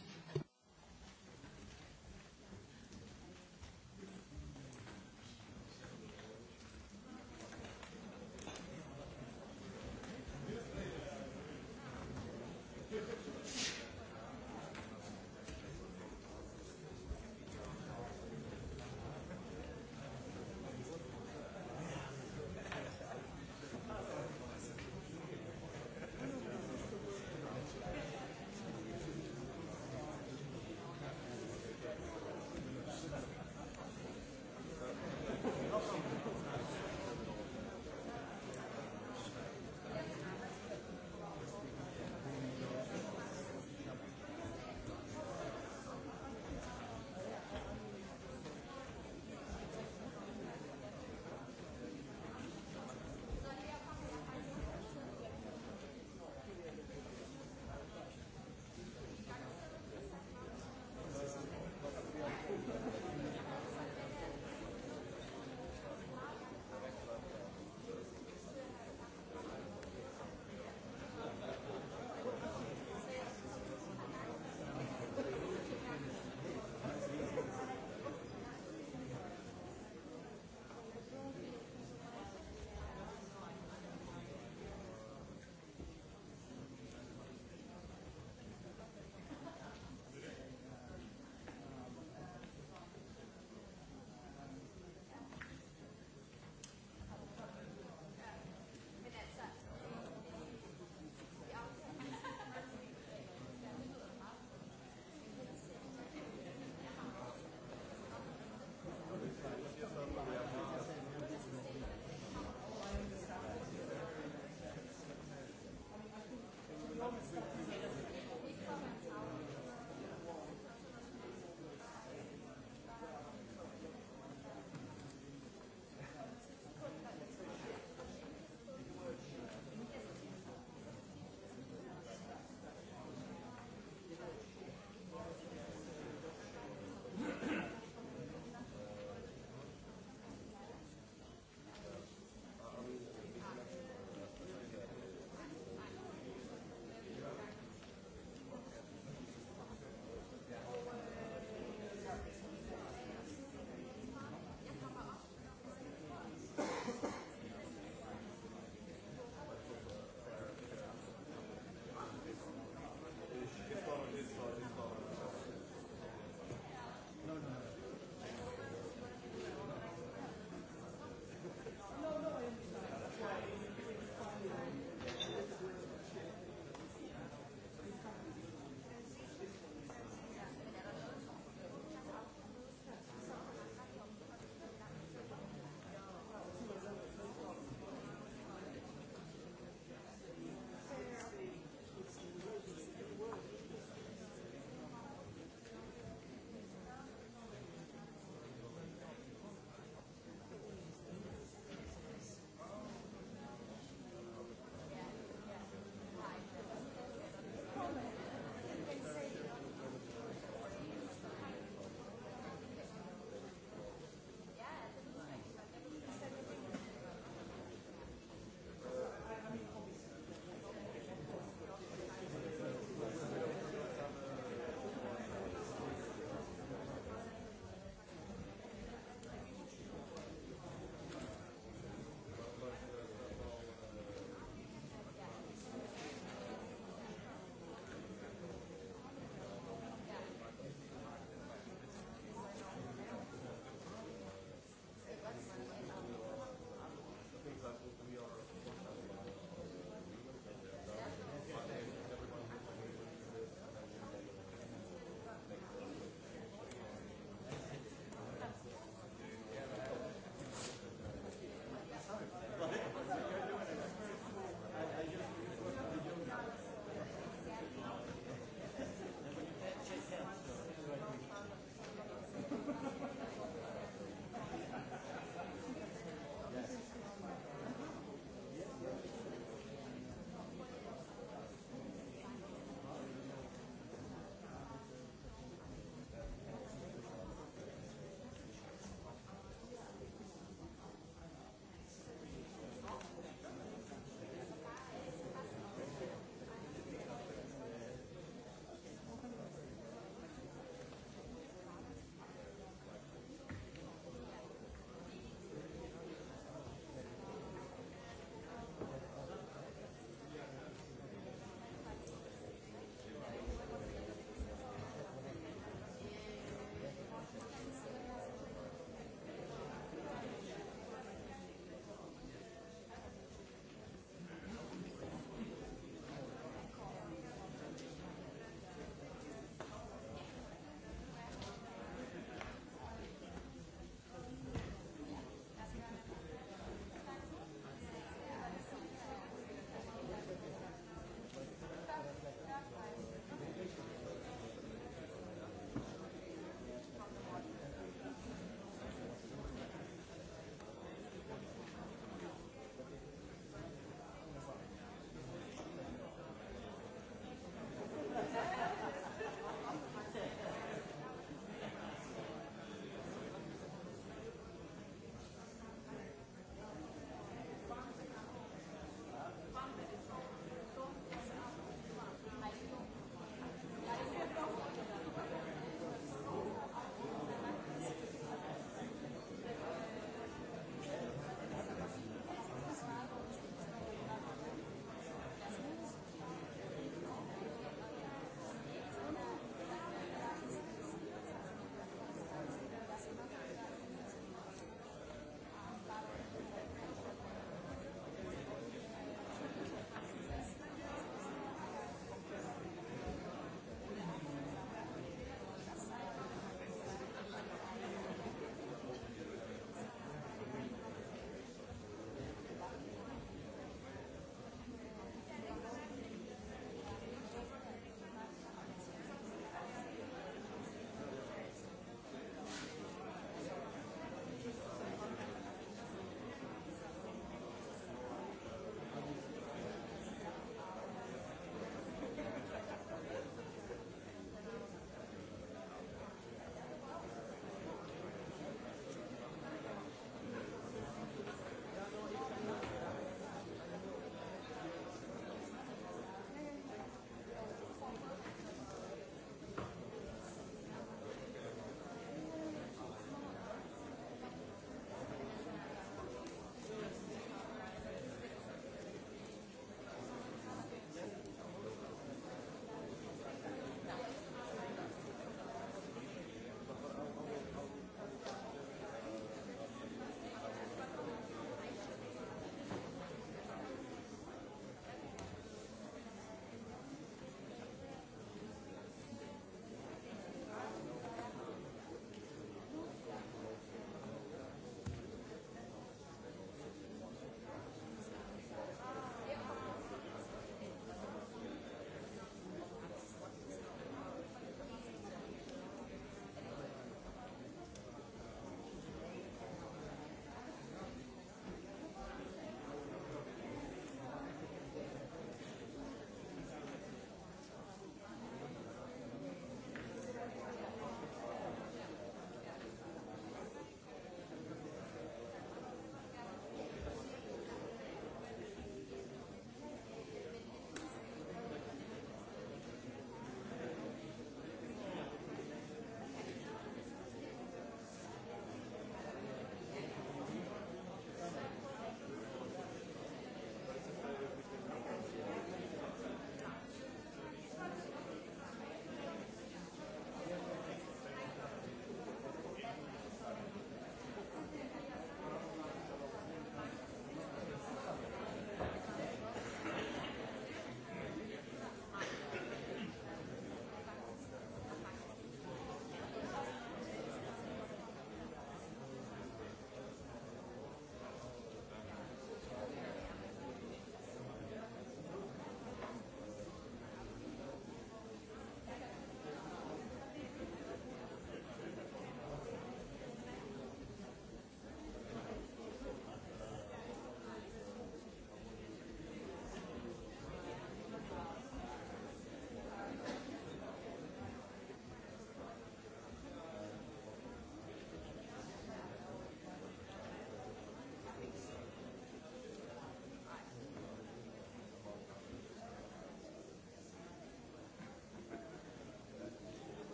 Thank you.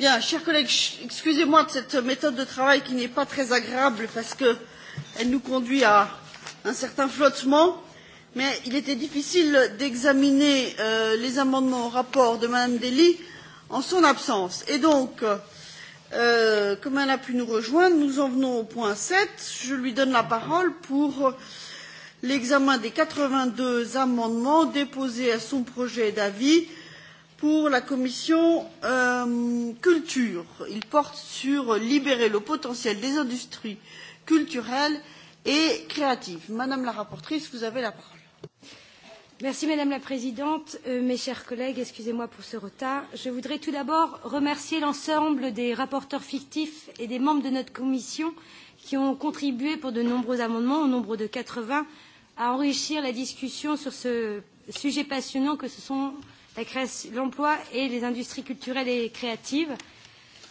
Bien, chers collègues, excusez moi de cette méthode de travail qui n'est pas très agréable parce qu'elle nous conduit à un certain flottement, mais il était difficile d'examiner euh, les amendements au rapport de Madame Dely en son absence. Et donc, euh, comme elle a pu nous rejoindre, nous en venons au point 7. Je lui donne la parole pour l'examen des 82 amendements déposés à son projet d'avis pour la commission de euh, la culture. il porte sur libérer le potentiel des industries culturelles et créatives. madame la rapporteure vous avez la parole. madame la présidente euh, mes chers collègues excusez moi pour ce retard je voudrais tout d'abord remercier l'ensemble des rapporteurs fictifs et des membres de notre commission qui ont contribué pour de nombreux amendements au nombre de quatre vingts à enrichir la discussion sur ce sujet passionnant que sont la création, l'emploi et les industries culturelles et créatives.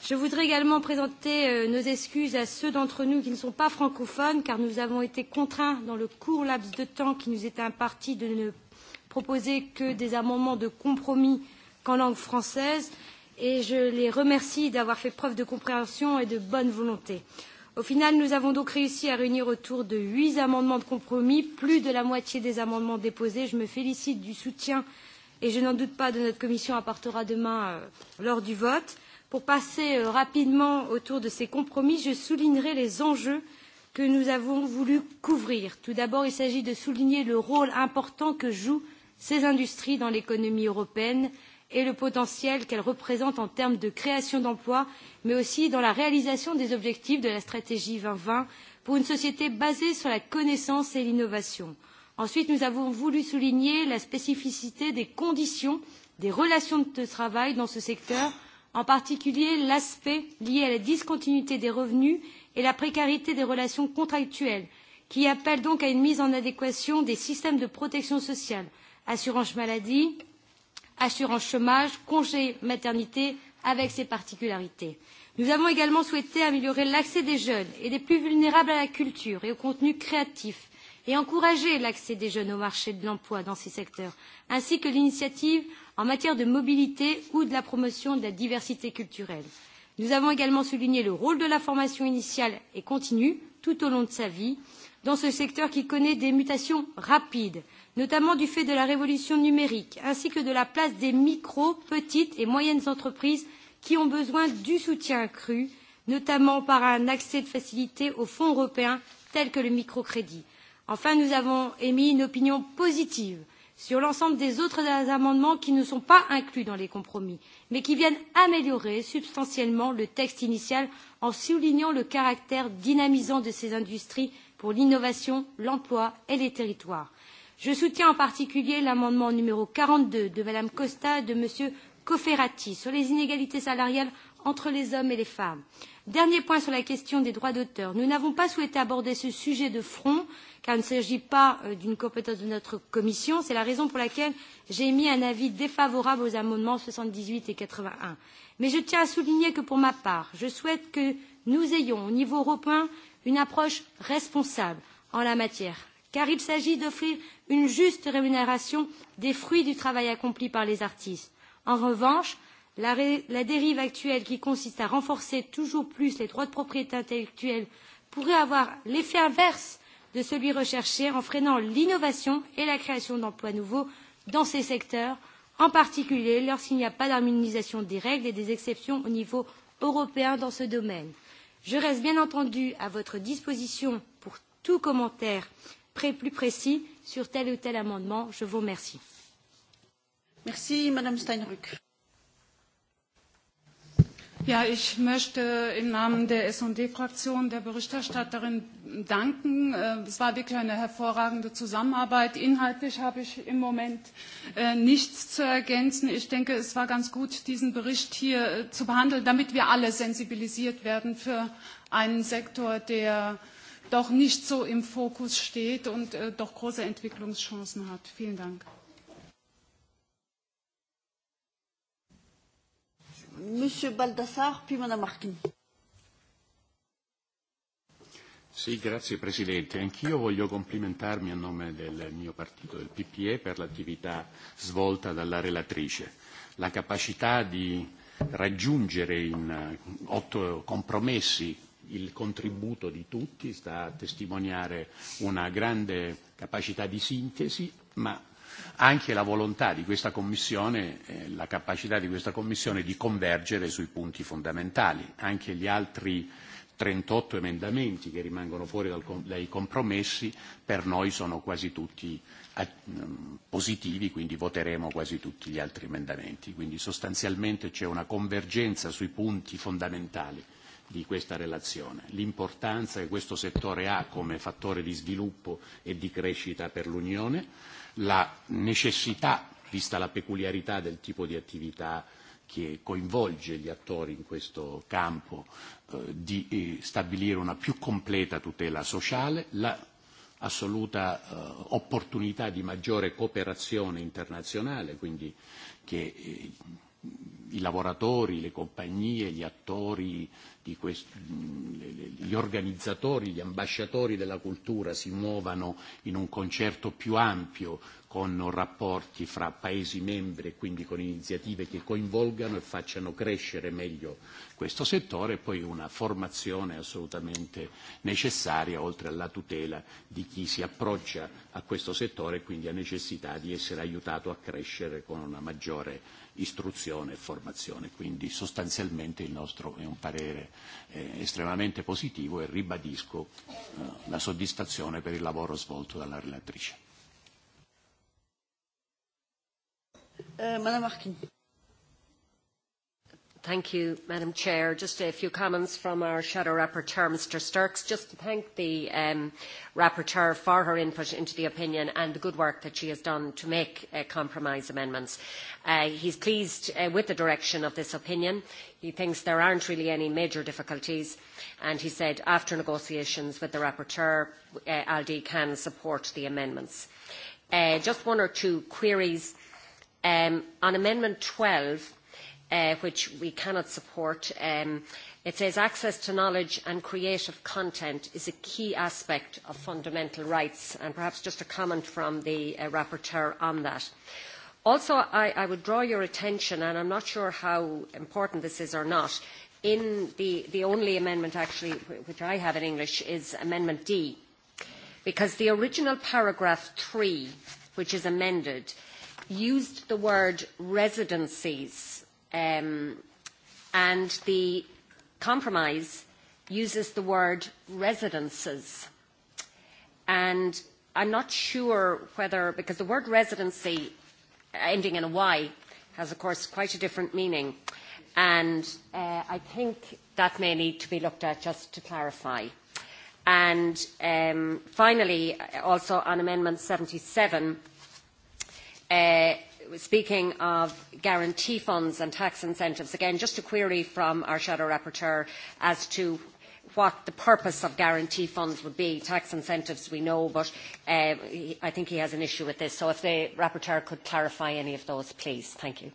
Je voudrais également présenter euh, nos excuses à ceux d'entre nous qui ne sont pas francophones, car nous avons été contraints, dans le court laps de temps qui nous était imparti, de ne proposer que des amendements de compromis qu'en langue française, et je les remercie d'avoir fait preuve de compréhension et de bonne volonté. Au final, nous avons donc réussi à réunir autour de huit amendements de compromis, plus de la moitié des amendements déposés. Je me félicite du soutien euh, et je n'en doute pas de notre commission apportera demain euh, lors du vote. Pour passer euh, rapidement autour de ces compromis, je soulignerai les enjeux que nous avons voulu couvrir. Tout d'abord, il s'agit de souligner le rôle important que jouent ces industries dans l'économie européenne et le potentiel qu'elles représentent en termes de création d'emplois, mais aussi dans la réalisation des objectifs de la stratégie 2020 pour une société basée sur la connaissance et l'innovation. Ensuite, nous avons voulu souligner la spécificité des conditions des relations de travail dans ce secteur, en particulier l'aspect lié à la discontinuité des revenus et la précarité des relations contractuelles, qui appellent donc à une mise en adéquation des systèmes de protection sociale, assurance maladie, assurance chômage, congé maternité, avec ses particularités. Nous avons également souhaité améliorer l'accès des jeunes et des plus vulnérables à la culture et au contenu créatif, et encourager l'accès des jeunes au marché de l'emploi dans ces secteurs, ainsi que l'initiative en matière de mobilité ou de la promotion de la diversité culturelle. Nous avons également souligné le rôle de la formation initiale et continue tout au long de sa vie dans ce secteur qui connaît des mutations rapides, notamment du fait de la révolution numérique, ainsi que de la place des micro, petites et moyennes entreprises qui ont besoin du soutien accru, notamment par un accès de facilité aux fonds européens tels que le microcrédit. Enfin, nous avons émis une opinion positive sur l'ensemble des autres amendements qui ne sont pas inclus dans les compromis, mais qui viennent améliorer substantiellement le texte initial en soulignant le caractère dynamisant de ces industries pour l'innovation, l'emploi et les territoires. Je soutiens en particulier l'amendement numéro 42 de Madame Costa et de M. Cofferati sur les inégalités salariales entre les hommes et les femmes. Dernier point sur la question des droits d'auteur. Nous n'avons pas souhaité aborder ce sujet de front, car il ne s'agit pas euh, d'une compétence de notre commission. C'est la raison pour laquelle j'ai émis un avis défavorable aux amendements 78 et 81. Mais je tiens à souligner que pour ma part, je souhaite que nous ayons au niveau européen une approche responsable en la matière, car il s'agit d'offrir une juste rémunération des fruits du travail accompli par les artistes. En revanche, La, ré, la dérive actuelle qui consiste à renforcer toujours plus les droits de propriété intellectuelle pourrait avoir l'effet inverse de celui recherché en freinant l'innovation et la création d'emplois nouveaux dans ces secteurs, en particulier lorsqu'il n'y a pas d'harmonisation des règles et des exceptions au niveau européen dans ce domaine. Je reste bien entendu à votre disposition pour tout commentaire très plus précis sur tel ou tel amendement. Je vous remercie. Merci, Madame Steinruck. Ja, ich möchte im Namen der S&D-Fraktion der Berichterstatterin danken. Äh, es war wirklich eine hervorragende Zusammenarbeit. Inhaltlich habe ich im Moment äh, nichts zu ergänzen. Ich denke, es war ganz gut, diesen Bericht hier äh, zu behandeln, damit wir alle sensibilisiert werden für einen Sektor, der doch nicht so im Fokus steht und doch große Entwicklungschancen hat. Vielen Dank. Monsieur Baldassar, puis Madame Arquin. Sì, grazie Presidente. Anch'io voglio complimentarmi a nome del mio partito, del PPE, per l'attività svolta dalla relatrice. La capacità di raggiungere in eh, otto compromessi il contributo di tutti sta a testimoniare una grande capacità di sintesi, ma anche la volontà di questa Commissione, eh, la capacità di questa Commissione di convergere sui punti fondamentali. Anche gli altri 38 emendamenti che rimangono fuori dal, dai compromessi per noi sono quasi tutti eh, positivi, quindi voteremo quasi tutti gli altri emendamenti. Quindi sostanzialmente c'è una convergenza sui punti fondamentali di questa relazione, l'importanza che questo settore ha come fattore di sviluppo e di crescita per l'Unione la necessità, vista la peculiarità del tipo di attività che coinvolge gli attori in questo campo, eh, di eh, stabilire una più completa tutela sociale, l'assoluta la eh, opportunità di maggiore cooperazione internazionale, quindi che eh, i lavoratori, le compagnie, gli attori, di questo, gli organizzatori, gli ambasciatori della cultura si muovano in un concerto più ampio con rapporti fra Paesi membri e quindi con iniziative che coinvolgano e facciano crescere meglio questo settore e poi una formazione assolutamente necessaria oltre alla tutela di chi si approccia a questo settore e quindi ha necessità di essere aiutato a crescere con una maggiore istruzione e formazione. Quindi sostanzialmente il nostro è un parere eh, estremamente positivo e ribadisco eh, la soddisfazione per il lavoro svolto dalla relatrice. Eh, Madame Marchini. Madam Chair. Just a few comments from our Shadow Rapporteur, Mr. Sturks. Just to thank the um, Rapporteur for her input into the opinion and the good work that she has done to make uh, compromise amendments. Uh, he's pleased uh, with the direction of this opinion. He thinks there aren't really any major difficulties. And he said, after negotiations with the Rapporteur, uh, Aldi can support the amendments. Uh, just one or two queries. Um, on Amendment 12, Uh, which we cannot support. Um, it says access to knowledge and creative content is a key aspect of fundamental rights, and perhaps just a comment from the uh, rapporteur on that. Also, I, I would draw your attention, and I'm not sure how important this is or not, in the, the only amendment actually which I have in English is Amendment D, because the original paragraph 3, which is amended, used the word residencies um, and the compromise uses the word residences. And I'm not sure whether, because the word residency ending in a Y has, of course, quite a different meaning. And uh, I think that may need to be looked at just to clarify. And um, finally, also on Amendment 77, uh, speaking of guarantee funds and tax incentives, again, just a query from our shadow rapporteur as to what the purpose of guarantee funds would be. Tax incentives, we know, but uh, I think he has an issue with this. So if the rapporteur could clarify any of those, please. Thank you.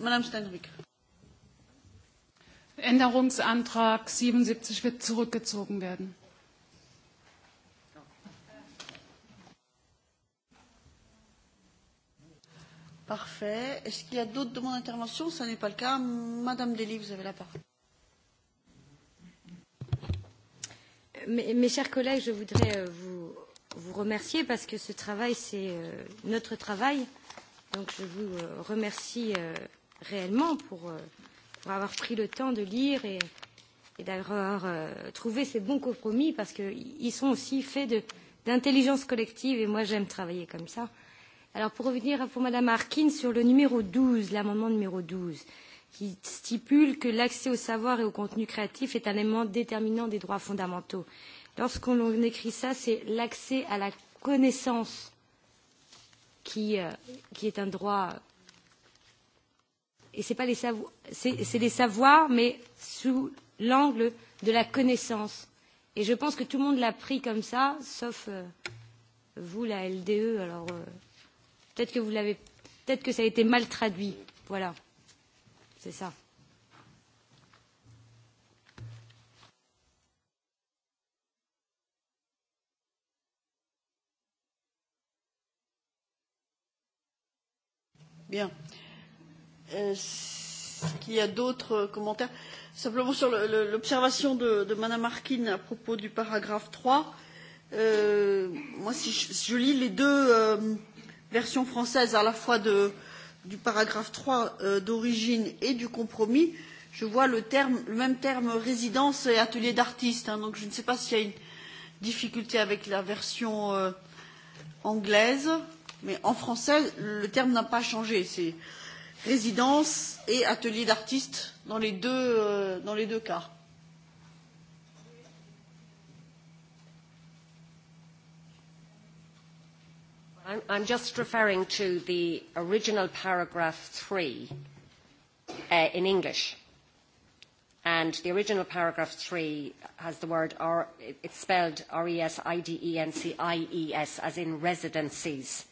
Madame Stenrick. Änderungsantrag 77 wird zurückgezogen werden. Parfait. Est-ce qu'il y a d'autres demandes d'intervention Ce n'est pas le cas. Madame Dely, vous avez la parole. Mes, mes chers collègues, je voudrais euh, vous, vous remercier parce que ce travail, c'est euh, notre travail. Donc je vous euh, remercie réellement pour, pour avoir pris le temps de lire et, et d'avoir trouvé ces bons compromis parce qu'ils sont aussi faits d'intelligence collective et moi j'aime travailler comme ça. Alors pour revenir pour Madame Harkin sur le numéro 12, l'amendement numéro 12, qui stipule que l'accès au savoir et au contenu créatif est un élément déterminant des droits fondamentaux. Lorsqu'on écrit ça, c'est l'accès à la connaissance qui, euh, qui est un droit. Et c'est pas les savoirs, c'est les savoirs, mais sous l'angle de la connaissance. Et je pense que tout le monde l'a pris comme ça, sauf euh, vous, la LDE. Alors. Euh... Peut-être que vous l'avez. Peut-être que ça a été mal traduit. Voilà. C'est ça. Bien. Est-ce qu'il y a d'autres commentaires Simplement sur l'observation de, de Madame Harkin à propos du paragraphe 3. Euh, moi, si je, si je lis les deux. Euh, version française à la fois de, du paragraphe 3 euh, d'origine et du compromis, je vois le, terme, le même terme résidence et atelier d'artiste. Hein, donc je ne sais pas s'il y a une difficulté avec la version euh, anglaise, mais en français, le terme n'a pas changé. C'est résidence et atelier d'artiste dans, euh, dans les deux cas. I'm just referring to the original paragraph 3 uh, in English. And the original paragraph 3 has the word, R, it's spelled R-E-S-I-D-E-N-C-I-E-S, e e as in residencies.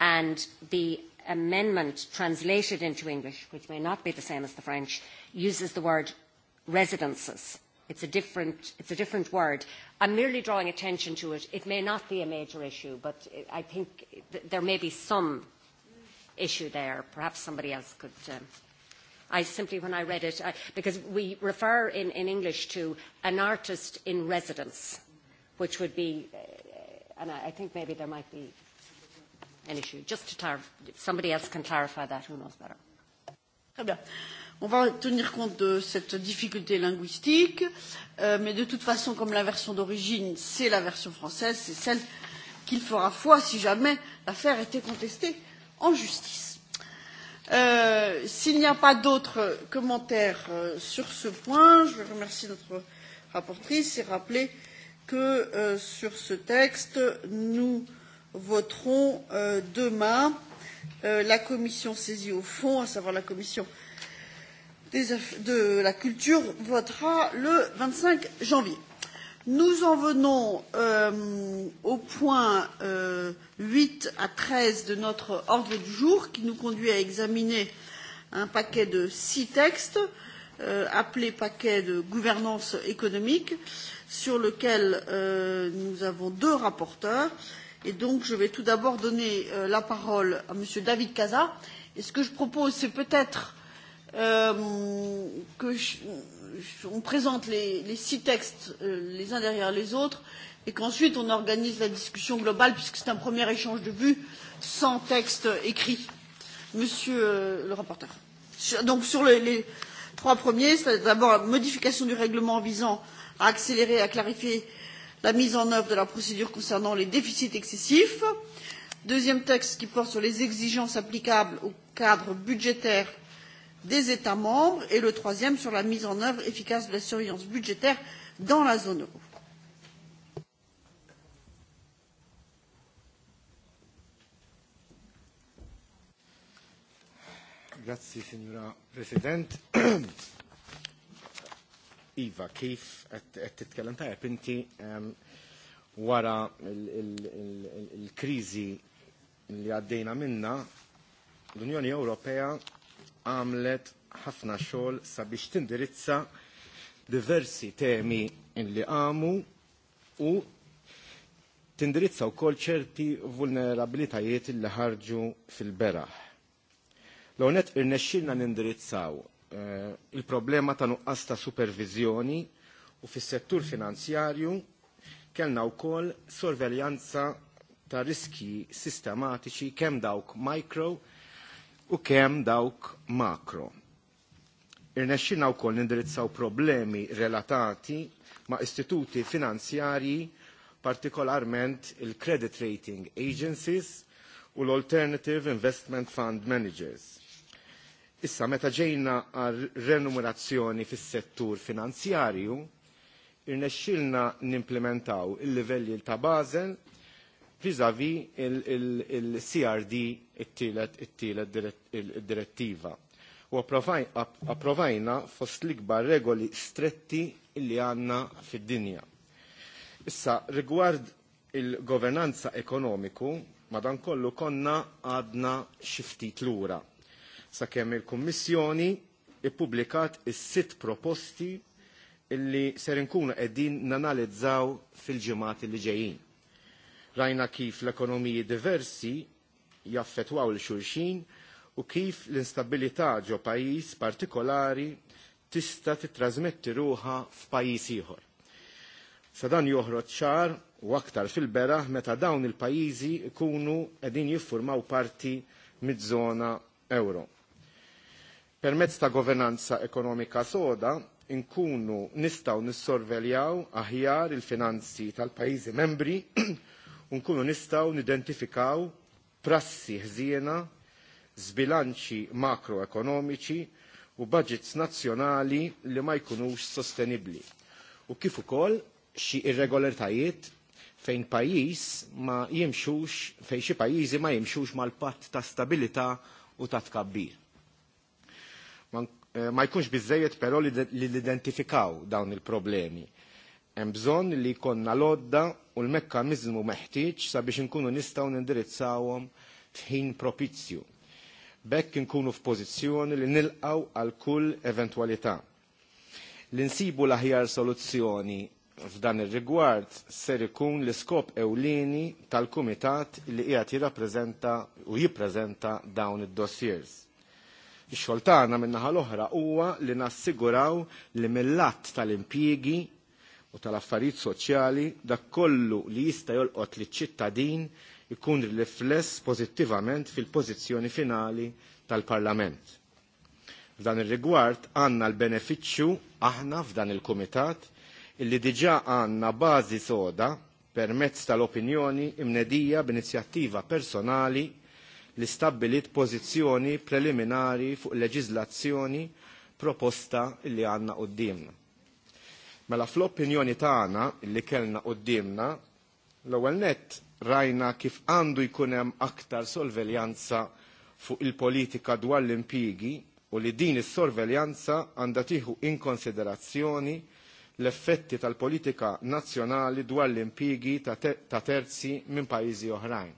And the amendment translated into English, which may not be the same as the French, uses the word residences. It's a different, it's a different word. I'm merely drawing attention to it. It may not be a major issue, but I think th- there may be some issue there. Perhaps somebody else could. Um, I simply, when I read it, I, because we refer in, in English to an artist in residence, which would be, uh, and I, I think maybe there might be an issue. Just to clarify, somebody else can clarify that, who knows better. Okay on va tenir compte de cette difficulté linguistique euh, mais de toute façon comme la version d'origine c'est la version française c'est celle qui fera foi si jamais l'affaire était contestée en justice. Euh, s'il n'y a pas d'autres commentaires euh, sur ce point je remercie notre rapporteure et rappeler que sur ce texte nous voterons demain la commission saisie au fond à savoir la commission de la culture votera le vingt cinq janvier. Nous en venons euh, au point euh, 8 à 13 de notre ordre du jour qui nous conduit à examiner un paquet de six textes euh, appelés paquet de gouvernance économique sur lequel euh, nous avons deux rapporteurs. Et donc je vais tout d'abord donner euh, la parole à Monsieur David Casa. Et ce que je propose, c'est peut-être euh, Euh, que je, on présente les, les six textes euh, les uns derrière les autres et qu'ensuite on organise la discussion globale puisque c'est un premier échange de vues sans texte écrit. Monsieur euh, le rapporteur. Donc sur les, les trois premiers, c'est d'abord la modification du règlement visant à accélérer et à clarifier la mise en œuvre de la procédure concernant les déficits excessifs. Deuxième texte qui porte sur les exigences applicables au cadre budgétaire des états membres et le troisième sur la mise en œuvre efficace de la surveillance budgétaire dans la zone euro. Grazie signora Presidente. Iva, Keith, et et Kalanta, e Pinti, um, wara il-krizi il, il, il, il li għaddejna minna, l-Unjoni Ewropea għamlet ħafna xol sabiex tindirizza diversi temi li għamu u tindirizza u kol ċerti vulnerabilitajiet li ħarġu fil-beraħ. L-għonet irnexxilna nindirizzaw eh, il-problema ta' nuqqas ta' supervizjoni u fis-settur finanzjarju kellna wkoll sorveljanza ta' riski sistematiċi kemm dawk micro u kem dawk makro. Irnexxi nawkol nindirizzaw problemi relatati ma' istituti finanzjarji partikolarment il-credit rating agencies u l-alternative investment fund managers. Issa meta ġejna għal renumerazzjoni fis-settur finanzjarju, irnexxilna nimplementaw il-livelli ta' Basel vis-à-vis il-CRD il-tielet il-tielet direttiva. U approvajna fost l-ikbar regoli stretti illi għanna fid-dinja. Issa, rigward il-governanza ekonomiku, madan kollu konna għadna xiftit l-ura. Sa kemm il-Kommissjoni i-publikat il-sitt proposti illi ser inkunu edin nanalizzaw fil-ġimati li ġejjin rajna kif l-ekonomiji diversi jaffetwaw l xulxin u kif l-instabilità ġo pajis partikolari tista titrasmetti ruħa f'pajis ieħor. Sa dan joħroġ ċar u aktar fil-bera meta dawn il-pajizi ikunu edin jiffurmaw parti mid-żona euro. Permezz ta' governanza ekonomika soda, inkunu nistaw nissorveljaw aħjar il-finanzi tal-pajizi membri nkunu nistgħu nidentifikaw prassi ħżiena z-bilanċi makroekonomiċi u budgets nazzjonali li ma jkunux sostenibli. U kif ukoll xi irregolaritajiet fejn pajjiż ma jimxux fejn xi pajjiżi ma jimxux mal-patt ta' stabilità u ta' tkabbir. Eh, ma jkunx bizzejiet però li l-identifikaw dawn il-problemi hemm bżonn li konna lodda u l-mekkaniżmu meħtieġ sabiex inkunu nistgħu nindirizzawhom f'ħin propizzju. Bekk inkunu f'pożizzjoni li nilqgħu għal kull eventwalità. L-insibu l-aħjar soluzzjoni f'dan ir-rigward ser ikun l-iskop ewlieni tal-kumitat li qiegħed jirrappreżenta u jippreżenta dawn id-dossiers. Ix-xoltana minnaħa l-oħra huwa li nassiguraw li mill-att tal-impjiegi u tal-affarijiet soċjali dak kollu li jista' jolqot li ċittadin ikun rifless pożittivament fil-pożizzjoni finali tal-Parlament. F'dan ir-rigward għandna l-benefiċċju aħna f'dan il-Kumitat illi diġà għandna bażi soda permezz tal-opinjoni imnedija b'inizjattiva personali li stabbilit pożizzjoni preliminari fuq leġiżlazzjoni proposta li għandna qudiemna. Mela fl-opinjoni tagħna li kellna qudiemna, l-ewwel nett rajna kif għandu jkun hemm aktar sorveljanza fuq il-politika dwar l-impjigi u li din is-sorveljanza għandha tieħu in konsiderazzjoni l-effetti tal-politika nazzjonali dwar l-impjigi ta' terzi minn pajjiżi oħrajn.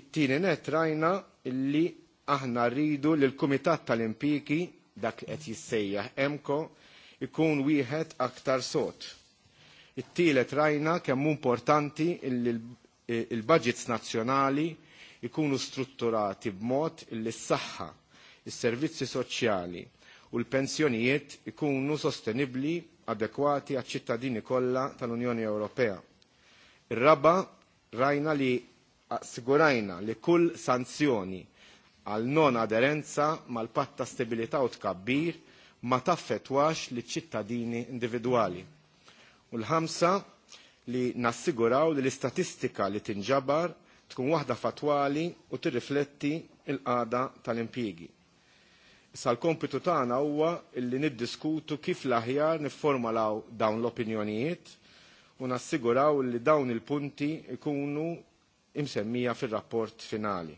It-tieni nett rajna li aħna rridu l-Kumitat tal-Impjigi dak qed jissejjaħ EMCO, ikun wieħed aktar sot. It-tielet rajna kemm importanti il-budgets nazzjonali ikunu strutturati b'mod li s-saħħa, is-servizzi soċjali u l-pensjonijiet ikunu sostenibli adekwati għaċ-ċittadini kollha tal-Unjoni Ewropea. Ir-raba rajna li assigurajna li kull sanzjoni għal non aderenza mal-patta stabilità u tkabbir ma taffetwax li ċittadini individuali. U l-ħamsa li nassiguraw li l-istatistika li tinġabar tkun waħda fatwali u tirrifletti il-qada tal-impjegi. Issa l-kompitu tagħna huwa li niddiskutu kif l-aħjar nifformalaw dawn l-opinjonijiet u nassiguraw li dawn il-punti ikunu imsemmija fir-rapport finali.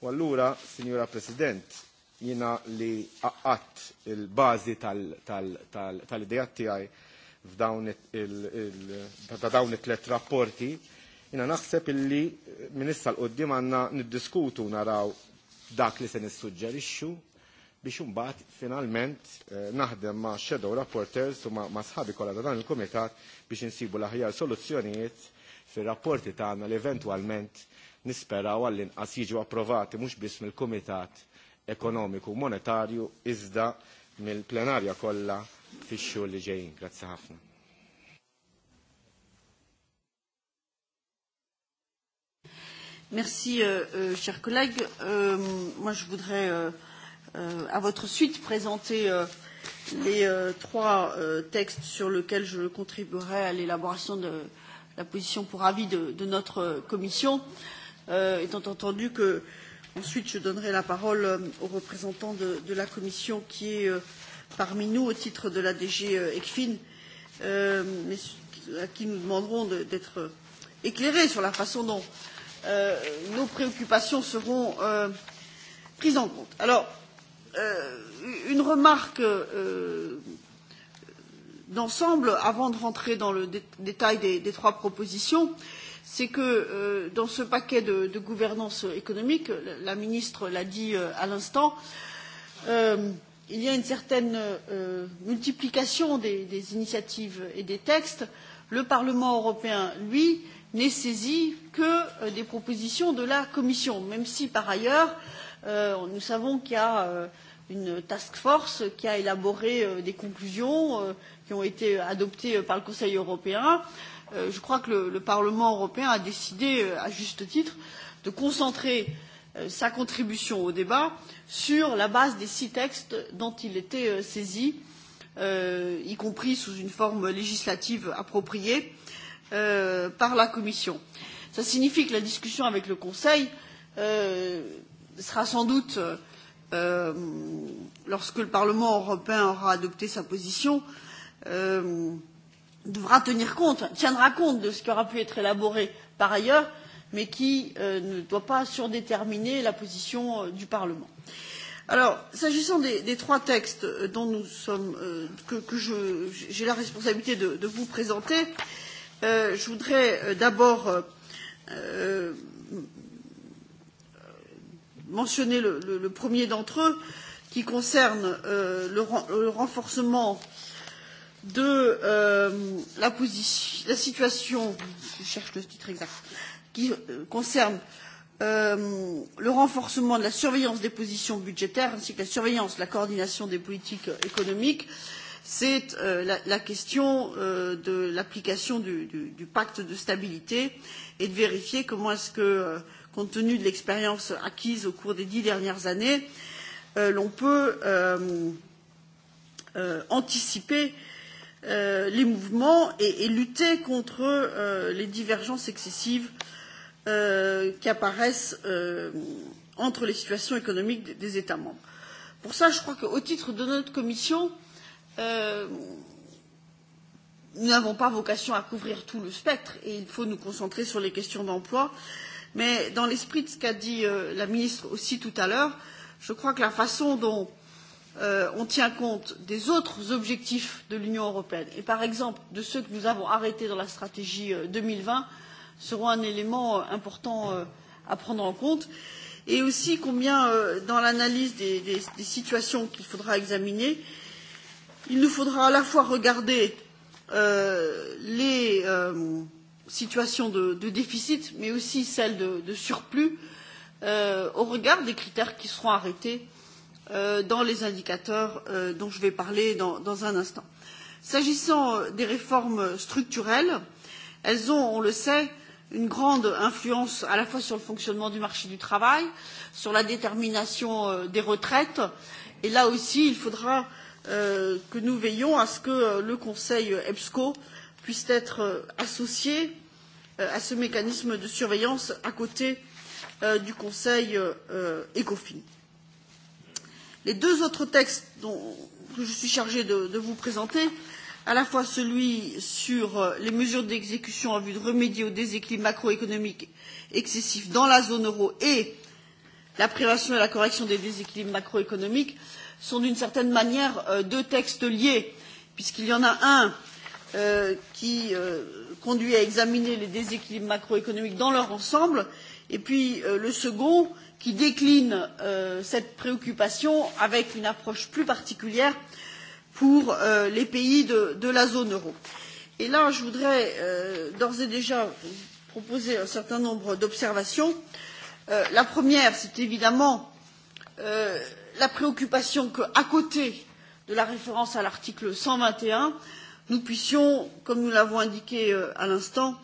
U allura, Sinjura President, jina li għat il-bazi tal-idea tijaj f'dawn it-tlet rapporti, jina naħseb illi minissa l-qoddim għanna niddiskutu naraw dak li se nissuġġerixxu biex imbagħad finalment eh, naħdem ma' shadow rapporters u ma' sħabi kollha ta' dan il-kumitat biex insibu l-aħjar soluzzjonijiet fir-rapporti tagħna li eventwalment nisperaw għall-inqas jiġu approvati mhux biss mill-kumitat ekonomiku monetarju iżda mill-plenarja kollha fix-xhur li ġejjin. Grazzi ħafna. Merci, euh, euh, chers collègues. Euh, moi, je voudrais, euh, euh, à votre suite, présenter euh, les euh, trois euh, textes sur lesquels je contribuerai à l'élaboration de la position pour avis de, de notre commission, euh, étant entendu que euh, Ensuite, je donnerai la parole euh, au représentant de, de la Commission qui est euh, parmi nous au titre de la DG euh, ECFIN, euh, à qui nous demanderons d'être de, éclairés sur la façon dont euh, nos préoccupations seront euh, prises en compte. Alors, euh, une remarque euh, d'ensemble avant de rentrer dans le dé détail des, des trois propositions. Euh, c'est que euh, dans ce paquet de, de gouvernance économique, la ministre l'a dit euh, à l'instant, euh, il y a une certaine euh, multiplication des, des initiatives et des textes. Le Parlement européen, lui, n'est saisi que euh, des propositions de la Commission, même si, par ailleurs, euh, nous savons qu'il y a euh, une task force qui a élaboré euh, des conclusions euh, qui ont été adoptées euh, par le Conseil européen. Euh, Euh, je crois que le, le Parlement européen a décidé, euh, à juste titre, de concentrer euh, sa contribution au débat sur la base des six textes dont il était saisi, euh, y compris sous une forme législative appropriée euh, par la Commission. Ça signifie que la discussion avec le Conseil euh, sera sans doute, euh, lorsque le Parlement européen aura adopté sa position, euh, devra tenir compte tiendra compte de ce qui aura pu être élaboré par ailleurs mais qui euh, ne doit pas surdéterminer la position euh, du Parlement. Alors, s'agissant des, des trois textes euh, dont nous sommes, euh, que, que je, j'ai la responsabilité de, de vous présenter, euh, je voudrais euh, d'abord euh, euh, mentionner le, le, le premier d'entre eux qui concerne euh, le, le renforcement euh, de euh, la situation qui euh, concerne euh, le renforcement de la surveillance des positions budgétaires ainsi que la surveillance de la coordination des politiques économiques c'est la question de l'application du pacte de stabilité et de vérifier comment est ce que compte tenu de l'expérience acquise au cours des dix dernières années l'on peut anticiper Euh, les mouvements et, et lutter contre euh, les divergences excessives euh, qui apparaissent euh, entre les situations économiques des, des États membres. Pour ça, je crois qu'au titre de notre commission, euh, nous n'avons pas vocation à couvrir tout le spectre et il faut nous concentrer sur les questions d'emploi. Mais dans l'esprit de ce qu'a dit euh, la ministre aussi tout à l'heure, je crois que la façon dont euh, euh, on tient compte des autres objectifs de l'Union européenne. Et par exemple, de ceux que nous avons arrêtés dans la stratégie euh, 2020 seront un élément euh, important euh, à prendre en compte. Et aussi combien, euh, dans l'analyse des, des, des situations qu'il faudra examiner, il nous faudra à la fois regarder euh, les euh, situations de, de déficit, mais aussi celles de, de surplus, euh, au regard des critères qui seront arrêtés Euh, dans les indicateurs euh, dont je vais parler dans un instant. S'agissant des réformes structurelles, elles ont, on le sait, une grande influence à la fois sur le fonctionnement du marché du travail, sur la détermination euh, des retraites et là aussi, il faudra que nous veillions à ce que le Conseil EBSCO puisse être associé à ce mécanisme de surveillance à côté du Conseil ECOFIN. Les deux autres textes dont, que je suis chargée de, de vous présenter, à la fois celui sur euh, les mesures d'exécution en vue de remédier au déséquilibre macroéconomique excessif dans la zone euro et la prévention et la correction des déséquilibres macroéconomiques, sont d'une certaine manière euh, deux textes liés, puisqu'il y en a un euh, qui euh, conduit à examiner les déséquilibres macroéconomiques dans leur ensemble, et puis euh, le second euh, qui décline euh, cette préoccupation avec une approche plus particulière pour euh, les pays de la zone euro. je voudrais euh, d'ores et déjà proposer un certain nombre d'observations. la première c'est évidemment la préoccupation qu'à côté de la référence à l'article cent vingt et un nous puissions comme nous l'avons indiqué à l'instant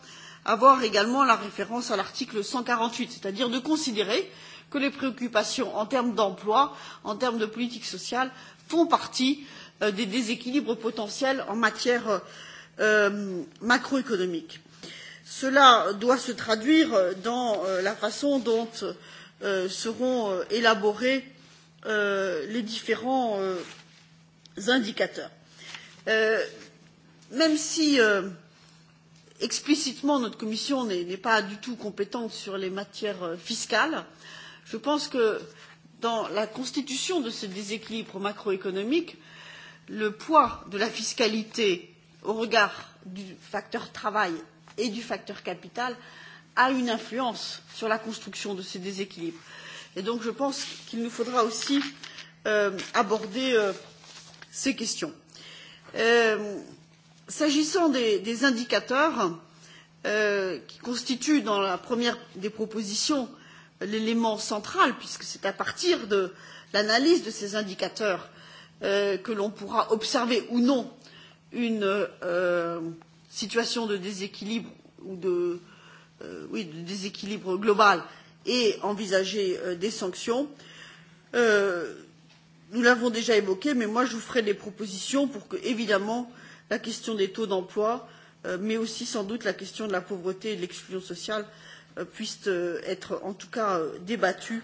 avoir également la référence à l'article cent quarante huit c'est à dire de considérer que les préoccupations en termes d'emploi en termes de politique sociale font partie euh, des déséquilibres potentiels en matière euh, macroéconomique. cela doit se traduire dans euh, la façon dont seront élaborés les différents indicateurs. même si explicitement notre commission n'est pas du tout compétente sur les matières fiscales je pense que dans la constitution de ce déséquilibre macroéconomique, le poids de la fiscalité au regard du facteur travail et du facteur capital a une influence sur la construction de ces déséquilibres. Et donc je pense qu'il nous faudra aussi euh, aborder euh, ces questions. Euh, S'agissant des, des indicateurs euh, qui constituent dans la première des propositions l'élément central puisque c'est à partir de l'analyse de ces indicateurs euh, que l'on pourra observer ou non une euh, situation de déséquilibre ou de, euh, oui, de déséquilibre global et envisager euh, des sanctions. Euh, nous l'avons déjà évoqué, mais moi je vous ferai des propositions pour que, évidemment, la question des taux d'emploi, euh, mais aussi sans doute la question de la pauvreté et de l'exclusion sociale euh, Euh, puissent euh, être en tout cas euh, débattues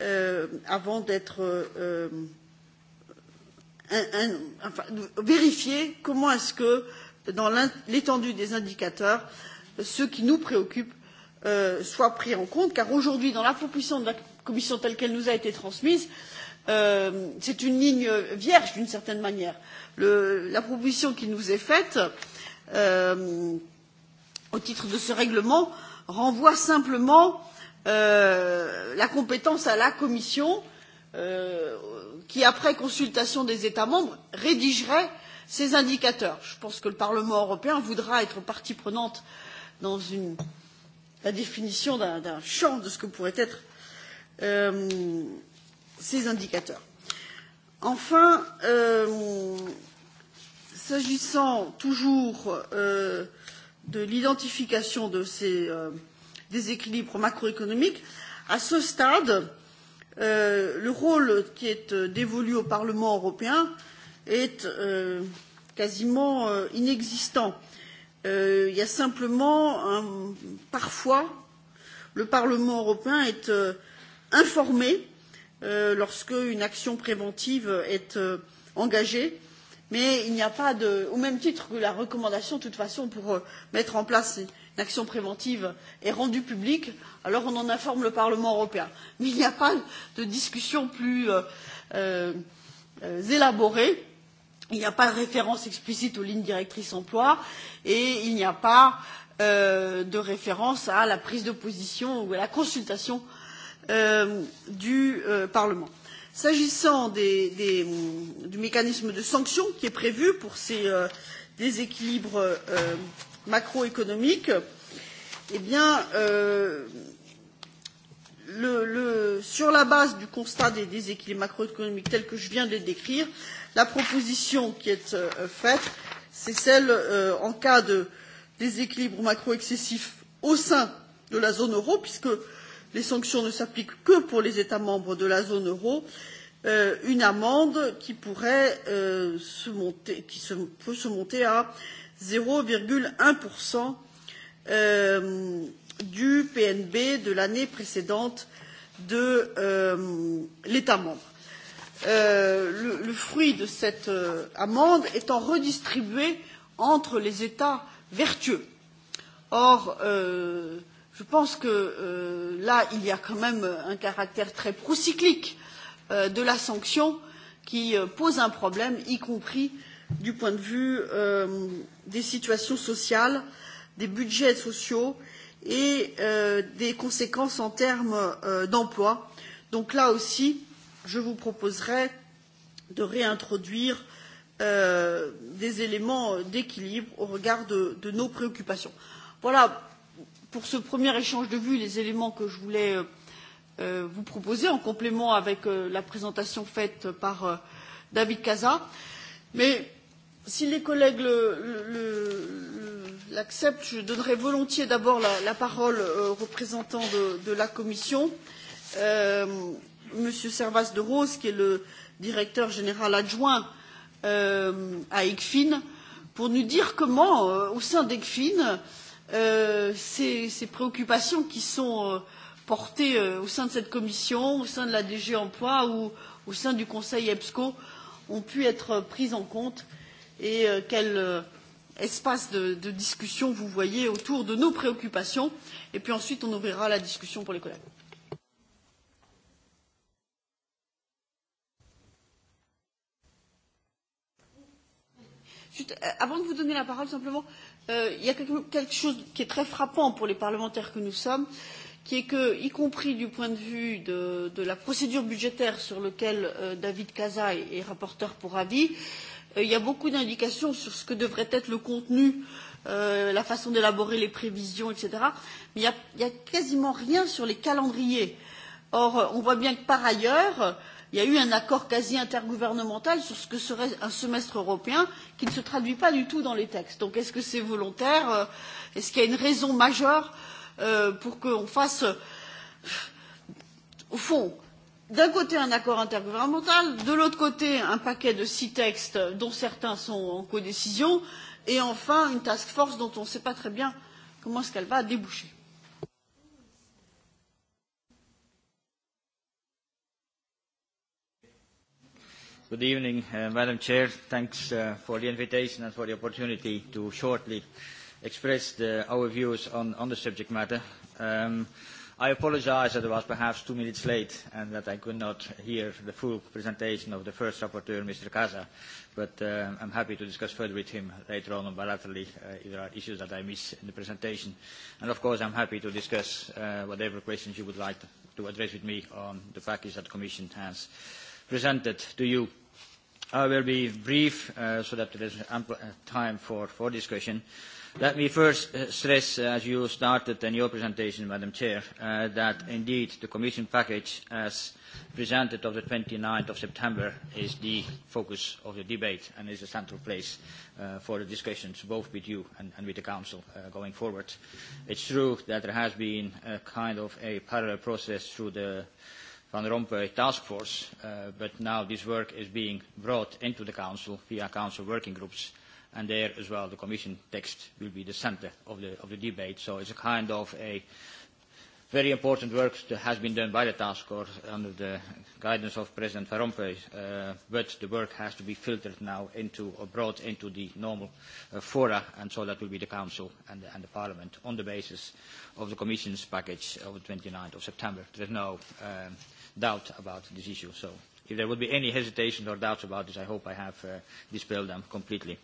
euh, avant d'être euh, un, un, enfin, vérifiées comment est-ce que dans l'étendue des indicateurs, ce qui nous préoccupe euh, soit pris en compte, car aujourd'hui, dans la proposition de la commission telle qu'elle nous a été transmise, euh, c'est une ligne vierge d'une certaine manière. Le, la proposition qui nous est faite euh, au titre de ce règlement euh, renvoie simplement euh, la compétence à la Commission, euh, qui, après consultation des États membres, rédigerait ces indicateurs. Je pense que le Parlement européen voudra être partie prenante dans une, la définition d'un champ de ce que pourraient être euh, ces indicateurs. Enfin, euh, s'agissant toujours euh, de l'identification de ces euh, déséquilibres macroéconomiques. À ce stade, euh, le rôle qui est euh, dévolu au Parlement européen est euh, quasiment euh, inexistant. Euh, il y a simplement un, parfois le Parlement européen est euh, informé euh, lorsque une action préventive est euh, engagée euh, mais il n'y a pas au même titre que la recommandation de toute façon pour euh, mettre en place une action préventive est rendue publique alors on en informe le parlement européen mais il n'y a pas de discussion plus euh, euh, euh, élaborée il n'y a pas de référence explicite aux lignes directrices emploi et il n'y a pas euh, de référence à la prise de position ou à la consultation euh, du euh, parlement. S'agissant des, des, du mécanisme de sanction qui est prévu pour ces euh, déséquilibres euh, macroéconomiques, eh bien, euh, le, le, sur la base du constat des déséquilibres macroéconomiques tels que je viens de les décrire, la proposition qui est euh, faite, c'est celle euh, en cas de déséquilibre macro excessif au sein de la zone euro, puisque euh, les sanctions ne s'appliquent que pour les états membres de la zone euro euh, une amende qui pourrait euh, se monter, qui se, peut se monter à 0,1% euh, du PNB de l'année précédente de l'état membre. Le, le fruit de cette amende étant redistribué entre les états vertueux. Or, euh, je pense que euh, là, il y a quand même un caractère très procyclique euh, de la sanction qui euh, pose un problème, y compris du point de vue euh, des situations sociales, des budgets sociaux et euh, des conséquences en termes euh, d'emploi. Donc là aussi, je vous proposerai de réintroduire euh, des éléments euh, d'équilibre au regard de, de nos préoccupations. Voilà pour ce premier échange de vues les éléments que je voulais euh, euh, vous proposer en complément avec euh, la présentation faite par David Casa. Mais si les collègues l'acceptent, le, le, le, je donnerai volontiers d'abord la, la parole au représentant de, de la Commission, euh, Monsieur Servas de Rose, qui est le directeur général adjoint euh, à ECFIN, pour nous dire comment, euh, au sein d'ECFIN, euh, Euh, ces, ces préoccupations qui sont euh, portées euh, au sein de cette commission, au sein de la DG Emploi ou au sein du Conseil EBSCO ont pu être prises en compte et quel espace de, de discussion vous voyez autour de nos préoccupations. Et puis ensuite, on ouvrira la discussion pour les collègues. Avant de vous donner la parole, simplement, euh, Euh, il y a quelque chose qui est très frappant pour les parlementaires que nous sommes qui est que y compris du point de vue de, de la procédure budgétaire sur laquelle euh, david casa est, est rapporteur pour avis euh, il y a beaucoup d'indications sur ce que devrait être le contenu euh, la façon d'élaborer les prévisions etc. mais il n'y a, a quasiment rien sur les calendriers. or on voit bien que par ailleurs euh, il y a eu un accord quasi intergouvernemental sur ce que serait un semestre européen qui ne se traduit pas du tout dans les textes. Donc est-ce que c'est volontaire euh, Est-ce qu'il y a une raison majeure euh, pour qu'on fasse, euh, au fond, d'un côté un accord intergouvernemental, de l'autre côté un paquet de six textes dont certains sont en codécision, et enfin une task force dont on ne sait pas très bien comment est-ce qu'elle va déboucher Good evening, uh, Madam Chair. Thanks uh, for the invitation and for the opportunity to shortly express the, our views on, on the subject matter. Um, I apologize that I was perhaps two minutes late and that I could not hear the full presentation of the first rapporteur, Mr. Casa, but uh, I'm happy to discuss further with him later on bilaterally uh, if there are issues that I miss in the presentation. And of course, I'm happy to discuss uh, whatever questions you would like to address with me on the package that the Commission has presented to you. I uh, will be brief uh, so that there is ample uh, time for, for discussion. Let me first uh, stress, as you started in your presentation, Madam Chair, uh, that indeed the Commission package as presented of the 29th of September is the focus of the debate and is a central place uh, for the discussions both with you and, and with the Council uh, going forward. It's true that there has been a kind of a parallel process through the uh, Van Rompuy task force, uh, but now this work is being brought into the Council via Council working groups, and there as well the Commission text will be the centre of the, of the debate. So it's a kind of a very important work that has been done by the task force under the guidance of President Van Rompuy, uh, but the work has to be filtered now into or brought into the normal uh, fora, and so that will be the Council and the, and the Parliament on the basis of the Commission's package of the 29th of September. There's no... Um, doubt about this issue. So if there would be any hesitation or doubts about this, I hope I have uh, dispelled them completely.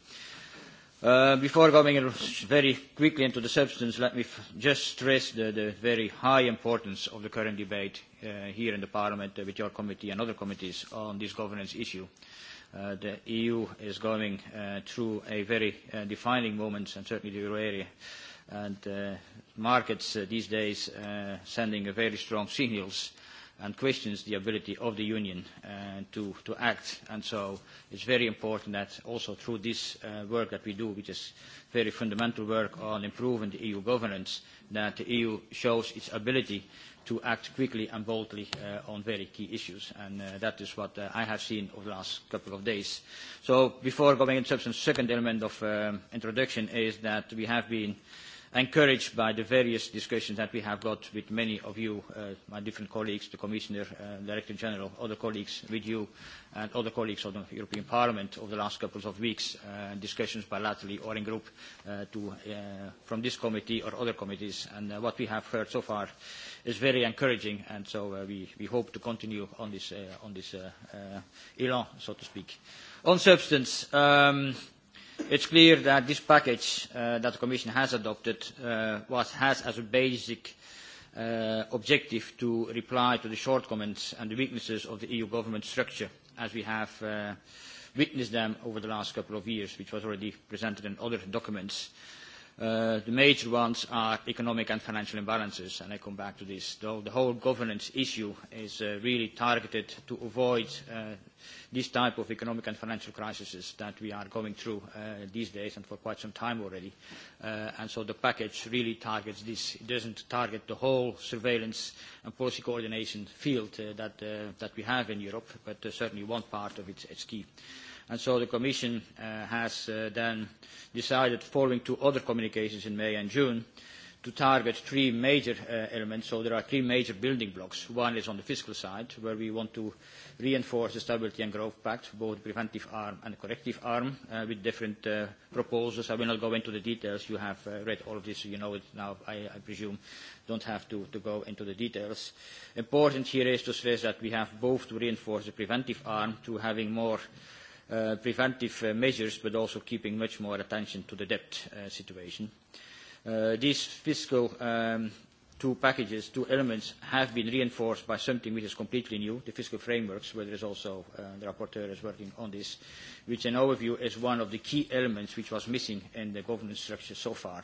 Uh, before going very quickly into the substance, let me f- just stress the, the very high importance of the current debate uh, here in the Parliament uh, with your committee and other committees on this governance issue. Uh, the EU is going uh, through a very uh, defining moment, and certainly the euro area, and uh, markets uh, these days uh, sending a very strong signals uh, and questions the ability of the Union uh, to, to act. And so it's very important that also through this uh, work that we do, which is very fundamental work on improving the EU governance, that the EU shows its ability to act quickly and boldly uh, on very key issues. And uh, that is what uh, I have seen over the last couple of days. So before going into the second element of um, introduction is that we have been uh, encouraged by the various discussions that we have got with many of you, uh, my different colleagues, the Commissioner, uh, Director General, other colleagues with you, and other colleagues of the European Parliament over the last couple of weeks, uh, discussions bilaterally or in group uh, to, uh, from this committee or other committees. And uh, what we have heard so far is very encouraging, and so uh, we, we hope to continue on this, uh, on this uh, uh, elan, so to speak. On substance, um, it's clear that this package uh, that the Commission has adopted uh, was, has as a basic uh, objective to reply to the shortcomings and the weaknesses of the EU government structure as we have uh, witnessed them over the last couple of years, which was already presented in other documents. Uh, Uh, the major ones are economic and financial imbalances, and I come back to this. The, the whole governance issue is uh, really targeted to avoid uh, this type of economic and financial crises that we are going through uh, these days and for quite some time already. Uh, and so the package really targets this. It doesn't target the whole surveillance and policy coordination field uh, that, uh, that we have in Europe, but uh, certainly one part of it is key. The Commission uh, has uh, then decided, following two other communications in May and June, to target three major uh, elements. There are three major building blocks. One is on the fiscal side, where we want to reinforce the Stability and Growth Pact, both preventive arm and corrective arm, with different proposals. I will not go into the details. You have read all of this, you know it now, I presume. Don't have to go into the details. Important here is to stress that we have both to reinforce the preventive arm to having more Uh, preventive uh, measures, but also keeping much more attention to the debt uh, situation. These fiscal um, two packages, two elements, have been reinforced by something which is completely new, the fiscal frameworks, where there is also uh, the rapporteur is working on this, which in our view is one of the key elements which was missing in the governance structure so far.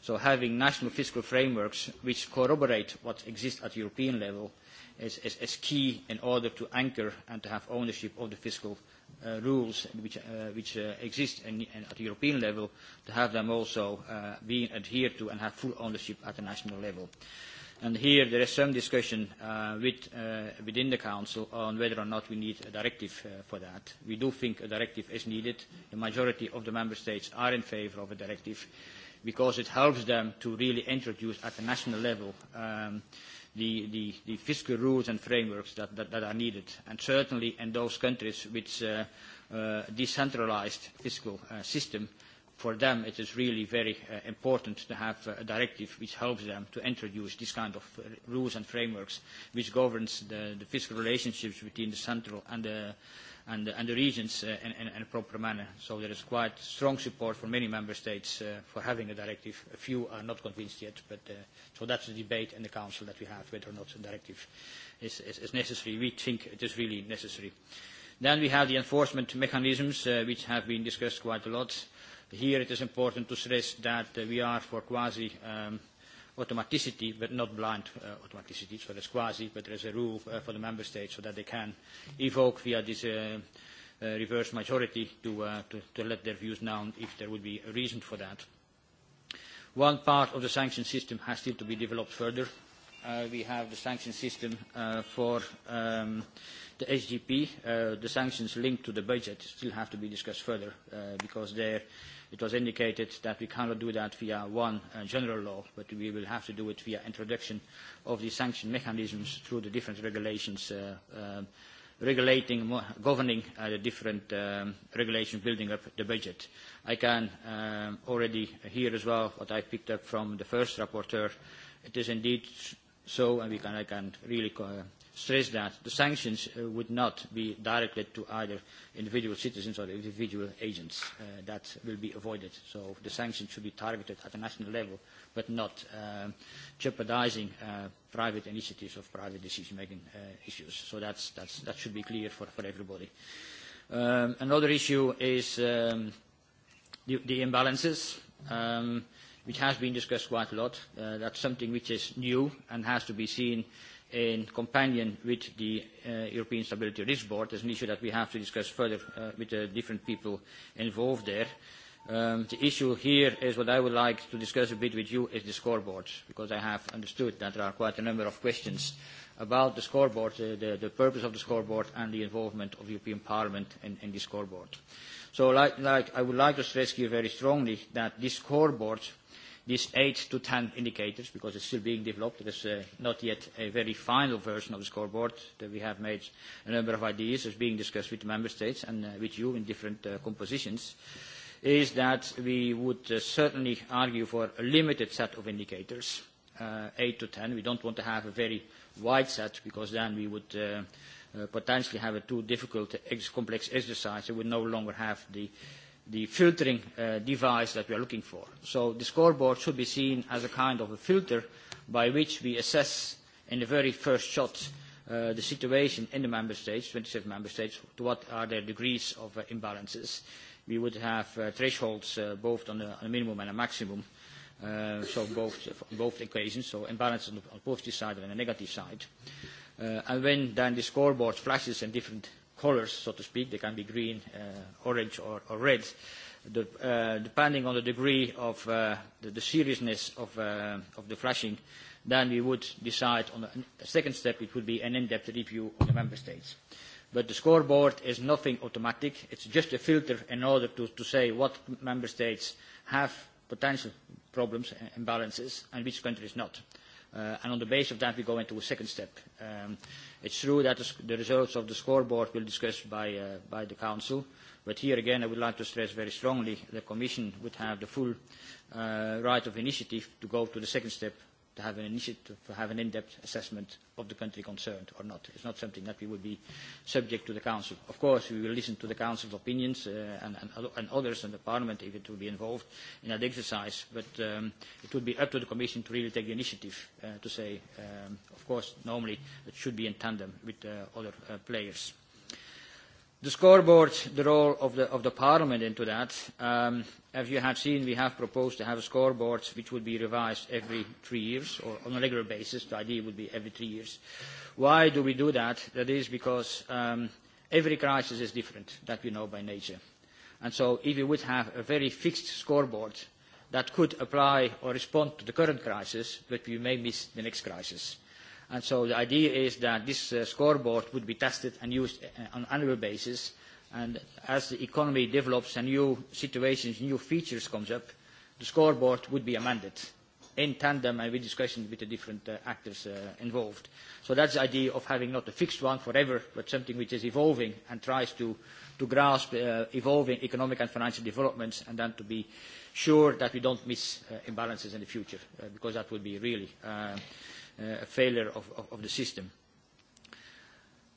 So having national fiscal frameworks which corroborate what exists at European level is, is, is key in order to anchor and to have ownership of the fiscal uh, rules which, uh, which uh, exist in, in, at European level to have them also uh, being adhered to and have full ownership at the national level. And here there is some discussion uh, with, uh, within the Council on whether or not we need a directive uh, for that. We do think a directive is needed. The majority of the Member States are in favour of a directive because it helps them to really introduce at the national level um, the, the, the fiscal rules and frameworks that, that, that are needed. And certainly in those countries which uh, uh, decentralized fiscal uh, system, for them it is really very uh, important to have a directive which helps them to introduce this kind of uh, rules and frameworks which governs the, the fiscal relationships between the central and the uh, and, and the regions uh, in, in, in a proper manner. So there is quite strong support for many member states uh, for having a directive. A few are not convinced yet, but uh, so that's the debate in the Council that we have, whether or not a directive is, is, is necessary. We think it is really necessary. Then we have the enforcement mechanisms, uh, which have been discussed quite a lot. Here it is important to stress that uh, we are for quasi... Um, automaticity, but not blind uh, automaticity, so there's quasi, but there's a rule uh, for the member states so that they can evoke via this uh, uh, reverse majority to, uh, to, to let their views known if there would be a reason for that. One part of the sanction system has still to be developed further. Uh, we have the sanction system uh, for um, the SGP. Uh, the sanctions linked to the budget still have to be discussed further uh, because there it was indicated that we cannot do that via one uh, general law, but we will have to do it via introduction of the sanction mechanisms through the different regulations uh, uh, regulating, governing uh, the different um, regulations building up the budget. I can um, already hear as well what I picked up from the first rapporteur. It is indeed so, and we can, I can really uh, stress that the sanctions uh, would not be directed to either individual citizens or individual agents. Uh, that will be avoided. So the sanctions should be targeted at a national level, but not uh, jeopardizing uh, private initiatives of private decision-making uh, issues. So that's, that's, that should be clear for, for everybody. Um, another issue is um, the, the imbalances. Um, which has been discussed quite a lot. Uh, that's something which is new and has to be seen in companion with the uh, European Stability Risk Board. There's an issue that we have to discuss further uh, with the different people involved there. Um, the issue here is what I would like to discuss a bit with you is the scoreboards, because I have understood that there are quite a number of questions about the scoreboard, uh, the, the purpose of the scoreboard, and the involvement of the European Parliament in, in the scoreboard. So like, like I would like to stress here very strongly that this scoreboard these eight to ten indicators because it's still being developed. There's uh, not yet a very final version of the scoreboard. We have made a number of ideas as being discussed with the Member States and uh, with you in different uh, compositions is that we would uh, certainly argue for a limited set of indicators, uh, 8 to 10. We don't want to have a very wide set because then we would uh, uh, potentially have a too difficult, ex complex exercise and would no longer have the uh, the filtering uh, device that we are looking for. So the scoreboard should be seen as a kind of a filter by which we assess in the very first shot uh, the situation in the member states, 27 member states, to what are their degrees of uh, imbalances. We would have uh, thresholds uh, both on a, on a minimum and a maximum, uh, so both, both equations, so imbalance on the positive side and the negative side. Uh, and when then the scoreboard flashes in different colors, so to speak. They can be green, uh, orange, or, or red, the, uh, depending on the degree of uh, the, the seriousness of, uh, of the flashing. Then we would decide on the second step. It would be an in-depth review of the member states. But the scoreboard is nothing automatic. It's just a filter in order to, to say what member states have potential problems and imbalances and which countries not. Uh, Uh, and on the basis of that, we go into a second step. Um, it's true that the, the results of the scoreboard will be discussed by, uh, by the Council, but here again, I would like to stress very strongly the Commission would have the full uh, right of initiative to go to the second step to have an initiative to have an in-depth assessment of the country concerned or not. It's not something that we would be subject to the Council. Of course, we will listen to the Council's opinions uh, and, and, and others and the Parliament if it will be involved in that exercise, but um, it would be up to the Commission to really take the initiative uh, to say, um, of course, normally it should be in tandem with uh, other uh, players. The scoreboard, the role of the, of the Parliament into that, um, as you have seen, we have proposed to have a scoreboard which would be revised every three years, or on a regular basis, the idea would be every three years. Why do we do that? That is because um, every crisis is different, that we know by nature. And so if we would have a very fixed scoreboard that could apply or respond to the current crisis, but we may miss the next crisis. And so the idea is that this uh, scoreboard would be tested and used uh, on an annual basis. And as the economy develops and new situations, new features comes up, the scoreboard would be amended in tandem and with discussion with the different uh, actors uh, involved. So that's the idea of having not a fixed one forever, but something which is evolving and tries to, to grasp uh, evolving economic and financial developments and then to be sure that we don't miss uh, imbalances in the future, uh, because that would be really... Uh, Uh, a failure of, of, of the system.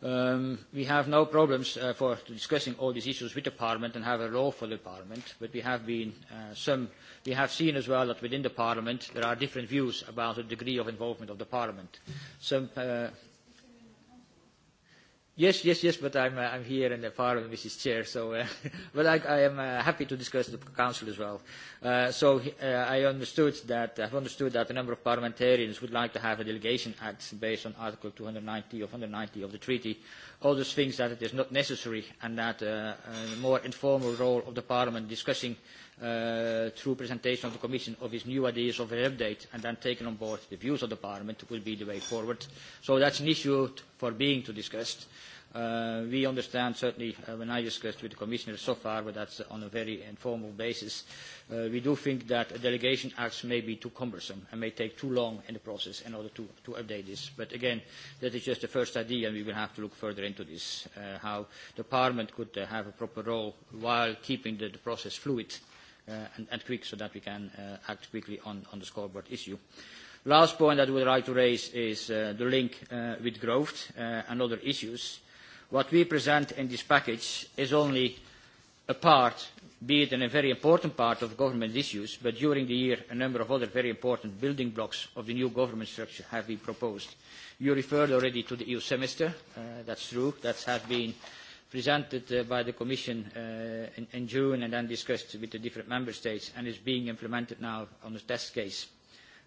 Um, we have no problems uh, for discussing all these issues with the Parliament and have a role for the Parliament, but we have, been, uh, some, we have seen as well that within the Parliament there are different views about the degree of involvement of the Parliament. Some, uh, Yes, yes, yes, but I'm, uh, I'm here and the far of Mrs. Chair, so, uh, but I, I am uh, happy to discuss the Council as well. Uh, so uh, I understood that, I've understood that a number of parliamentarians would like to have a delegation act based on Article 290 or 190 of the Treaty, all those things that it is not necessary and that uh, a more informal role of the Parliament discussing uh, uh, through presentation of the Commission of its new ideas of an update and then taken on board the views of the Parliament will be the way forward. So that's an issue for being to discuss. Uh, we understand, certainly, uh, when I discussed with the Commissioner so far, but that's on a very informal basis, uh, we do think that a delegation acts may be too cumbersome and may take too long in the process in order to, to update this. But again, that is just the first idea, and we will have to look further into this, uh, how the Parliament could uh, have a proper role while keeping the, the process fluid. Uh, Uh, and quick so that we can uh, act quickly on the scoreboard issue. Last point that we would like to raise is uh, the link with growth and other issues. What we present in this package is only a part, be it in a very important part of government issues, but during the year, a number of other very important building blocks of the new government structure have been proposed. You referred already to the EU semester. That's true. That has presented uh, by the Commission uh, in, in June and then discussed with the different member states and is being implemented now on the test case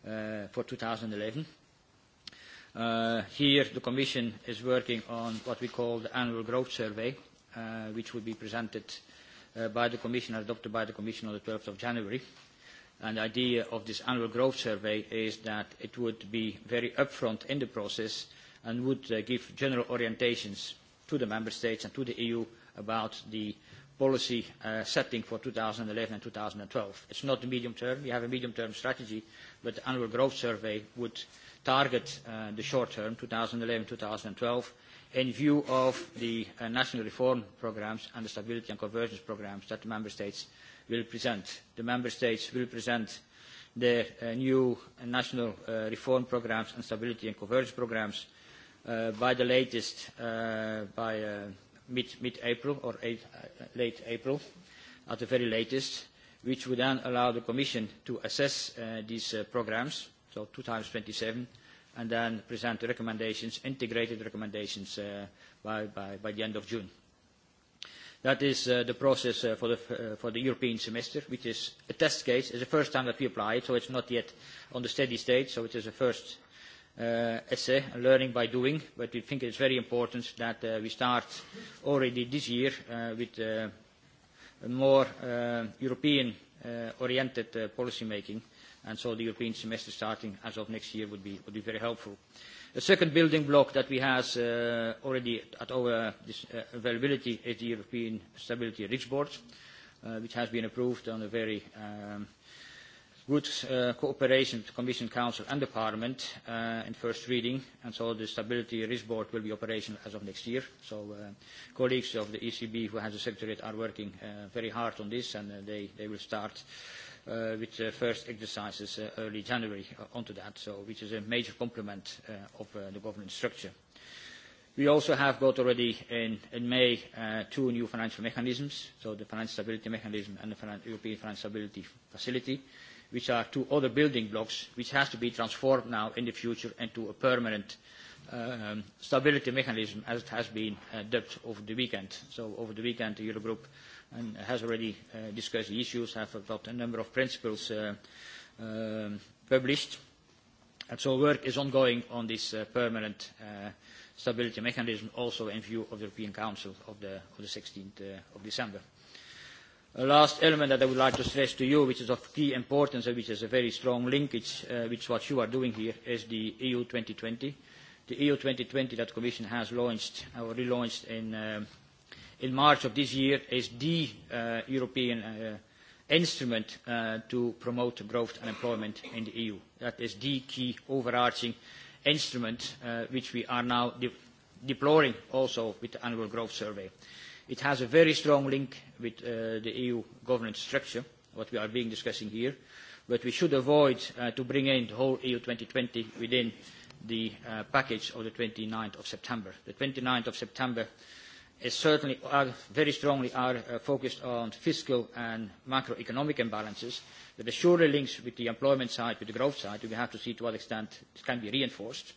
uh, for 2011. Uh, here the Commission is working on what we call the annual growth survey, uh, which will be presented uh, by the Commission, adopted by the Commission on the 12th of January. And the idea of this annual growth survey is that it would be very upfront in the process and would uh, give general orientations to the member states and to the EU about the policy uh, setting for 2011 and 2012. It's not the medium term. We have a medium term strategy, but the annual growth survey would target uh, the short term, 2011-2012, in view of the uh, national reform programs and the stability and convergence programs that the member states will present. The member states will present their uh, new national uh, reform programs and stability and convergence programs Uh, by the latest uh, by uh, mid-April or late April, at the very latest, which would then allow the Commission to assess these programs, so 2027, and then present the recommendations, integrated recommendations, by the end of June. That is the process for the European semester, which is a test case. It's the first time that we apply it, so it's not yet on the steady state, so it is a first uh, essay, Learning by Doing, but we think it's very important that uh, we start already this year uh, with uh, more uh, European-oriented uh, uh, policy-making, and so the European semester starting as of next year would be, would be very helpful. The second building block that we have uh, already at our this, uh, availability is the European Stability Ridge Board, uh, which has been approved on a very um, good uh, cooperation with the Commission, Council and the Parliament uh, in first reading, and so the Stability Risk Board will be operational as of next year. So uh, colleagues of the ECB who has the Secretariat are working uh, very hard on this, and uh, they, they will start uh, with the first exercises uh, early January uh, onto that, so, which is a major complement uh, of uh, the governance structure. We also have got already in, in May uh, two new financial mechanisms, so the Financial Stability Mechanism and the Finan European Financial Stability Facility. Uh, which are two other building blocks, which has to be transformed now in the future into a permanent um, stability mechanism, as it has been uh, dubbed over the weekend. So over the weekend, the Eurogroup and um, has already uh, discussed the issues, have got a number of principles uh, um, published. And so work is ongoing on this uh, permanent uh, stability mechanism, also in view of the European Council of the, of the 16th uh, of December last element that I would like to stress to you, which is of key importance and which is a very strong linkage uh, with what you are doing here, is the EU 2020. The EU 2020 that the Commission has launched or relaunched in, uh, in March of this year is the uh, European uh, instrument uh, to promote growth and employment in the EU. That is the key overarching instrument uh, which we are now de deploying also with the annual growth survey. Uh, It has a very strong link with uh, the EU governance structure, what we are being discussing here, but we should avoid uh, to bring in the whole EU 2020 within the uh, package of the 29th of September. The 29th of September is certainly are very strongly are, uh, focused on fiscal and macroeconomic imbalances, but there surely links with the employment side, with the growth side, we have to see to what extent it can be reinforced.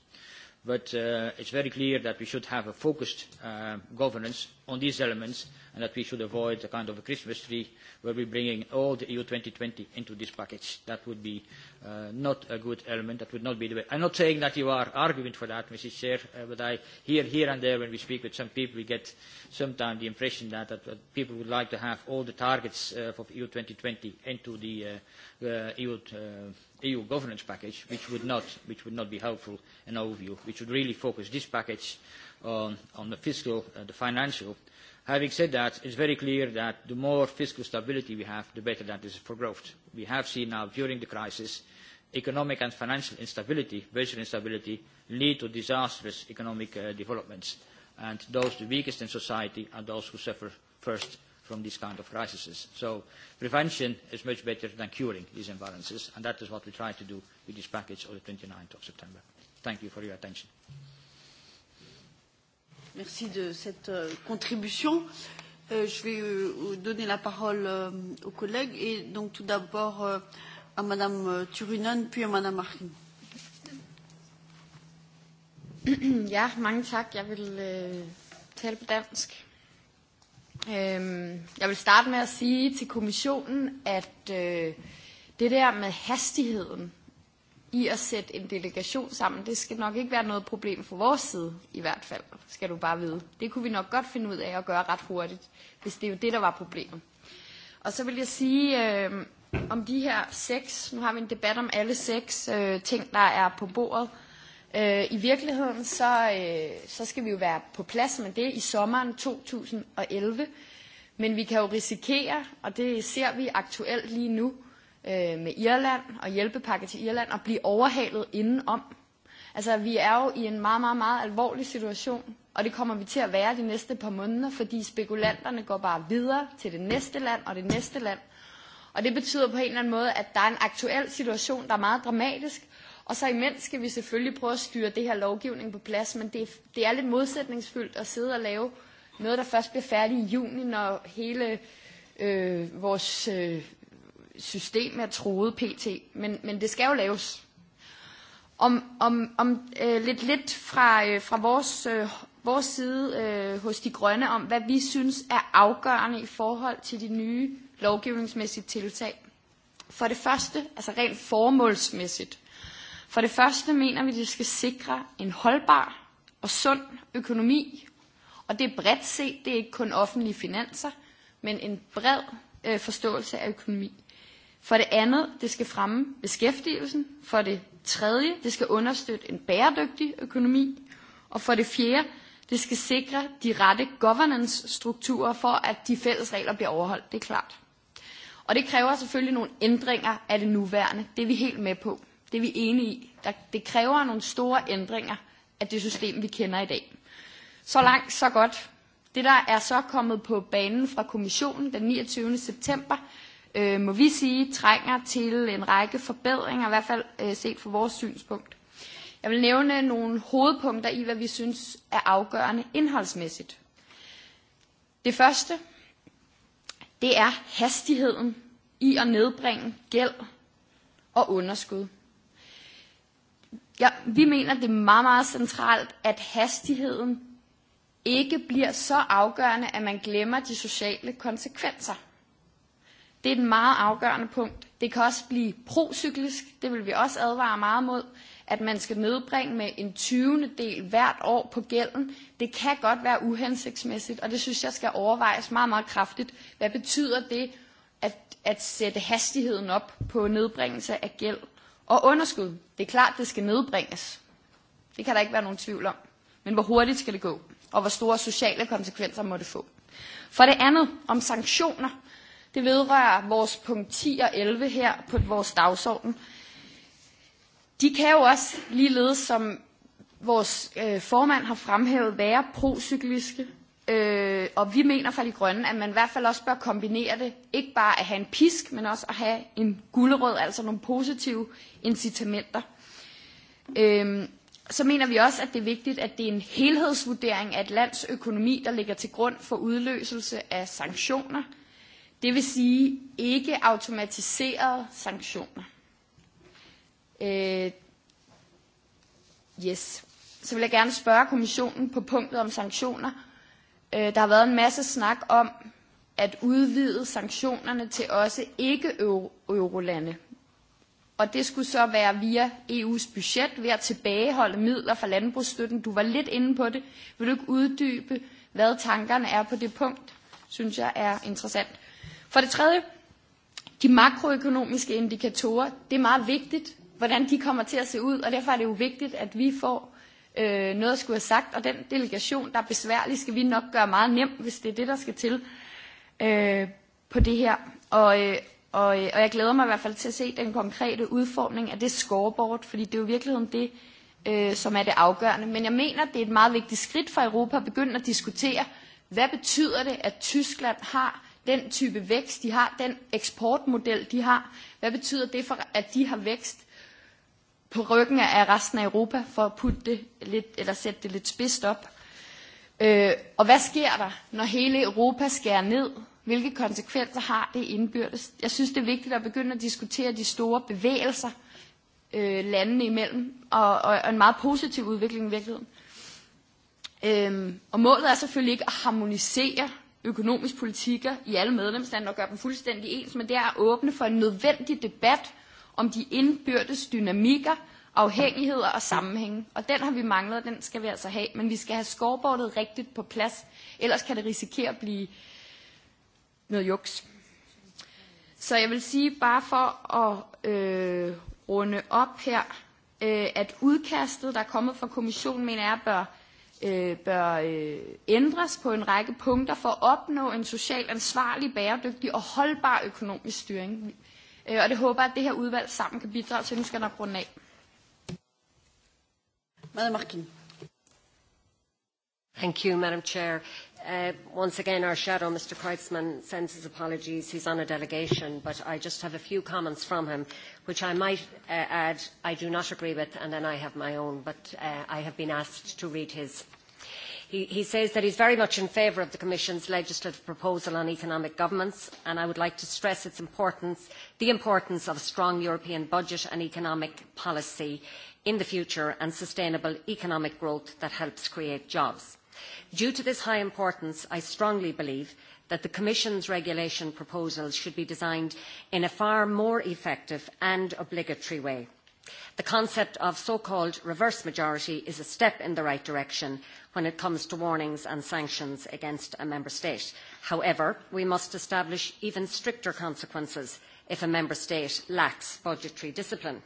But uh, it's very clear that we should have a focused uh, governance on these elements and that we should avoid a kind of a Christmas tree where we're bringing all the EU 2020 into this package. That would be uh, not a good element. That would not be the way. I'm not saying that you are arguing for that, Mrs. Chair, uh, but I hear here and there when we speak with some people, we get sometimes the impression that, that uh, people would like to have all the targets uh, for EU 2020 into the uh, uh, EU, uh, EU governance package, which would, not, which would not be helpful in our view. We should really focus this package on the fiscal, uh, the financial. Having said that, it's very clear that the more fiscal stability we have, the better that is for growth. We have seen now during the crisis, economic and financial instability, basic instability, lead to disastrous economic uh, developments. Those the weakest in society are those who suffer first from these kind of crises. Prevention is much better than curing these imbalances, and that is what we try to do with this package on the 29th of September. Thank you for your attention. Merci de cette euh, contribution. Euh, je vais euh, donner la parole euh, aux collègues et donc tout d'abord euh, à Madame euh, Turunen, puis à Madame Arkin. Ja, mange tak. Jeg vil øh, tale på dansk. Øhm, jeg vil starte med at sige til kommissionen, at øh, det der med hastigheden i at sætte en delegation sammen, det skal nok ikke være noget problem for vores side, i hvert fald, skal du bare vide. Det kunne vi nok godt finde ud af at gøre ret hurtigt, hvis det er jo det, der var problemet. Og så vil jeg sige øh, om de her seks, nu har vi en debat om alle seks øh, ting, der er på bordet. Øh, I virkeligheden, så, øh, så skal vi jo være på plads med det i sommeren 2011, men vi kan jo risikere, og det ser vi aktuelt lige nu, øh, med Irland og hjælpepakke til Irland og blive overhalet indenom. Altså, vi er jo i en meget, meget, meget alvorlig situation, og det kommer vi til at være de næste par måneder, fordi spekulanterne går bare videre til det næste land og det næste land. Og det betyder på en eller anden måde, at der er en aktuel situation, der er meget dramatisk, og så imens skal vi selvfølgelig prøve at styre det her lovgivning på plads, men det, det er lidt modsætningsfyldt at sidde og lave noget, der først bliver færdigt i juni, når hele øh, vores øh, system er troet pt, men, men det skal jo laves. Om, om, om øh, lidt, lidt fra, øh, fra vores, øh, vores side øh, hos de grønne om, hvad vi synes er afgørende i forhold til de nye lovgivningsmæssige tiltag. For det første, altså rent formålsmæssigt, for det første mener vi, at det skal sikre en holdbar og sund økonomi. Og det er bredt set, det er ikke kun offentlige finanser, men en bred øh, forståelse af økonomi. For det andet, det skal fremme beskæftigelsen. For det tredje, det skal understøtte en bæredygtig økonomi. Og for det fjerde, det skal sikre de rette governance-strukturer for, at de fælles regler bliver overholdt. Det er klart. Og det kræver selvfølgelig nogle ændringer af det nuværende. Det er vi helt med på. Det er vi enige i. Det kræver nogle store ændringer af det system, vi kender i dag. Så langt, så godt. Det, der er så kommet på banen fra kommissionen den 29. september, øh, må vi sige, trænger til en række forbedringer, i hvert fald øh, set fra vores synspunkt. Jeg vil nævne nogle hovedpunkter i, hvad vi synes er afgørende indholdsmæssigt. Det første, det er hastigheden i at nedbringe gæld og underskud. Ja, vi mener, det er meget, meget centralt, at hastigheden ikke bliver så afgørende, at man glemmer de sociale konsekvenser. Det er et meget afgørende punkt. Det kan også blive procyklisk. Det vil vi også advare meget mod, at man skal nedbringe med en 20. del hvert år på gælden. Det kan godt være uhensigtsmæssigt, og det synes jeg skal overvejes meget, meget kraftigt. Hvad betyder det at, at sætte hastigheden op på nedbringelse af gæld og underskud? Det er klart, det skal nedbringes. Det kan der ikke være nogen tvivl om. Men hvor hurtigt skal det gå? Og hvor store sociale konsekvenser må det få? For det andet om sanktioner. Det vedrører vores punkt 10 og 11 her på vores dagsorden. De kan jo også, ligeledes som vores øh, formand har fremhævet, være procykliske. Øh, og vi mener fra de grønne, at man i hvert fald også bør kombinere det. Ikke bare at have en pisk, men også at have en gulderød, altså nogle positive incitamenter. Øh, så mener vi også, at det er vigtigt, at det er en helhedsvurdering af et lands økonomi, der ligger til grund for udløselse af sanktioner. Det vil sige ikke automatiserede sanktioner. Øh, yes. Så vil jeg gerne spørge kommissionen på punktet om sanktioner. Øh, der har været en masse snak om at udvide sanktionerne til også ikke-eurolande. Og det skulle så være via EU's budget ved at tilbageholde midler fra landbrugsstøtten. Du var lidt inde på det. Vil du ikke uddybe, hvad tankerne er på det punkt? Synes jeg er interessant. For det tredje, de makroøkonomiske indikatorer, det er meget vigtigt, hvordan de kommer til at se ud, og derfor er det jo vigtigt, at vi får øh, noget at skulle have sagt, og den delegation, der er besværlig, skal vi nok gøre meget nem, hvis det er det, der skal til øh, på det her. Og, øh, og, øh, og jeg glæder mig i hvert fald til at se den konkrete udformning af det scoreboard, fordi det er jo i virkeligheden det, øh, som er det afgørende. Men jeg mener, det er et meget vigtigt skridt for Europa at begynde at diskutere, hvad betyder det, at Tyskland har den type vækst, de har, den eksportmodel, de har. Hvad betyder det for, at de har vækst på ryggen af resten af Europa, for at putte det lidt, eller sætte det lidt spidst op? Øh, og hvad sker der, når hele Europa skærer ned? Hvilke konsekvenser har det indbyrdes? Jeg synes, det er vigtigt at begynde at diskutere de store bevægelser øh, landene imellem, og, og, og en meget positiv udvikling i virkeligheden. Øhm, og målet er selvfølgelig ikke at harmonisere økonomisk politikker i alle medlemslande og gør dem fuldstændig ens, men det er at åbne for en nødvendig debat om de indbyrdes dynamikker, afhængigheder og sammenhænge. Og den har vi manglet, og den skal vi altså have. Men vi skal have skovbordet rigtigt på plads, ellers kan det risikere at blive noget juks. Så jeg vil sige, bare for at øh, runde op her, øh, at udkastet, der er kommet fra kommissionen, mener jeg, bør øh, øh, bør øh, ændres på en række punkter for at opnå en social ansvarlig, bæredygtig og holdbar økonomisk styring. Øh, og det håber at det her udvalg sammen kan bidrage til. Nu skal jeg nok runde af. Madam Markin. Thank you, Madam Chair. Uh, once again, our shadow, Mr. Kreutzmann, sends his apologies. He's on a delegation, but I just have a few comments from him which I might uh, add I do not agree with, and then I have my own, but uh, I have been asked to read his. He, he says that he's very much in favour of the Commission's legislative proposal on economic governance, and I would like to stress its importance, the importance of a strong European budget and economic policy in the future and sustainable economic growth that helps create jobs. Due to this high importance, I strongly believe that the commission's regulation proposals should be designed in a far more effective and obligatory way. the concept of so called reverse majority is a step in the right direction when it comes to warnings and sanctions against a member state. however we must establish even stricter consequences if a member state lacks budgetary discipline.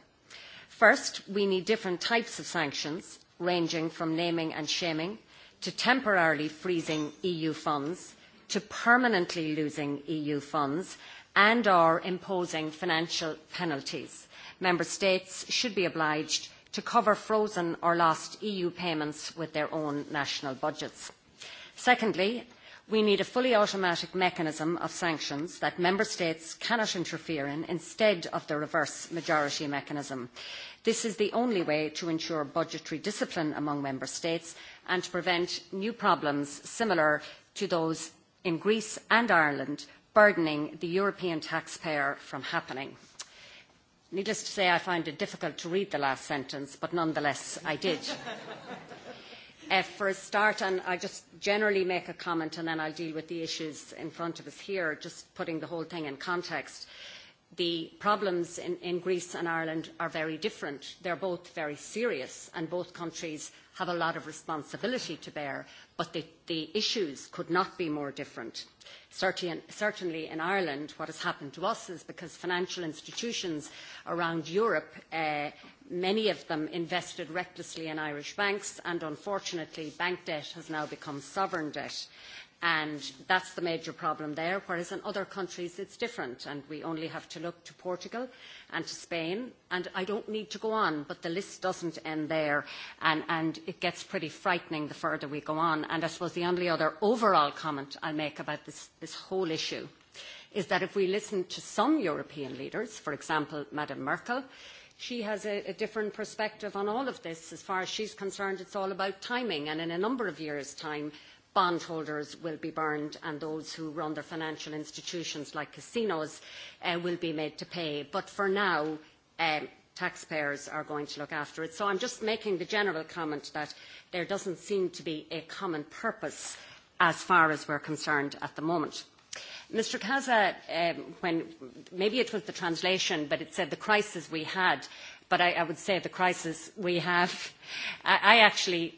first we need different types of sanctions ranging from naming and shaming to temporarily freezing eu funds to permanently losing EU funds and or imposing financial penalties. Member States should be obliged to cover frozen or lost EU payments with their own national budgets. Secondly, we need a fully automatic mechanism of sanctions that Member States cannot interfere in instead of the reverse majority mechanism. This is the only way to ensure budgetary discipline among Member States and to prevent new problems similar to those in Greece and Ireland, burdening the European taxpayer from happening. Needless to say, I find it difficult to read the last sentence, but nonetheless, I did. uh, for a start, and I just generally make a comment and then I'll deal with the issues in front of us here, just putting the whole thing in context. The problems in, in Greece and Ireland are very different. They're both very serious, and both countries have a lot of responsibility to bear, but the, the issues could not be more different. Certainly in Ireland, what has happened to us is because financial institutions around Europe, uh, many of them invested recklessly in Irish banks, and unfortunately, bank debt has now become sovereign debt and that is the major problem there whereas in other countries it is different and we only have to look to portugal and to spain and i do not need to go on but the list does not end there and, and it gets pretty frightening the further we go on and i suppose the only other overall comment i will make about this, this whole issue is that if we listen to some european leaders for example madam merkel she has a, a different perspective on all of this. As far as she's concerned, it's all about timing. And in a number of years' time, bondholders will be burned and those who run their financial institutions like casinos uh, will be made to pay. But for now, um, taxpayers are going to look after it. So I'm just making the general comment that there doesn't seem to be a common purpose as far as we're concerned at the moment. Mr Kaza, um, when, maybe it was the translation, but it said the crisis we had, but I, I would say the crisis we have. I, I actually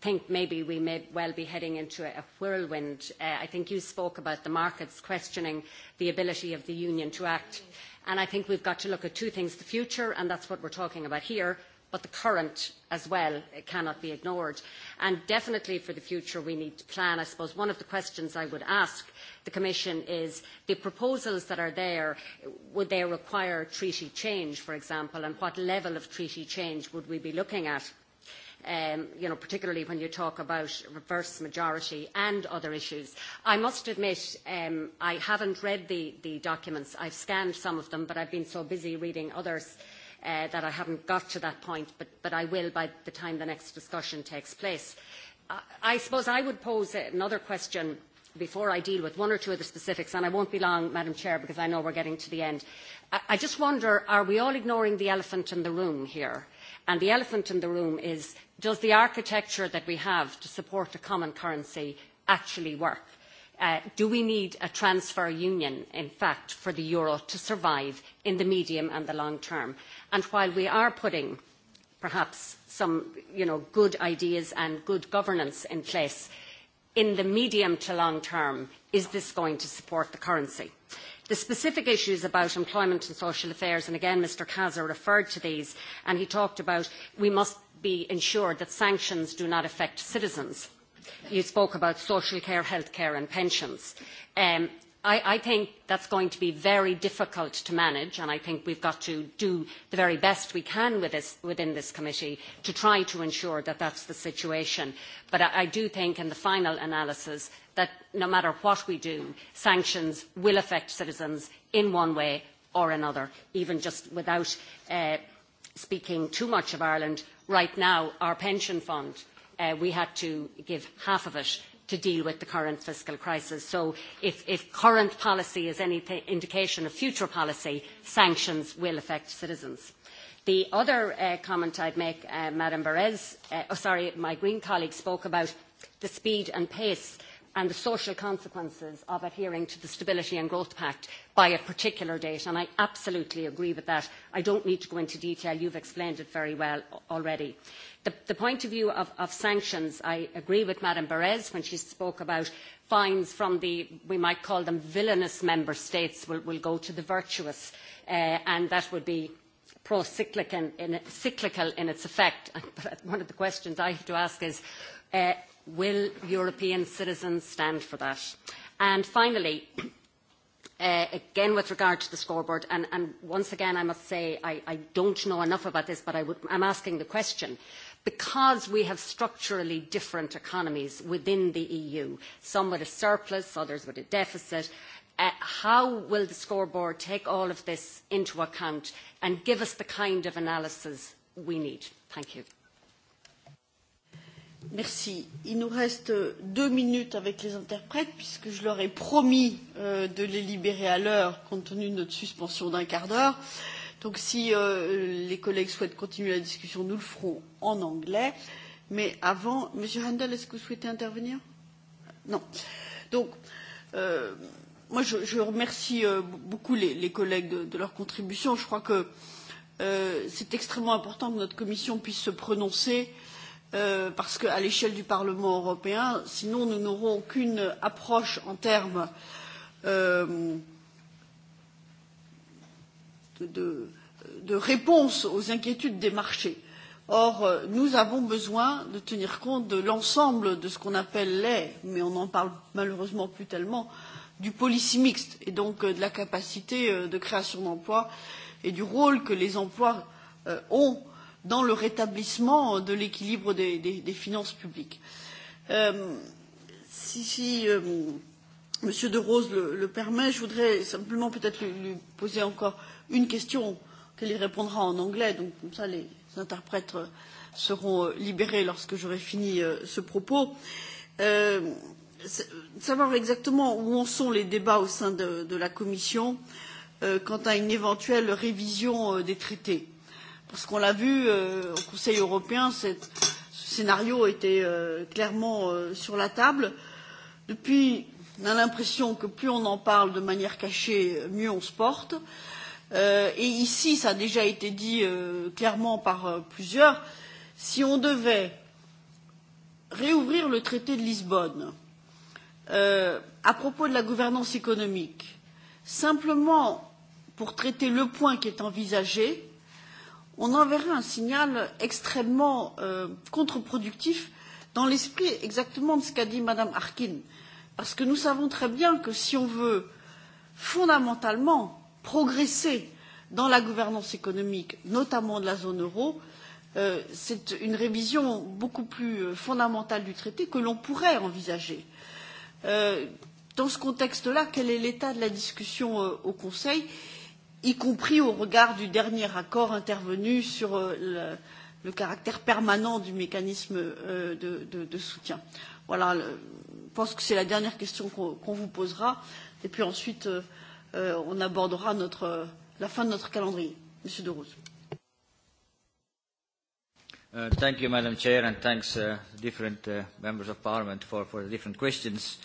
think maybe we may well be heading into a whirlwind. Uh, I think you spoke about the markets questioning the ability of the union to act. And I think we've got to look at two things, the future, and that's what we're talking about here, but the current as well it cannot be ignored. And definitely for the future we need to plan. I suppose one of the questions I would ask the Commission is the proposals that are there, would they require treaty change, for example, and what level of treaty change would we be looking at? um, you know, particularly when you talk about reverse majority and other issues. I must admit, um, I haven't read the, the documents. I've scanned some of them, but I've been so busy reading others uh, that I haven't got to that point, but, but I will by the time the next discussion takes place. I, I suppose I would pose another question before I deal with one or two of the specifics, and I won't be long, Madam Chair, because I know we're getting to the end. I, I just wonder, are we all ignoring the elephant in the room here? and the elephant in the room is does the architecture that we have to support a common currency actually work? Uh, do we need a transfer union, in fact, for the euro to survive in the medium and the long term? And while we are putting perhaps some you know, good ideas and good governance in place, in the medium to long term, is this going to support the currency? the specific issues about employment and social affairs and again mr casa referred to these and he talked about we must be ensured that sanctions do not affect citizens. you spoke about social care health care and pensions and um, i think that is going to be very difficult to manage and i think we have got to do the very best we can within this committee to try to ensure that that is the situation but i do think in the final analysis that no matter what we do sanctions will affect citizens in one way or another even just without uh, speaking too much of ireland right now our pension fund uh, we had to give half of it to deal with the current fiscal crisis. So if, if current policy is any p- indication of future policy, sanctions will affect citizens. The other uh, comment I'd make, uh, Madam Berez, uh, oh, sorry, my Green colleague spoke about the speed and pace and the social consequences of adhering to the Stability and Growth Pact by a particular date, and I absolutely agree with that. I don't need to go into detail, you've explained it very well already the point of view of sanctions i agree with ms bers when she spoke about fines from the we might call them villainous member states will go to the virtuous uh, and that would be pro cyclical in its effect but one of the questions i have to ask is uh, will european citizens stand for that? and finally uh, again with regard to the scoreboard and once again i must say i do not know enough about this but i am asking the question because we have structurally different economies within the EU, some with a surplus, others with a deficit, uh, how will the scoreboard take all of this into account and give us the kind of analysis we need? Thank you. Merci. Il nous reste deux minutes avec les interprètes puisque je leur ai promis euh, de les libérer à l'heure compte tenu de notre suspension d'un quart d'heure. Donc si euh, les collègues souhaitent continuer la discussion, nous le ferons en anglais. Mais avant, Monsieur Handel, est-ce que vous souhaitez intervenir Non. Donc, euh, moi, je, je remercie euh, beaucoup les, les collègues de, de leur contribution. Je crois que euh, c'est extrêmement important que notre commission puisse se prononcer euh, parce qu'à l'échelle du Parlement européen, sinon, nous n'aurons aucune approche en termes. Euh, de, de réponse aux inquiétudes des marchés. Or, euh, nous avons besoin de tenir compte de l'ensemble de ce qu'on appelle les mais on n'en parle malheureusement plus tellement du policy mixte et donc euh, de la capacité euh, de création d'emplois et du rôle que les emplois ont dans le rétablissement de l'équilibre des, des, des finances publiques. Euh, si si euh, Monsieur De Rose le, le permet, je voudrais simplement peut-être lui, lui poser encore euh, une question auquel il répondra en anglais donc comme ça les interprètes euh, seront euh, libérés lorsque j'aurai fini euh, ce propos. Euh, savoir exactement où en sont les débats au sein de, de la Commission euh, quant à une éventuelle révision euh, des traités. Parce qu'on l'a vu euh, au Conseil européen, cette, ce scénario était euh, clairement euh, sur la table. Depuis, on a l'impression que plus on en parle de manière cachée, mieux on se porte. Euh, Euh, et ici, ça a déjà été dit euh, clairement par euh, plusieurs, si on devait réouvrir le traité de Lisbonne euh, à propos de la gouvernance économique, simplement pour traiter le point qui est envisagé, on enverrait un signal extrêmement euh, contre-productif dans l'esprit exactement de ce qu'a dit Mme Harkin. Parce que nous savons très bien que si on veut fondamentalement progresser dans la gouvernance économique, notamment de la zone euro, euh, c'est une révision beaucoup plus euh, fondamentale du traité que l'on pourrait envisager. Euh, dans ce contexte-là, quel est l'état de la discussion au Conseil, y compris au regard du dernier accord intervenu sur le, le caractère permanent du mécanisme de, de, de soutien Voilà, je pense que c'est la dernière question qu'on qu vous posera. Et puis ensuite, euh, euh, on abordera notre, euh, la fin de notre calendrier. Monsieur De Rose. Uh, thank you, Madam Chair, and thanks uh, different uh, members of Parliament for, for the different questions.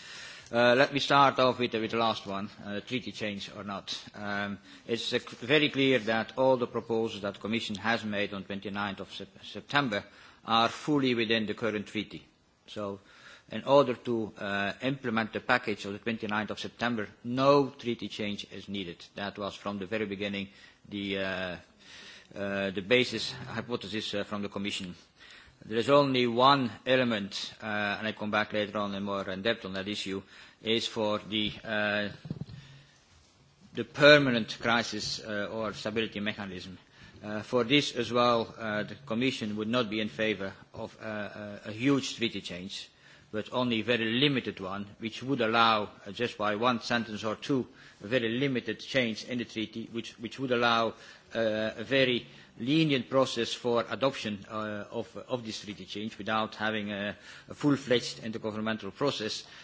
Uh, let me start off with, uh, with the last one, uh, treaty change or not. Um, it's uh, very clear that all the proposals that the Commission has made on 29th of sep September are fully within the current treaty. So in order to uh, implement the package of the 29th of September, no treaty change is needed. That was from the very beginning the, uh, uh, the basis hypothesis uh, from the Commission. There is only one element, uh, and I come back later on and more in depth on that issue, is for the, uh, the permanent crisis uh, or stability mechanism. Uh, for this as well, uh, the Commission would not be in favour of uh, a, uh, a huge treaty change. Uh, but only a very limited one, which would allow, uh, just by one sentence or two, a very limited change in the treaty, which, which would allow uh, a very lenient process for adoption uh, of, of this treaty change without having a, a full-fledged intergovernmental process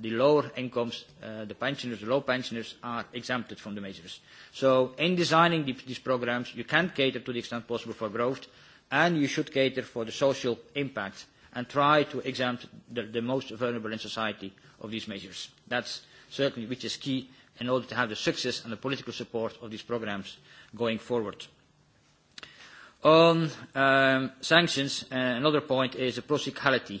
the lower incomes, uh, the pensioners, the low pensioners are exempted from the measures. In designing these programs, you can cater to the extent possible for growth, and you should cater for the social impact and try to exempt the most vulnerable in society of these measures. That's certainly which is key in order to have the success and the political support of these programs going forward. On um, sanctions, uh, another point is the procyclicality.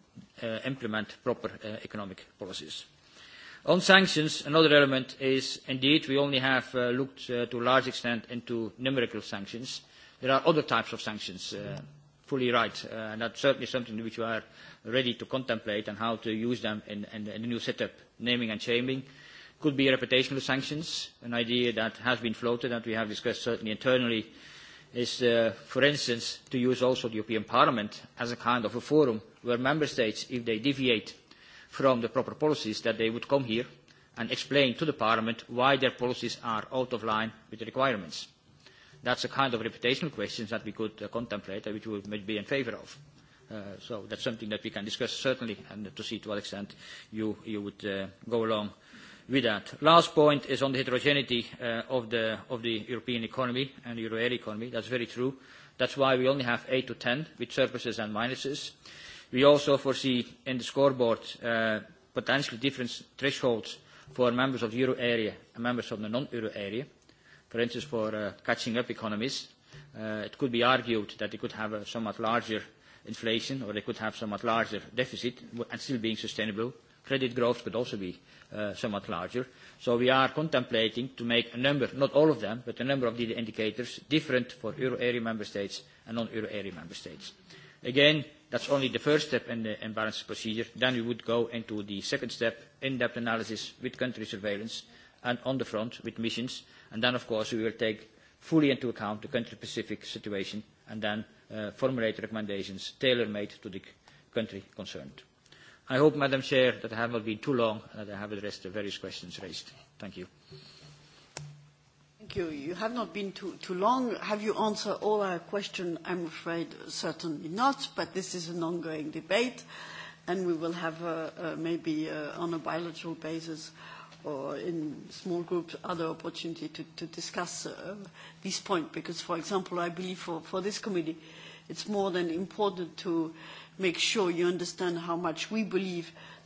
uh, implement proper uh, economic policies. On sanctions, another element is indeed we only have uh, looked uh, to a large extent into numerical sanctions. There are other types of sanctions, uh, fully right, uh, and that's certainly something which we are ready to contemplate and how to use them in, in, in the new setup, naming and shaming. Could be reputational sanctions, an idea that has been floated that we have discussed certainly internally, is uh, for instance to use also the European Parliament as a kind of a forum where member states, if they deviate from the proper policies, that they would come here and explain to the Parliament why their policies are out of line with the requirements. That's a kind of reputational question that we could uh, contemplate and uh, which we might be in favour of. Uh, so that's something that we can discuss certainly and to see to what extent you, you would uh, go along with that. Last point is on the heterogeneity uh, of, the, of the European economy and the euro area economy. That's very true. That's why we only have 8 to 10 with surpluses and minuses. Uh, We also foresee in the scoreboard uh, potentially different thresholds for members of the euro area and members of the non-euro area. For instance, for uh, catching up economies, uh, it could be argued that they could have a somewhat larger inflation or they could have somewhat larger deficit and still being sustainable. Credit growth could also be uh, somewhat larger. So we are contemplating to make a number, not all of them, but a number of the indicators different for euro area member states and non-euro area member states. Again, That's only the first step in the imbalance procedure. Then we would go into the second step, in-depth analysis with country surveillance and on the front with missions. And then, of course, we will take fully into account the country-specific situation and then uh, formulate recommendations tailor-made to the country concerned. I hope, Madam Chair, that I have not been too long and that I have addressed the various questions raised. Thank you. Mm -hmm think you, you have not been too, too long. Have you answered all our questions? I'm afraid certainly not, but this is an ongoing debate, and we will have a, uh, a uh, maybe a, uh, on a bilateral basis or in small groups other opportunity to, to discuss uh, this point, because, for example, I believe for, for this committee, it's more than important to make sure you understand how much we believe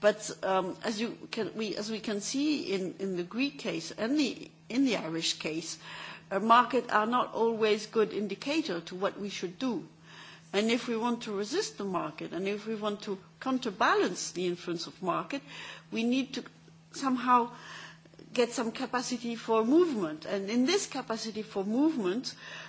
But um, as, you can, we, as we can see in, in the Greek case and the, in the Irish case, a uh, market are not always good indicator to what we should do. And if we want to resist the market and if we want to counterbalance the influence of market, we need to somehow get some capacity for movement. And in this capacity for movement, uh,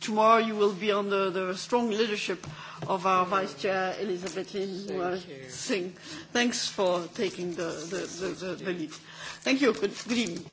tomorrow you will be under the strong leadership of our Vice Chair, Elizabeth Lin Thank Singh. Thanks for taking the, the, the, the, the lead. Thank you. Good, good evening.